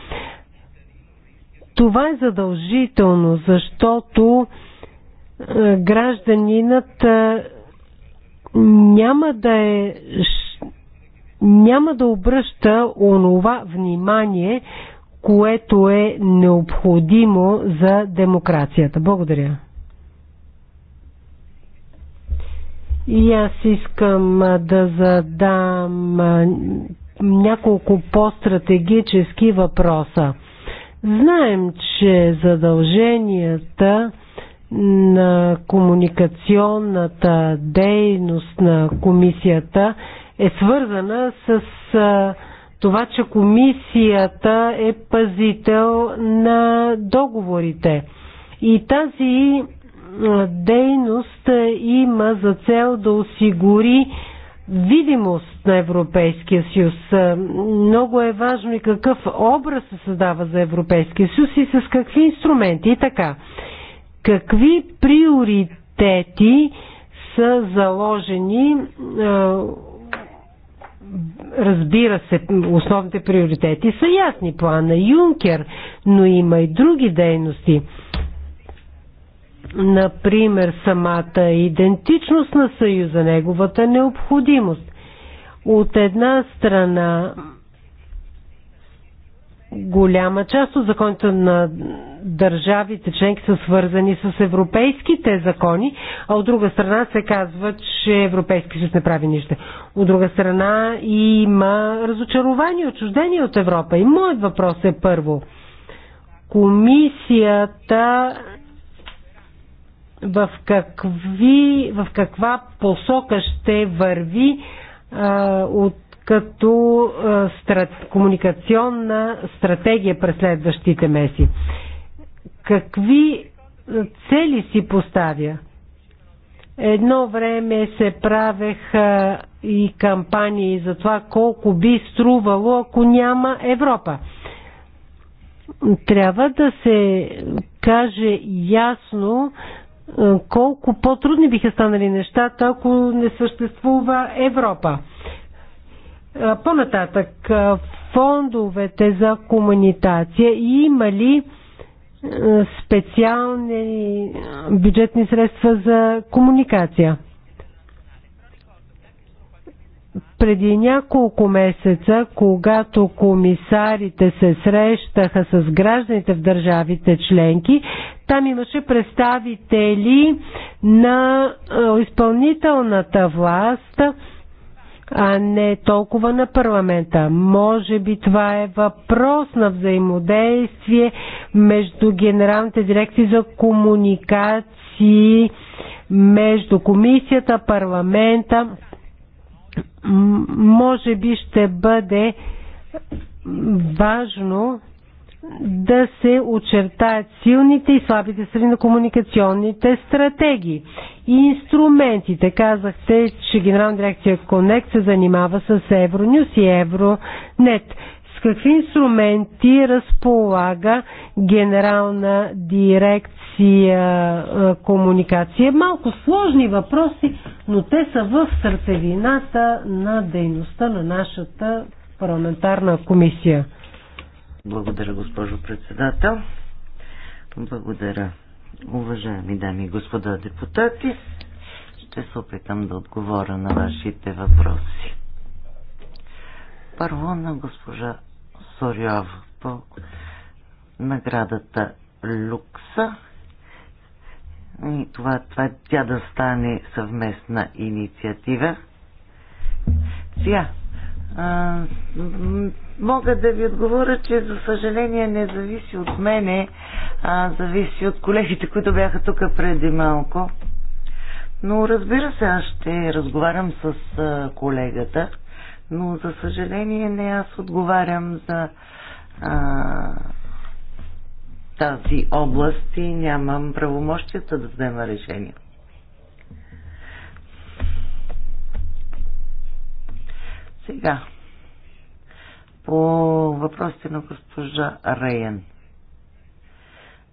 това е задължително, защото е, гражданинът е, няма да е няма да обръща онова внимание, което е необходимо за демокрацията. Благодаря. И аз искам е, да задам няколко по-стратегически въпроса. Знаем, че задълженията на комуникационната дейност на комисията е свързана с това, че комисията е пазител на договорите. И тази дейност има за цел да осигури видимост на Европейския съюз. Е, много е важно и какъв образ се създава за Европейския съюз и с какви инструменти и така. Какви приоритети са заложени, е, разбира се, основните приоритети са ясни, плана Юнкер, но има и други дейности – Например, самата идентичност на Съюза, неговата необходимост. От една страна, голяма част от законите на държавите членки са свързани с европейските закони, а от друга страна се казва, че Европейски съюз не прави нищо. От друга страна има разочарование, отчуждение от Европа. И моят въпрос е първо. Комисията в, какви, в каква посока ще върви а, от като а, страт, комуникационна стратегия през следващите меси. Какви цели си поставя? Едно време се правеха и кампании за това колко би струвало, ако няма Европа. Трябва да се каже ясно колко по-трудни биха станали нещата, ако не съществува Европа. По-нататък, фондовете за комуникация има ли специални бюджетни средства за комуникация? преди няколко месеца, когато комисарите се срещаха с гражданите в държавите членки, там имаше представители на изпълнителната власт, а не толкова на парламента. Може би това е въпрос на взаимодействие между генералните дирекции за комуникации, между комисията, парламента може би ще бъде важно да се очертаят силните и слабите страни на комуникационните стратегии и инструментите. Казахте, че Генерална дирекция Конект се занимава с Евронюс и Евронет. С какви инструменти разполага Генерална дирекция информация, е, комуникация. Малко сложни въпроси, но те са в сърцевината на дейността на нашата парламентарна комисия. Благодаря, госпожо председател. Благодаря, уважаеми дами и господа депутати. Ще се опитам да отговоря на вашите въпроси. Първо на госпожа Сорява по наградата Люкса Ами, това, това тя да стане съвместна инициатива. Сега, а, мога да ви отговоря, че за съжаление не зависи от мене, а зависи от колегите, които бяха тук преди малко. Но разбира се, аз ще разговарям с а, колегата, но за съжаление не аз отговарям за а, тази област и нямам правомощията да взема решение. Сега, по въпросите на госпожа Рейен.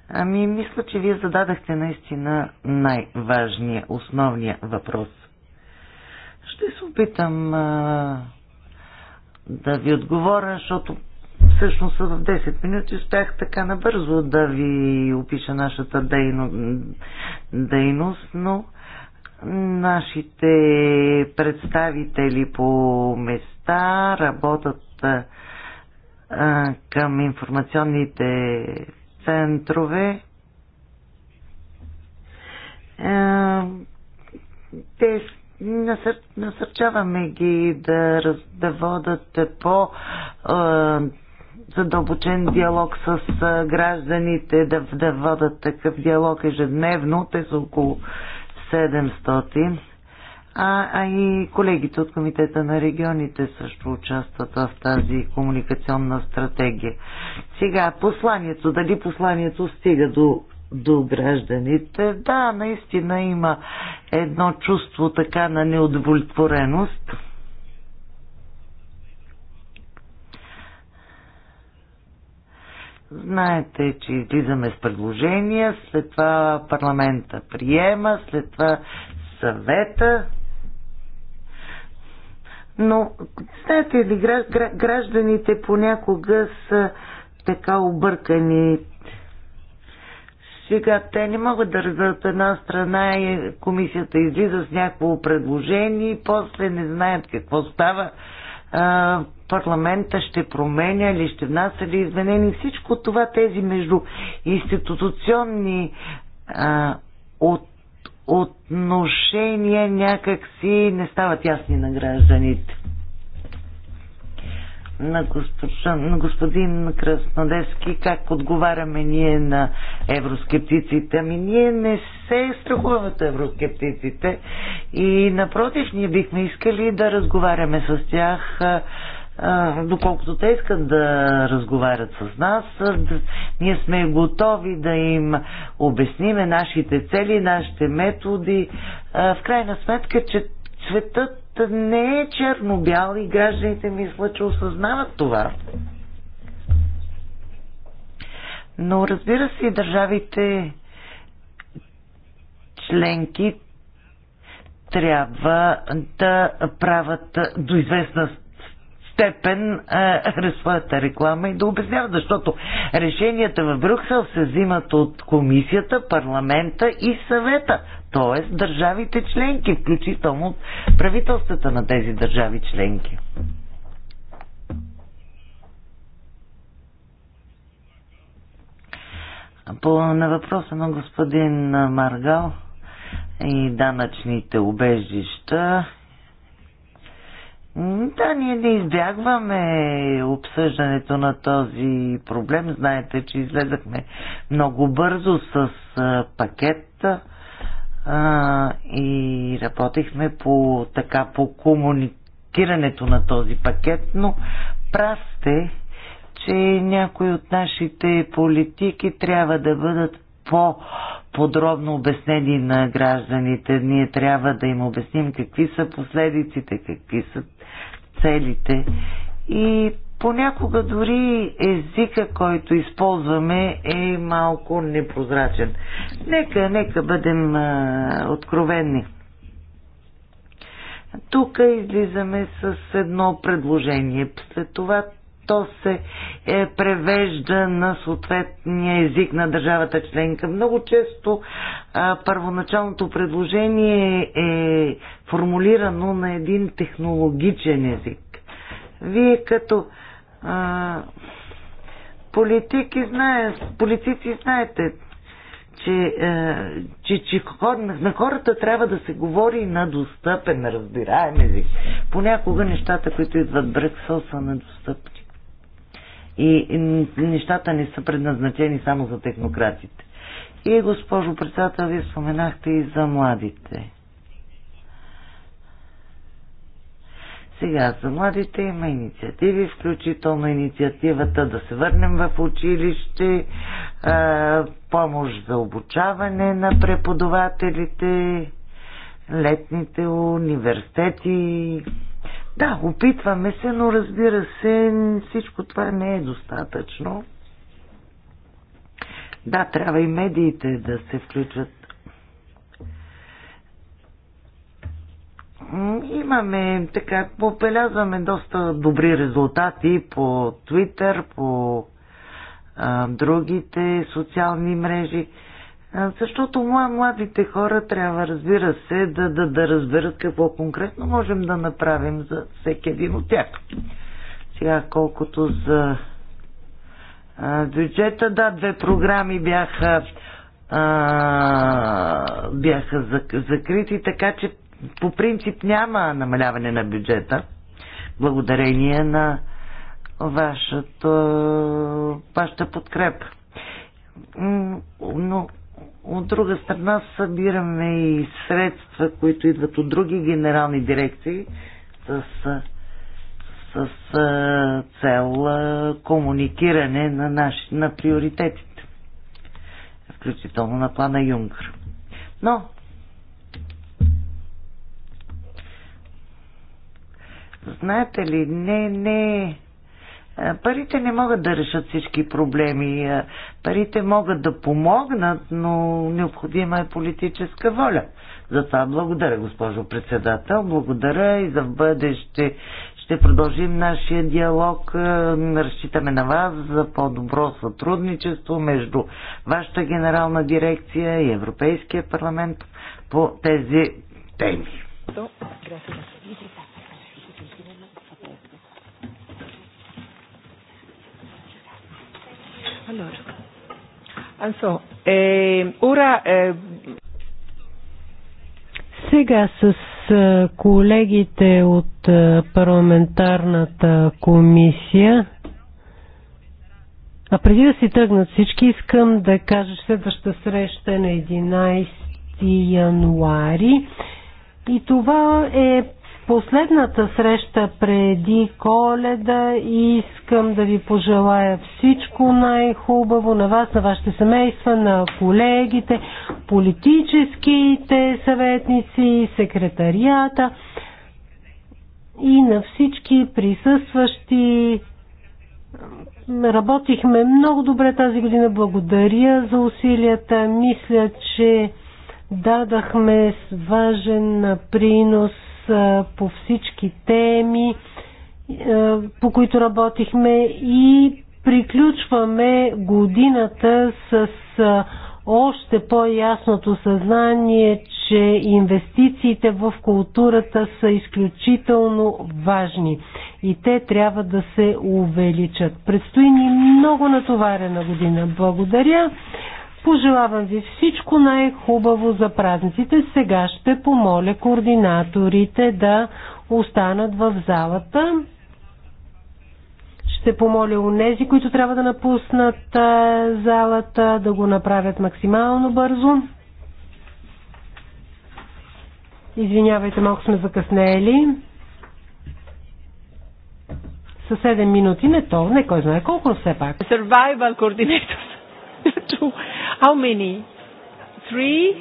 Ами, мисля, че вие зададахте наистина най-важния, основния въпрос. Ще се опитам а, да ви отговоря, защото всъщност в 10 минути успях така набързо да ви опиша нашата дейно, дейност, но нашите представители по места работят а, към информационните центрове. А, те насър... насърчаваме ги да, да водат по а, задълбочен диалог с гражданите, да, да водат такъв диалог ежедневно. Те са около 700. А, а и колегите от Комитета на регионите също участват в тази комуникационна стратегия. Сега, посланието, дали посланието стига до, до гражданите? Да, наистина има едно чувство така на неудовлетвореност Знаете, че излизаме с предложения, след това парламента приема, след това съвета. Но, знаете ли, гражданите понякога са така объркани. Сега те не могат да разберат една страна и е, комисията излиза с някакво предложение и после не знаят какво става парламента ще променя ли, ще внася ли изменени. Всичко това тези между институционни а, от, отношения някакси не стават ясни на гражданите на, госпожа, на господин Краснодевски как отговаряме ние на евроскептиците. Ами ние не се страхуваме от евроскептиците и напротив, ние бихме искали да разговаряме с тях доколкото те искат да разговарят с нас, ние сме готови да им обясниме нашите цели, нашите методи. В крайна сметка, че Светът не е черно-бял и гражданите мисля, че осъзнават това. Но разбира се, държавите членки трябва да правят до известна степен е, своята реклама и да обясняват, защото решенията в Брюксел се взимат от комисията, парламента и съвета т.е. държавите членки, включително правителствата на тези държави членки. По, на въпроса на господин Маргал и данъчните убежища, да, ние не избягваме обсъждането на този проблем. Знаете, че излезахме много бързо с пакет а, и работехме по така по комуникирането на този пакет, но прав сте, че някои от нашите политики трябва да бъдат по-подробно обяснени на гражданите. Ние трябва да им обясним какви са последиците, какви са целите и Понякога дори езика, който използваме, е малко непрозрачен. Нека, нека бъдем а, откровенни. Тук излизаме с едно предложение. След това то се е, превежда на съответния език на държавата членка. Много често а, първоначалното предложение е формулирано на един технологичен език. Вие като политики знаят, политици знаете, че, а, е, че, че хор, на хората трябва да се говори на достъпен, разбираем език. Понякога нещата, които идват Брексел, са недостъпни. И, и нещата не са предназначени само за технократите. И, госпожо председател, вие споменахте и за младите. Сега за младите има инициативи, включително инициативата да се върнем в училище, помощ за обучаване на преподавателите, летните университети. Да, опитваме се, но разбира се, всичко това не е достатъчно. Да, трябва и медиите да се включат Имаме, така, побелязваме доста добри резултати по Twitter, по а, другите социални мрежи. А, защото младите хора трябва, разбира се, да, да, да разберат какво конкретно можем да направим за всеки един от тях. Сега, колкото за а, бюджета, да, две програми бяха а, бяха закрити, така че по принцип няма намаляване на бюджета, благодарение на вашата, вашата подкрепа. Но от друга страна събираме и средства, които идват от други генерални дирекции с, с, с цел комуникиране на, наши, на приоритетите, включително на плана Юнкър. Но Знаете ли, не, не. Парите не могат да решат всички проблеми. Парите могат да помогнат, но необходима е политическа воля. За това благодаря, госпожо председател. Благодаря и за в бъдеще ще продължим нашия диалог. Разчитаме на вас за по-добро сътрудничество между вашата генерална дирекция и Европейския парламент по тези теми. Gracias. Allora. Also, eh, ура, eh... Сега с eh, колегите от eh, парламентарната комисия. А преди да си тръгнат всички, искам да кажа, че следваща среща е на 11 януари. И това е последната среща преди коледа и искам да ви пожелая всичко най-хубаво на вас, на вашите семейства, на колегите, политическите съветници, секретарията и на всички присъстващи. Работихме много добре тази година. Благодаря за усилията. Мисля, че дадахме важен принос по всички теми, по които работихме и приключваме годината с още по-ясното съзнание, че инвестициите в културата са изключително важни и те трябва да се увеличат. Предстои ни много натоварена година. Благодаря. Пожелавам ви всичко най-хубаво за празниците. Сега ще помоля координаторите да останат в залата. Ще помоля унези, които трябва да напуснат залата, да го направят максимално бързо. Извинявайте, малко сме закъснели. Със 7 минути, не то, не кой знае колко, все пак. Survival координатор! Two. How many? Three?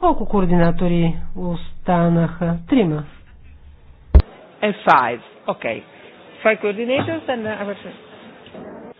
Колко координатори останаха? Трима. And five. Okay. Five coordinators and... Uh,